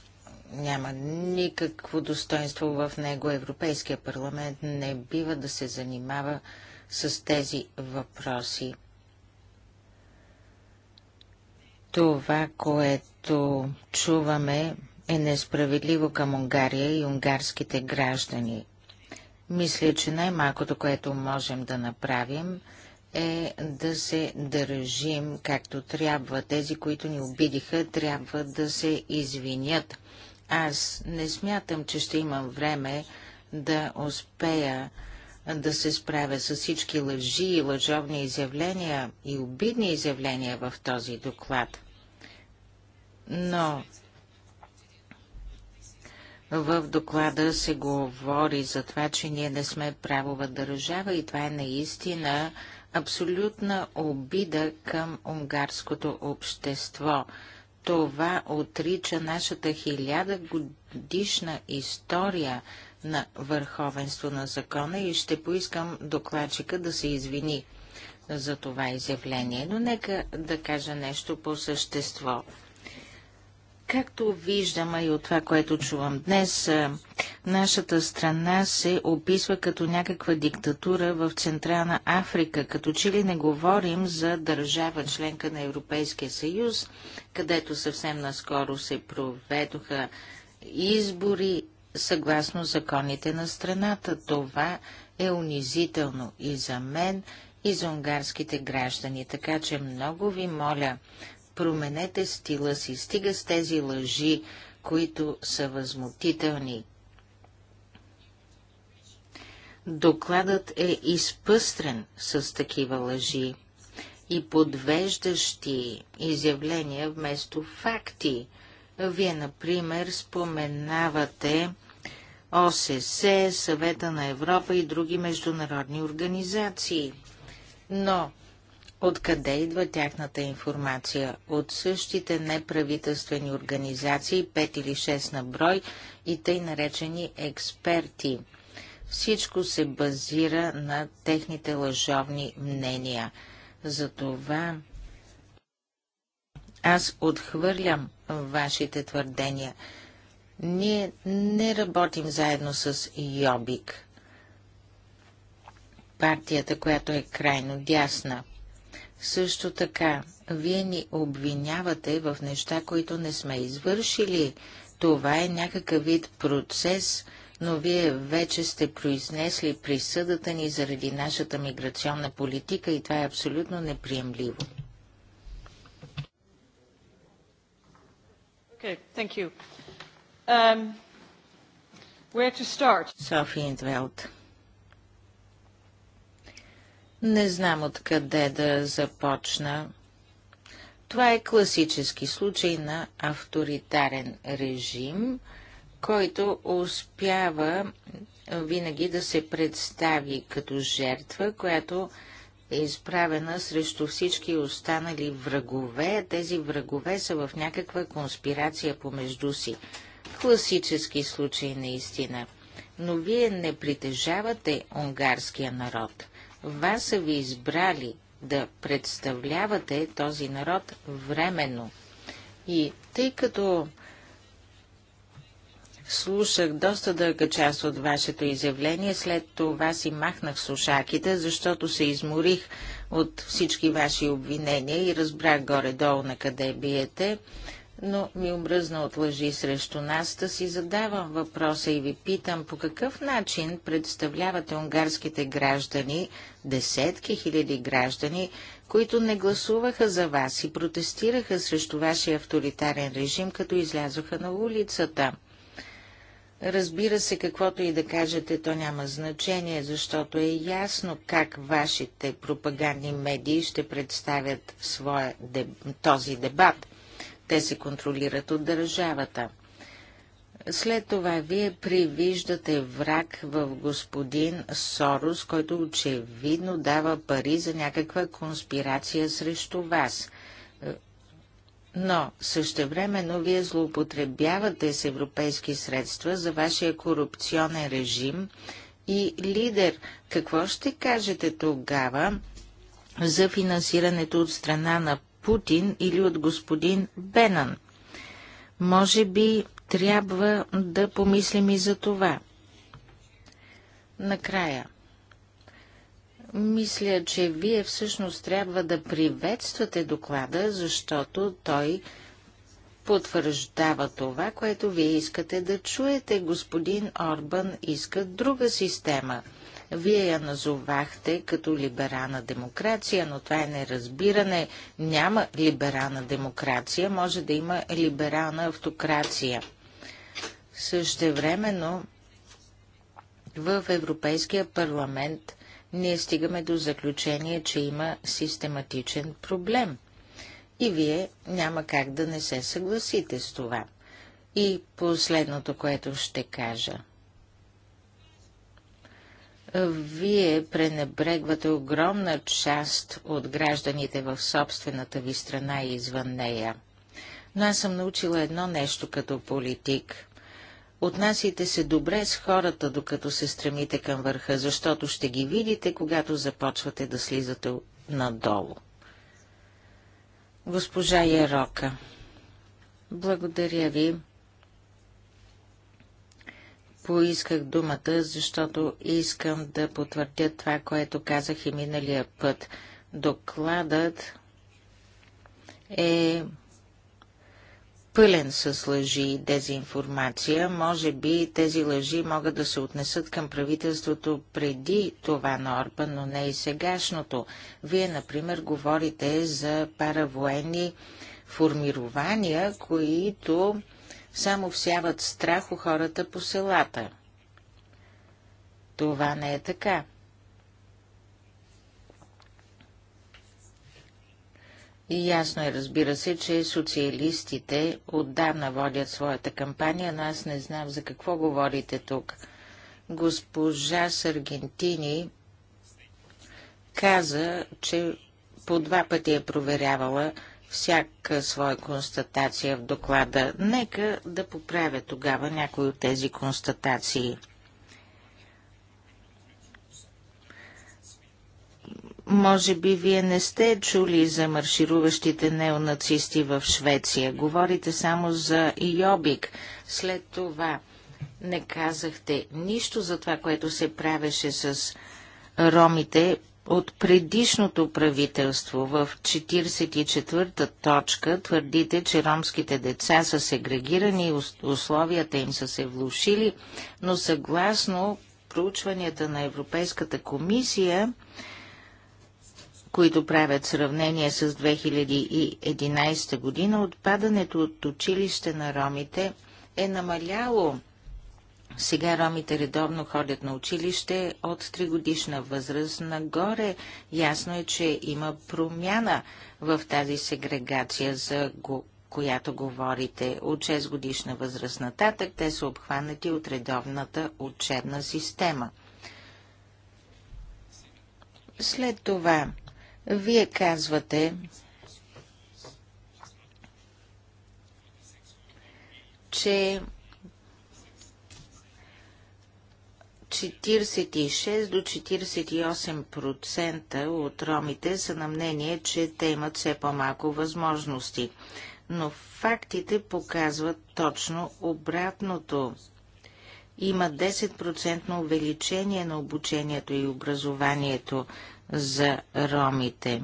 Няма никакво достоинство в него. Европейския парламент не бива да се занимава с тези въпроси. Това, което чуваме е несправедливо към Унгария и унгарските граждани. Мисля, че най-малкото, което можем да направим, е да се държим както трябва. Тези, които ни обидиха, трябва да се извинят. Аз не смятам, че ще имам време да успея да се справя с всички лъжи и лъжовни изявления и обидни изявления в този доклад. Но в доклада се говори за това, че ние не сме правова държава и това е наистина абсолютна обида към унгарското общество. Това отрича нашата хиляда годишна история на върховенство на закона и ще поискам докладчика да се извини за това изявление. Но нека да кажа нещо по същество. Както виждам и от това, което чувам днес, е, нашата страна се описва като някаква диктатура в Централна Африка, като че ли не говорим за държава членка на Европейския съюз, където съвсем наскоро се проведоха избори съгласно законите на страната. Това е унизително и за мен, и за унгарските граждани. Така че много ви моля, променете стила си, стига с тези лъжи, които са възмутителни. Докладът е изпъстрен с такива лъжи и подвеждащи изявления вместо факти. Вие, например, споменавате ОСС, Съвета на Европа и други международни организации. Но Откъде идва тяхната информация? От същите неправителствени организации, 5 или 6 на брой и тъй наречени експерти. Всичко се базира на техните лъжовни мнения. Затова аз отхвърлям вашите твърдения. Ние не работим заедно с Йобик, партията, която е крайно дясна. Също така, вие ни обвинявате в неща, които не сме извършили. Това е някакъв вид процес, но вие вече сте произнесли присъдата ни заради нашата миграционна политика и това е абсолютно неприемливо. Okay, thank you. Um, where to start? Софи Um, не знам откъде да започна. Това е класически случай на авторитарен режим, който успява винаги да се представи като жертва, която е изправена срещу всички останали врагове. Тези врагове са в някаква конспирация помежду си. Класически случай наистина. Но вие не притежавате унгарския народ. Вас са ви избрали да представлявате този народ временно. И тъй като слушах доста дълга част от вашето изявление, след това си махнах слушаките, защото се изморих от всички ваши обвинения и разбрах горе-долу на къде биете но ми омръзна от лъжи срещу нас, да си задавам въпроса и ви питам по какъв начин представлявате унгарските граждани, десетки хиляди граждани, които не гласуваха за вас и протестираха срещу вашия авторитарен режим, като излязоха на улицата. Разбира се, каквото и да кажете, то няма значение, защото е ясно как вашите пропагандни медии ще представят своя деб... този дебат. Те се контролират от държавата. След това вие привиждате враг в господин Сорос, който очевидно дава пари за някаква конспирация срещу вас. Но същевременно вие злоупотребявате с европейски средства за вашия корупционен режим и лидер. Какво ще кажете тогава за финансирането от страна на Путин или от господин Бенан. Може би трябва да помислим и за това. Накрая. Мисля, че вие всъщност трябва да приветствате доклада, защото той потвърждава това, което вие искате да чуете. Господин Орбан иска друга система – вие я назовахте като либерална демокрация, но това е неразбиране. Няма либерална демокрация, може да има либерална автокрация. Същевременно в Европейския парламент ние стигаме до заключение, че има систематичен проблем. И вие няма как да не се съгласите с това. И последното, което ще кажа – вие пренебрегвате огромна част от гражданите в собствената ви страна и извън нея. Но аз съм научила едно нещо като политик. Отнасяйте се добре с хората, докато се стремите към върха, защото ще ги видите, когато започвате да слизате надолу. Госпожа Ярока, благодаря ви. Поисках думата, защото искам да потвърдя това, което казах и миналия път. Докладът е пълен с лъжи и дезинформация. Може би тези лъжи могат да се отнесат към правителството преди това на но не и сегашното. Вие, например, говорите за паравоенни формирования, които само всяват страх у хората по селата. Това не е така. И ясно е, разбира се, че социалистите отдавна водят своята кампания, но аз не знам за какво говорите тук. Госпожа Саргентини каза, че по два пъти е проверявала всяка своя констатация в доклада. Нека да поправя тогава някои от тези констатации. Може би вие не сте чули за маршируващите неонацисти в Швеция. Говорите само за Йобик. След това не казахте нищо за това, което се правеше с ромите от предишното правителство. В 44-та точка твърдите, че ромските деца са сегрегирани, условията им са се влушили, но съгласно проучванията на Европейската комисия, които правят сравнение с 2011 година, отпадането от училище на ромите е намаляло сега ромите редовно ходят на училище от 3 годишна възраст нагоре. Ясно е, че има промяна в тази сегрегация, за го, която говорите. От 6 годишна възраст нататък те са обхванати от редовната учебна система. След това, вие казвате, че 46 до 48% от ромите са на мнение, че те имат все по-малко възможности. Но фактите показват точно обратното. Има 10% увеличение на обучението и образованието за ромите.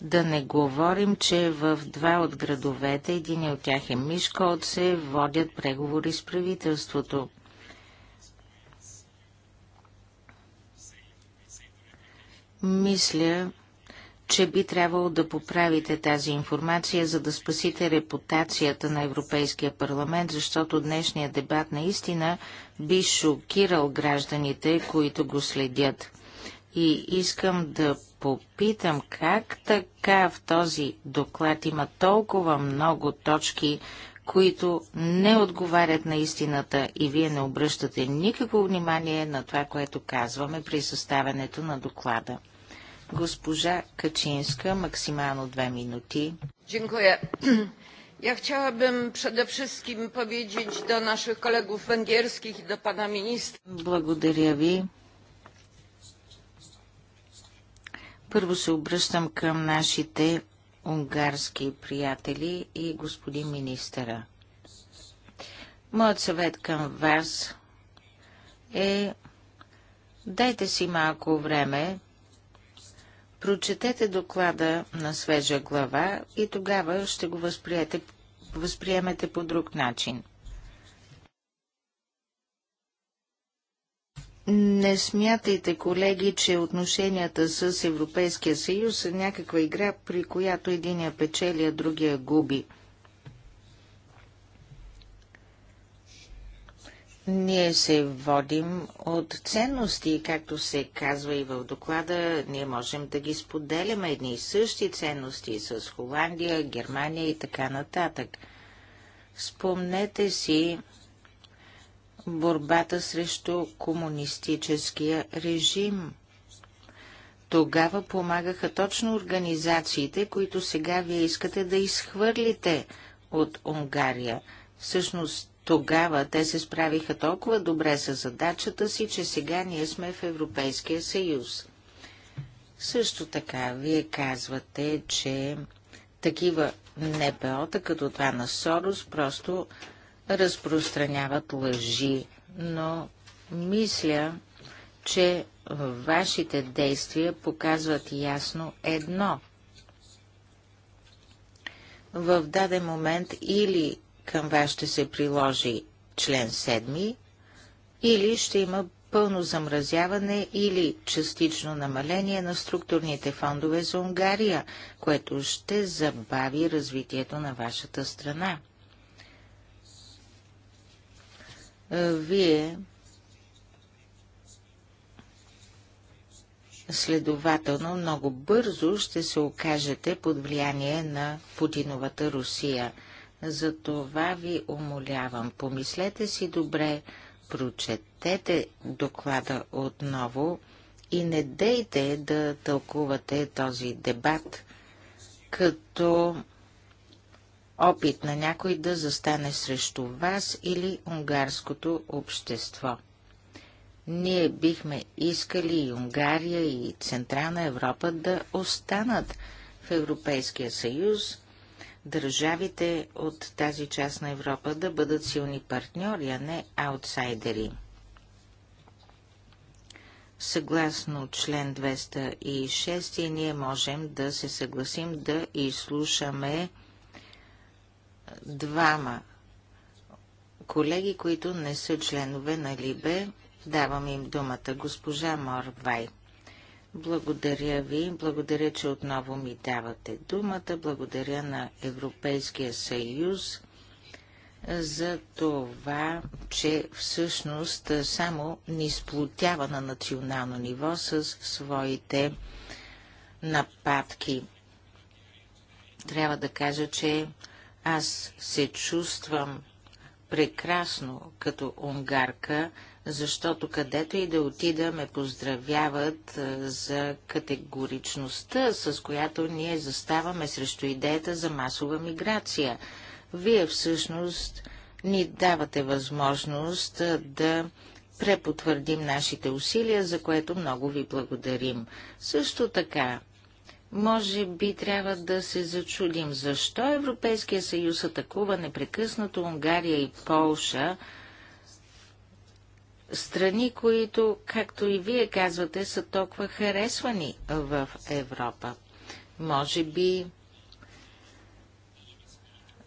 Да не говорим, че в два от градовете, един от тях е от се водят преговори с правителството. Мисля, че би трябвало да поправите тази информация, за да спасите репутацията на Европейския парламент, защото днешният дебат наистина би шокирал гражданите, които го следят. И искам да попитам как така в този доклад има толкова много точки, които не отговарят на истината и вие не обръщате никакво внимание на това, което казваме при съставянето на доклада. Госпожа Качинска, максимално две минути. Dziękuję. Ja chciałabym przede wszystkim powiedzieć do naszych kolegów węgierskich i do pana ministra. Благодаря ви. Първо се обръщам към нашите унгарски приятели и господин министъра. Моят съвет към вас е дайте си малко време Прочетете доклада на свежа глава и тогава ще го възприете, възприемете по друг начин. Не смятайте, колеги, че отношенията с Европейския съюз са някаква игра, при която единия печели, а другия губи. Ние се водим от ценности, както се казва и в доклада, ние можем да ги споделяме едни и същи ценности с Холандия, Германия и така нататък. Спомнете си борбата срещу комунистическия режим. Тогава помагаха точно организациите, които сега вие искате да изхвърлите от Унгария. Всъщност тогава те се справиха толкова добре с задачата си, че сега ние сме в Европейския съюз. Също така, вие казвате, че такива НПО-та, като това на Сорос, просто разпространяват лъжи. Но мисля, че вашите действия показват ясно едно. В даден момент или към вас ще се приложи член 7 или ще има пълно замразяване или частично намаление на структурните фондове за Унгария, което ще забави развитието на вашата страна. Е, вие Следователно, много бързо ще се окажете под влияние на Путиновата Русия – за това ви умолявам. Помислете си добре, прочетете доклада отново и не дейте да тълкувате този дебат като опит на някой да застане срещу вас или унгарското общество. Ние бихме искали и Унгария, и Централна Европа да останат в Европейския съюз, държавите от тази част на Европа да бъдат силни партньори, а не аутсайдери. Съгласно член 206 ние можем да се съгласим да изслушаме двама колеги, които не са членове на Либе. Давам им думата. Госпожа Морвайт. Благодаря ви, благодаря, че отново ми давате думата, благодаря на Европейския съюз за това, че всъщност само ни сплотява на национално ниво с своите нападки. Трябва да кажа, че аз се чувствам прекрасно като унгарка, защото където и да отида ме поздравяват за категоричността, с която ние заставаме срещу идеята за масова миграция. Вие всъщност ни давате възможност да препотвърдим нашите усилия, за което много ви благодарим. Също така, може би трябва да се зачудим, защо Европейския съюз атакува непрекъснато Унгария и Полша, страни, които, както и вие казвате, са толкова харесвани в Европа. Може би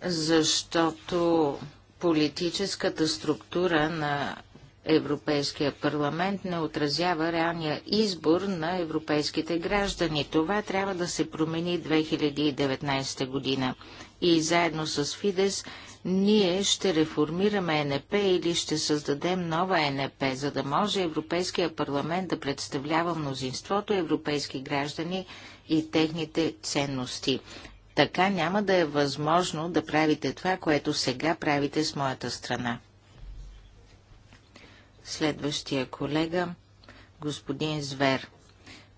защото политическата структура на Европейския парламент не отразява реалния избор на европейските граждани. Това трябва да се промени 2019 година. И заедно с Фидес ние ще реформираме НП или ще създадем нова НП, за да може Европейския парламент да представлява мнозинството европейски граждани и техните ценности. Така няма да е възможно да правите това, което сега правите с моята страна. Следващия колега, господин Звер.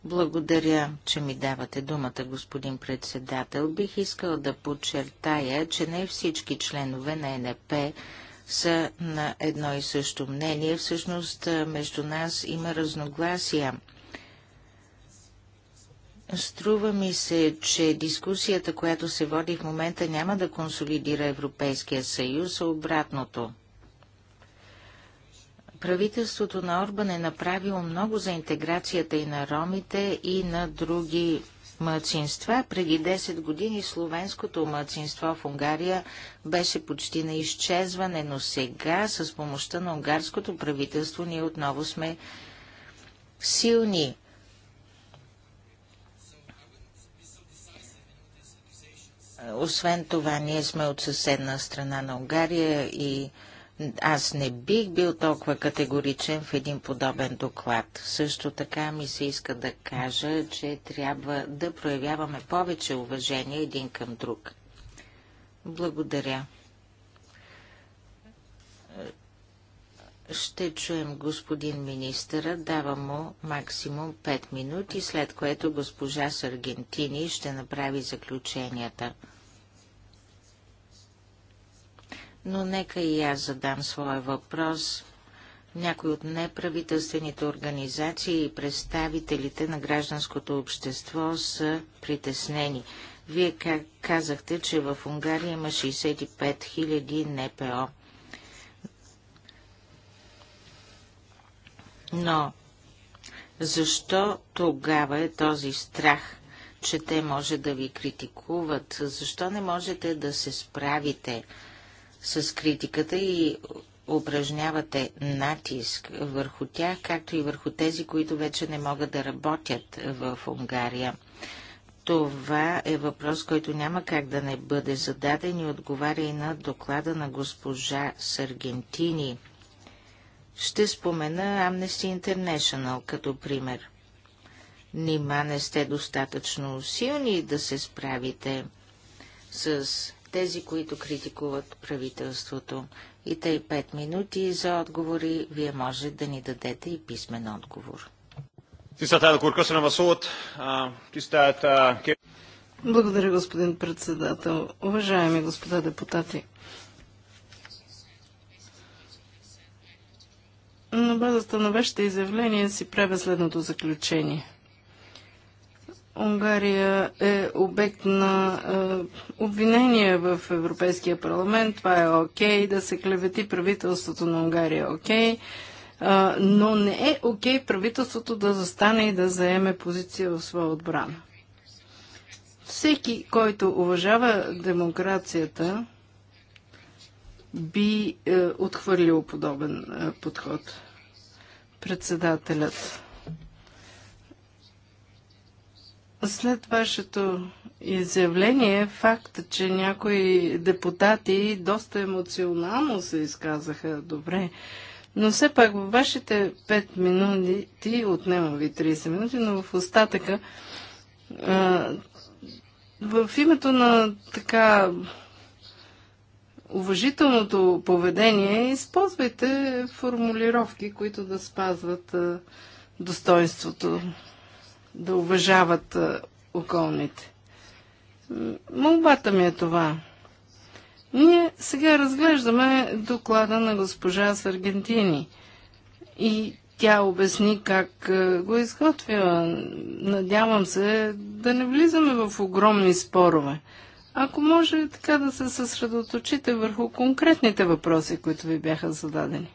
Благодаря, че ми давате думата, господин председател. Бих искал да подчертая, че не всички членове на НП са на едно и също мнение. Всъщност между нас има разногласия. Струва ми се, че дискусията, която се води в момента, няма да консолидира Европейския съюз, а обратното – Правителството на Орбан е направило много за интеграцията и на ромите, и на други младсинства. Преди 10 години словенското младсинство в Унгария беше почти на изчезване, но сега с помощта на унгарското правителство ние отново сме силни. Освен това, ние сме от съседна страна на Унгария и аз не бих бил толкова категоричен в един подобен доклад. Също така ми се иска да кажа, че трябва да проявяваме повече уважение един към друг. Благодаря. Ще чуем господин министъра. Давам му максимум 5 минути, след което госпожа Саргентини ще направи заключенията. но нека и аз задам своя въпрос. Някои от неправителствените организации и представителите на гражданското общество са притеснени. Вие казахте, че в Унгария има 65 000 НПО. Но защо тогава е този страх, че те може да ви критикуват? Защо не можете да се справите? с критиката и упражнявате натиск върху тях, както и върху тези, които вече не могат да работят в Унгария. Това е въпрос, който няма как да не бъде зададен и отговаря и на доклада на госпожа Саргентини. Ще спомена Amnesty International като пример. Нима не сте достатъчно силни да се справите с тези, които критикуват правителството. И тъй 5 минути за отговори, вие може да ни дадете и писмен отговор. Благодаря, господин председател. Уважаеми господа депутати, на базата на вашите изявления си правя следното заключение – Унгария е обект на е, обвинение в Европейския парламент. Това е окей okay, да се клевети правителството на Унгария. Е окей. Okay. Е, но не е окей okay правителството да застане и да заеме позиция в своя отбрана. Всеки, който уважава демокрацията, би е, отхвърлил подобен е, подход. Председателят. След вашето изявление, факта, че някои депутати доста емоционално се изказаха добре, но все пак във вашите 5 минути, отнема ви 30 минути, но в остатъка, а, в името на така уважителното поведение, използвайте формулировки, които да спазват а, достоинството да уважават околните. Молбата ми е това. Ние сега разглеждаме доклада на госпожа Саргентини и тя обясни как го е изготвила. Надявам се да не влизаме в огромни спорове. Ако може така да се съсредоточите върху конкретните въпроси, които ви бяха зададени.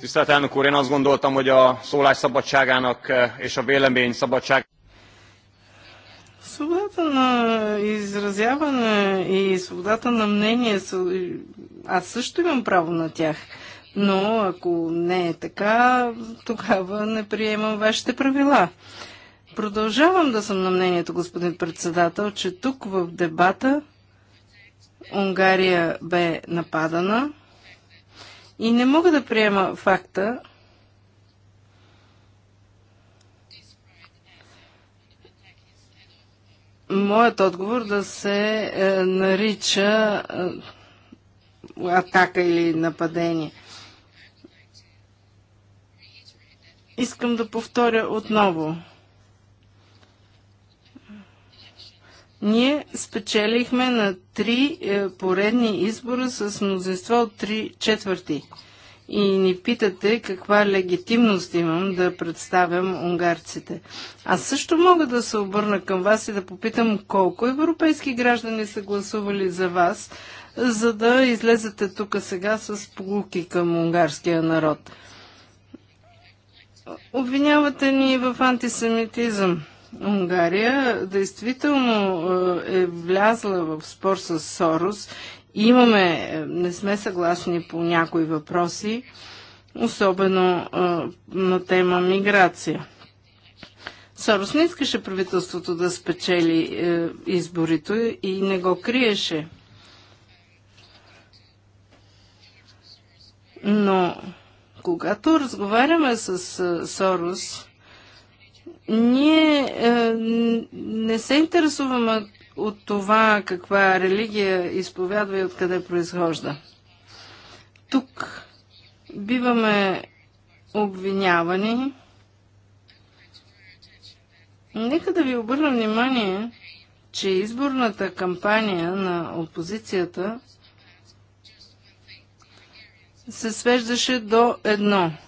Tisztelt elnök úr, én azt gondoltam, hogy a szólás szabadságának eh, és a vélemény szabadság. Свободата на изразяване и свободата на мнение, аз също имам право на тях. Но ако не е така, тогава не приемам вашите правила. Продължавам да съм на мнението, господин председател, че тук в дебата Унгария бе нападана, и не мога да приема факта, моят отговор да се е, нарича е, атака или нападение. Искам да повторя отново. Ние спечелихме на три е, поредни избора с мнозинство от три четвърти. И ни питате каква легитимност имам да представям унгарците. Аз също мога да се обърна към вас и да попитам колко европейски граждани са гласували за вас, за да излезете тук сега с полуки към унгарския народ. Обвинявате ни в антисемитизъм. Унгария действително е, е влязла в спор с Сорос. Имаме, е, не сме съгласни по някои въпроси, особено е, на тема миграция. Сорос не искаше правителството да спечели изборите и не го криеше. Но когато разговаряме с е, Сорос, ние е, не се интересуваме от това каква религия изповядва и откъде произхожда. Тук биваме обвинявани. Нека да ви обърна внимание, че изборната кампания на опозицията се свеждаше до едно –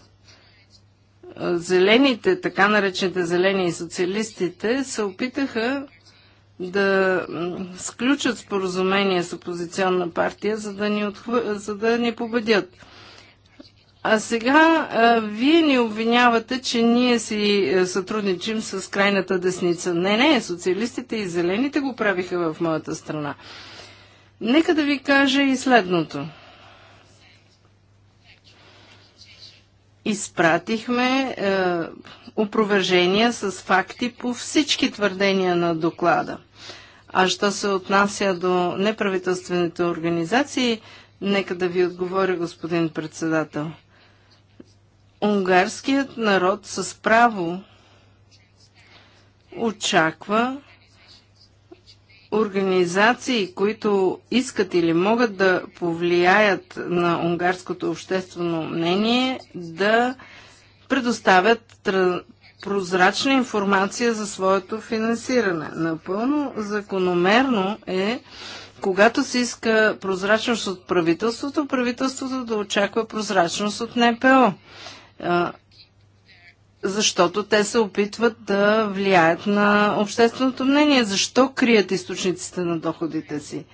зелените, така наречените зелени и социалистите, се опитаха да сключат споразумение с опозиционна партия, за да ни, отхв... за да ни победят. А сега а, вие ни обвинявате, че ние си е, сътрудничим с крайната десница. Не, не, социалистите и зелените го правиха в моята страна. Нека да ви кажа и следното. изпратихме е, опровержения с факти по всички твърдения на доклада. А що се отнася до неправителствените организации, нека да ви отговоря, господин председател. Унгарският народ с право очаква организации, които искат или могат да повлияят на унгарското обществено мнение, да предоставят прозрачна информация за своето финансиране. Напълно закономерно е, когато се иска прозрачност от правителството, правителството да очаква прозрачност от НПО защото те се опитват да влияят на общественото мнение. Защо крият източниците на доходите си?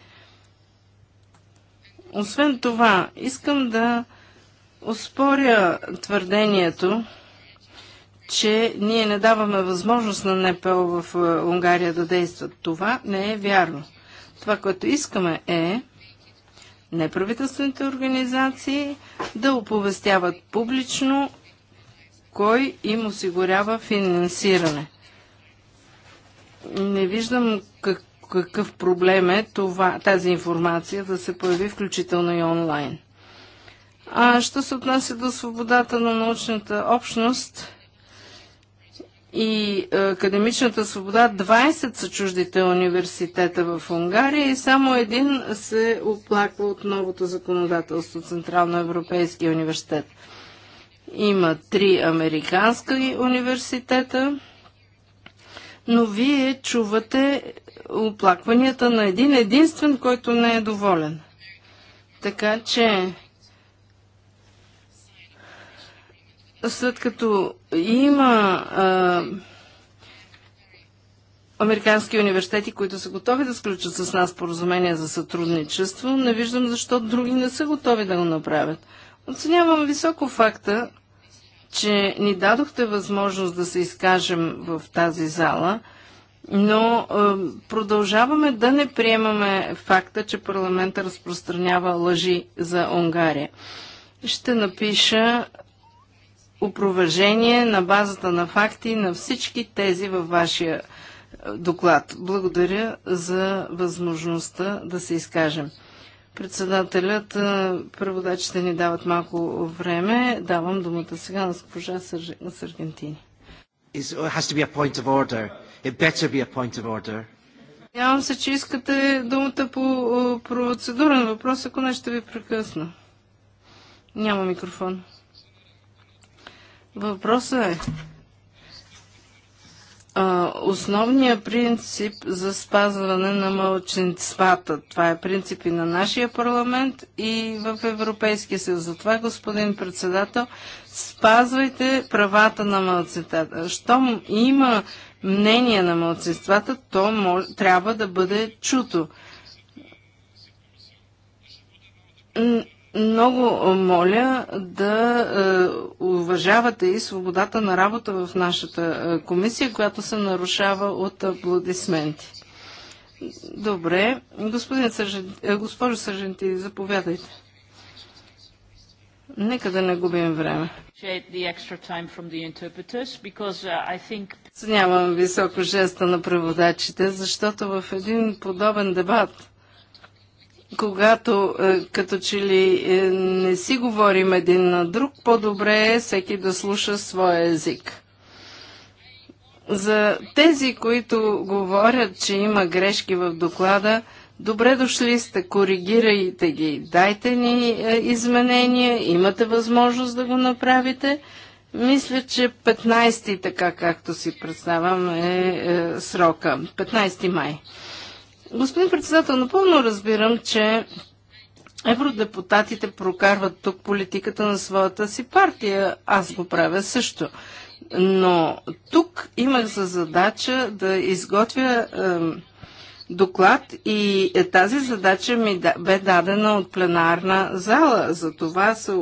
Освен това, искам да оспоря твърдението, че ние не даваме възможност на НПО в е, Унгария да действат. Това не е вярно. Това, което искаме е неправителствените организации да оповестяват публично кой им осигурява финансиране. Не виждам как, какъв проблем е това, тази информация да се появи включително и онлайн. А що се отнася до свободата на научната общност и е, академичната свобода, 20 са чуждите университета в Унгария и само един се оплаква от новото законодателство Централно Европейския университет. Има три американски университета, но вие чувате оплакванията на един единствен, който не е доволен. Така че след като има а, американски университети, които са готови да сключат с нас поразумение за сътрудничество, не виждам защо други не са готови да го направят. Оценявам високо факта, че ни дадохте възможност да се изкажем в тази зала, но е, продължаваме да не приемаме факта, че парламента разпространява лъжи за Унгария. Ще напиша опровержение на базата на факти на всички тези във вашия е, доклад. Благодаря за възможността да се изкажем. Председателят, преводачите ни дават малко време. Давам думата сега на госпожа Саргентини. Надявам се, че искате думата по процедурен въпрос, ако не ще ви прекъсна. Няма микрофон. Въпросът е, основния принцип за спазване на мълчинствата. Това е принцип и на нашия парламент и в Европейския съюз. Затова, господин председател, спазвайте правата на мълцинствата. Щом има мнение на мълцинствата, то мож, трябва да бъде чуто много моля да е, уважавате и свободата на работа в нашата е, комисия, която се нарушава от аплодисменти. Добре. Господин е, госпожо Сържанти, заповядайте. Нека да не губим време. Uh, think... Ценявам високо жеста на преводачите, защото в един подобен дебат когато е, като че ли е, не си говорим един на друг, по-добре е всеки да слуша своя език. За тези, които говорят, че има грешки в доклада, добре дошли сте, коригирайте ги, дайте ни е, изменения, имате възможност да го направите. Мисля, че 15 ти така както си представям е, е срока. 15 май. Господин председател, напълно разбирам, че евродепутатите прокарват тук политиката на своята си партия. Аз го правя също. Но тук имах за задача да изготвя е, доклад и е, тази задача ми да, бе дадена от пленарна зала. Затова се, е,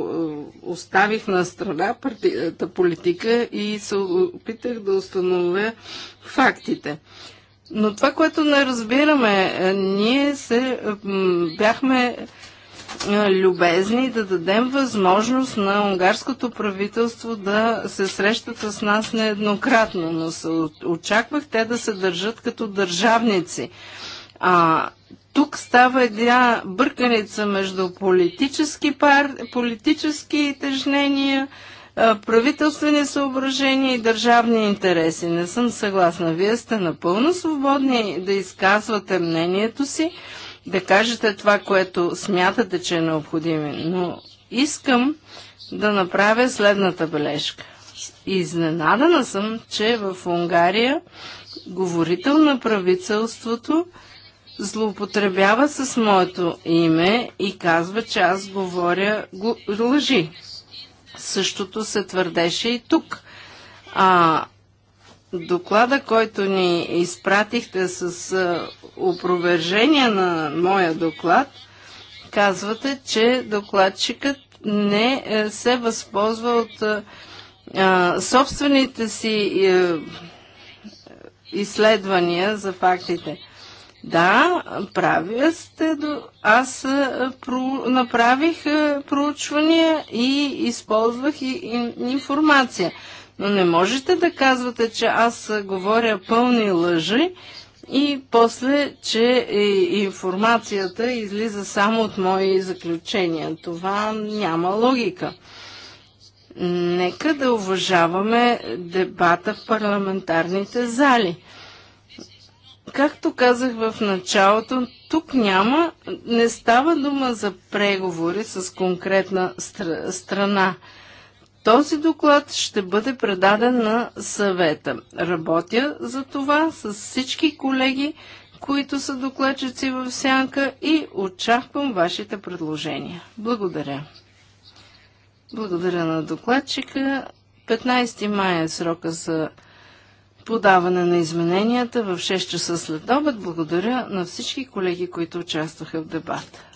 оставих на страна партията политика и се опитах да установя фактите. Но това, което не разбираме, е, ние се бяхме е, любезни да дадем възможност на унгарското правителство да се срещат с нас нееднократно, но се очаквах те да се държат като държавници. А, тук става една бърканица между политически пар... политически тежнения, правителствени съображения и държавни интереси. Не съм съгласна. Вие сте напълно свободни да изказвате мнението си, да кажете това, което смятате, че е необходимо. Но искам да направя следната бележка. Изненадана съм, че в Унгария говорител на правителството злоупотребява с моето име и казва, че аз говоря лъжи. Същото се твърдеше и тук. А доклада, който ни изпратихте с опровержение на моя доклад, казвате, че докладчикът не е, се възползва от а, собствените си а, е, изследвания за фактите. Да, правя сте. До... Аз про... направих проучвания и използвах и, и информация. Но не можете да казвате, че аз говоря пълни лъжи и после, че информацията излиза само от мои заключения. Това няма логика. Нека да уважаваме дебата в парламентарните зали. Както казах в началото, тук няма, не става дума за преговори с конкретна стра, страна. Този доклад ще бъде предаден на съвета. Работя за това с всички колеги, които са докладчици в сянка и очаквам вашите предложения. Благодаря. Благодаря на докладчика. 15 мая е срока за подаване на измененията в 6 часа след обед. Благодаря на всички колеги, които участваха в дебата.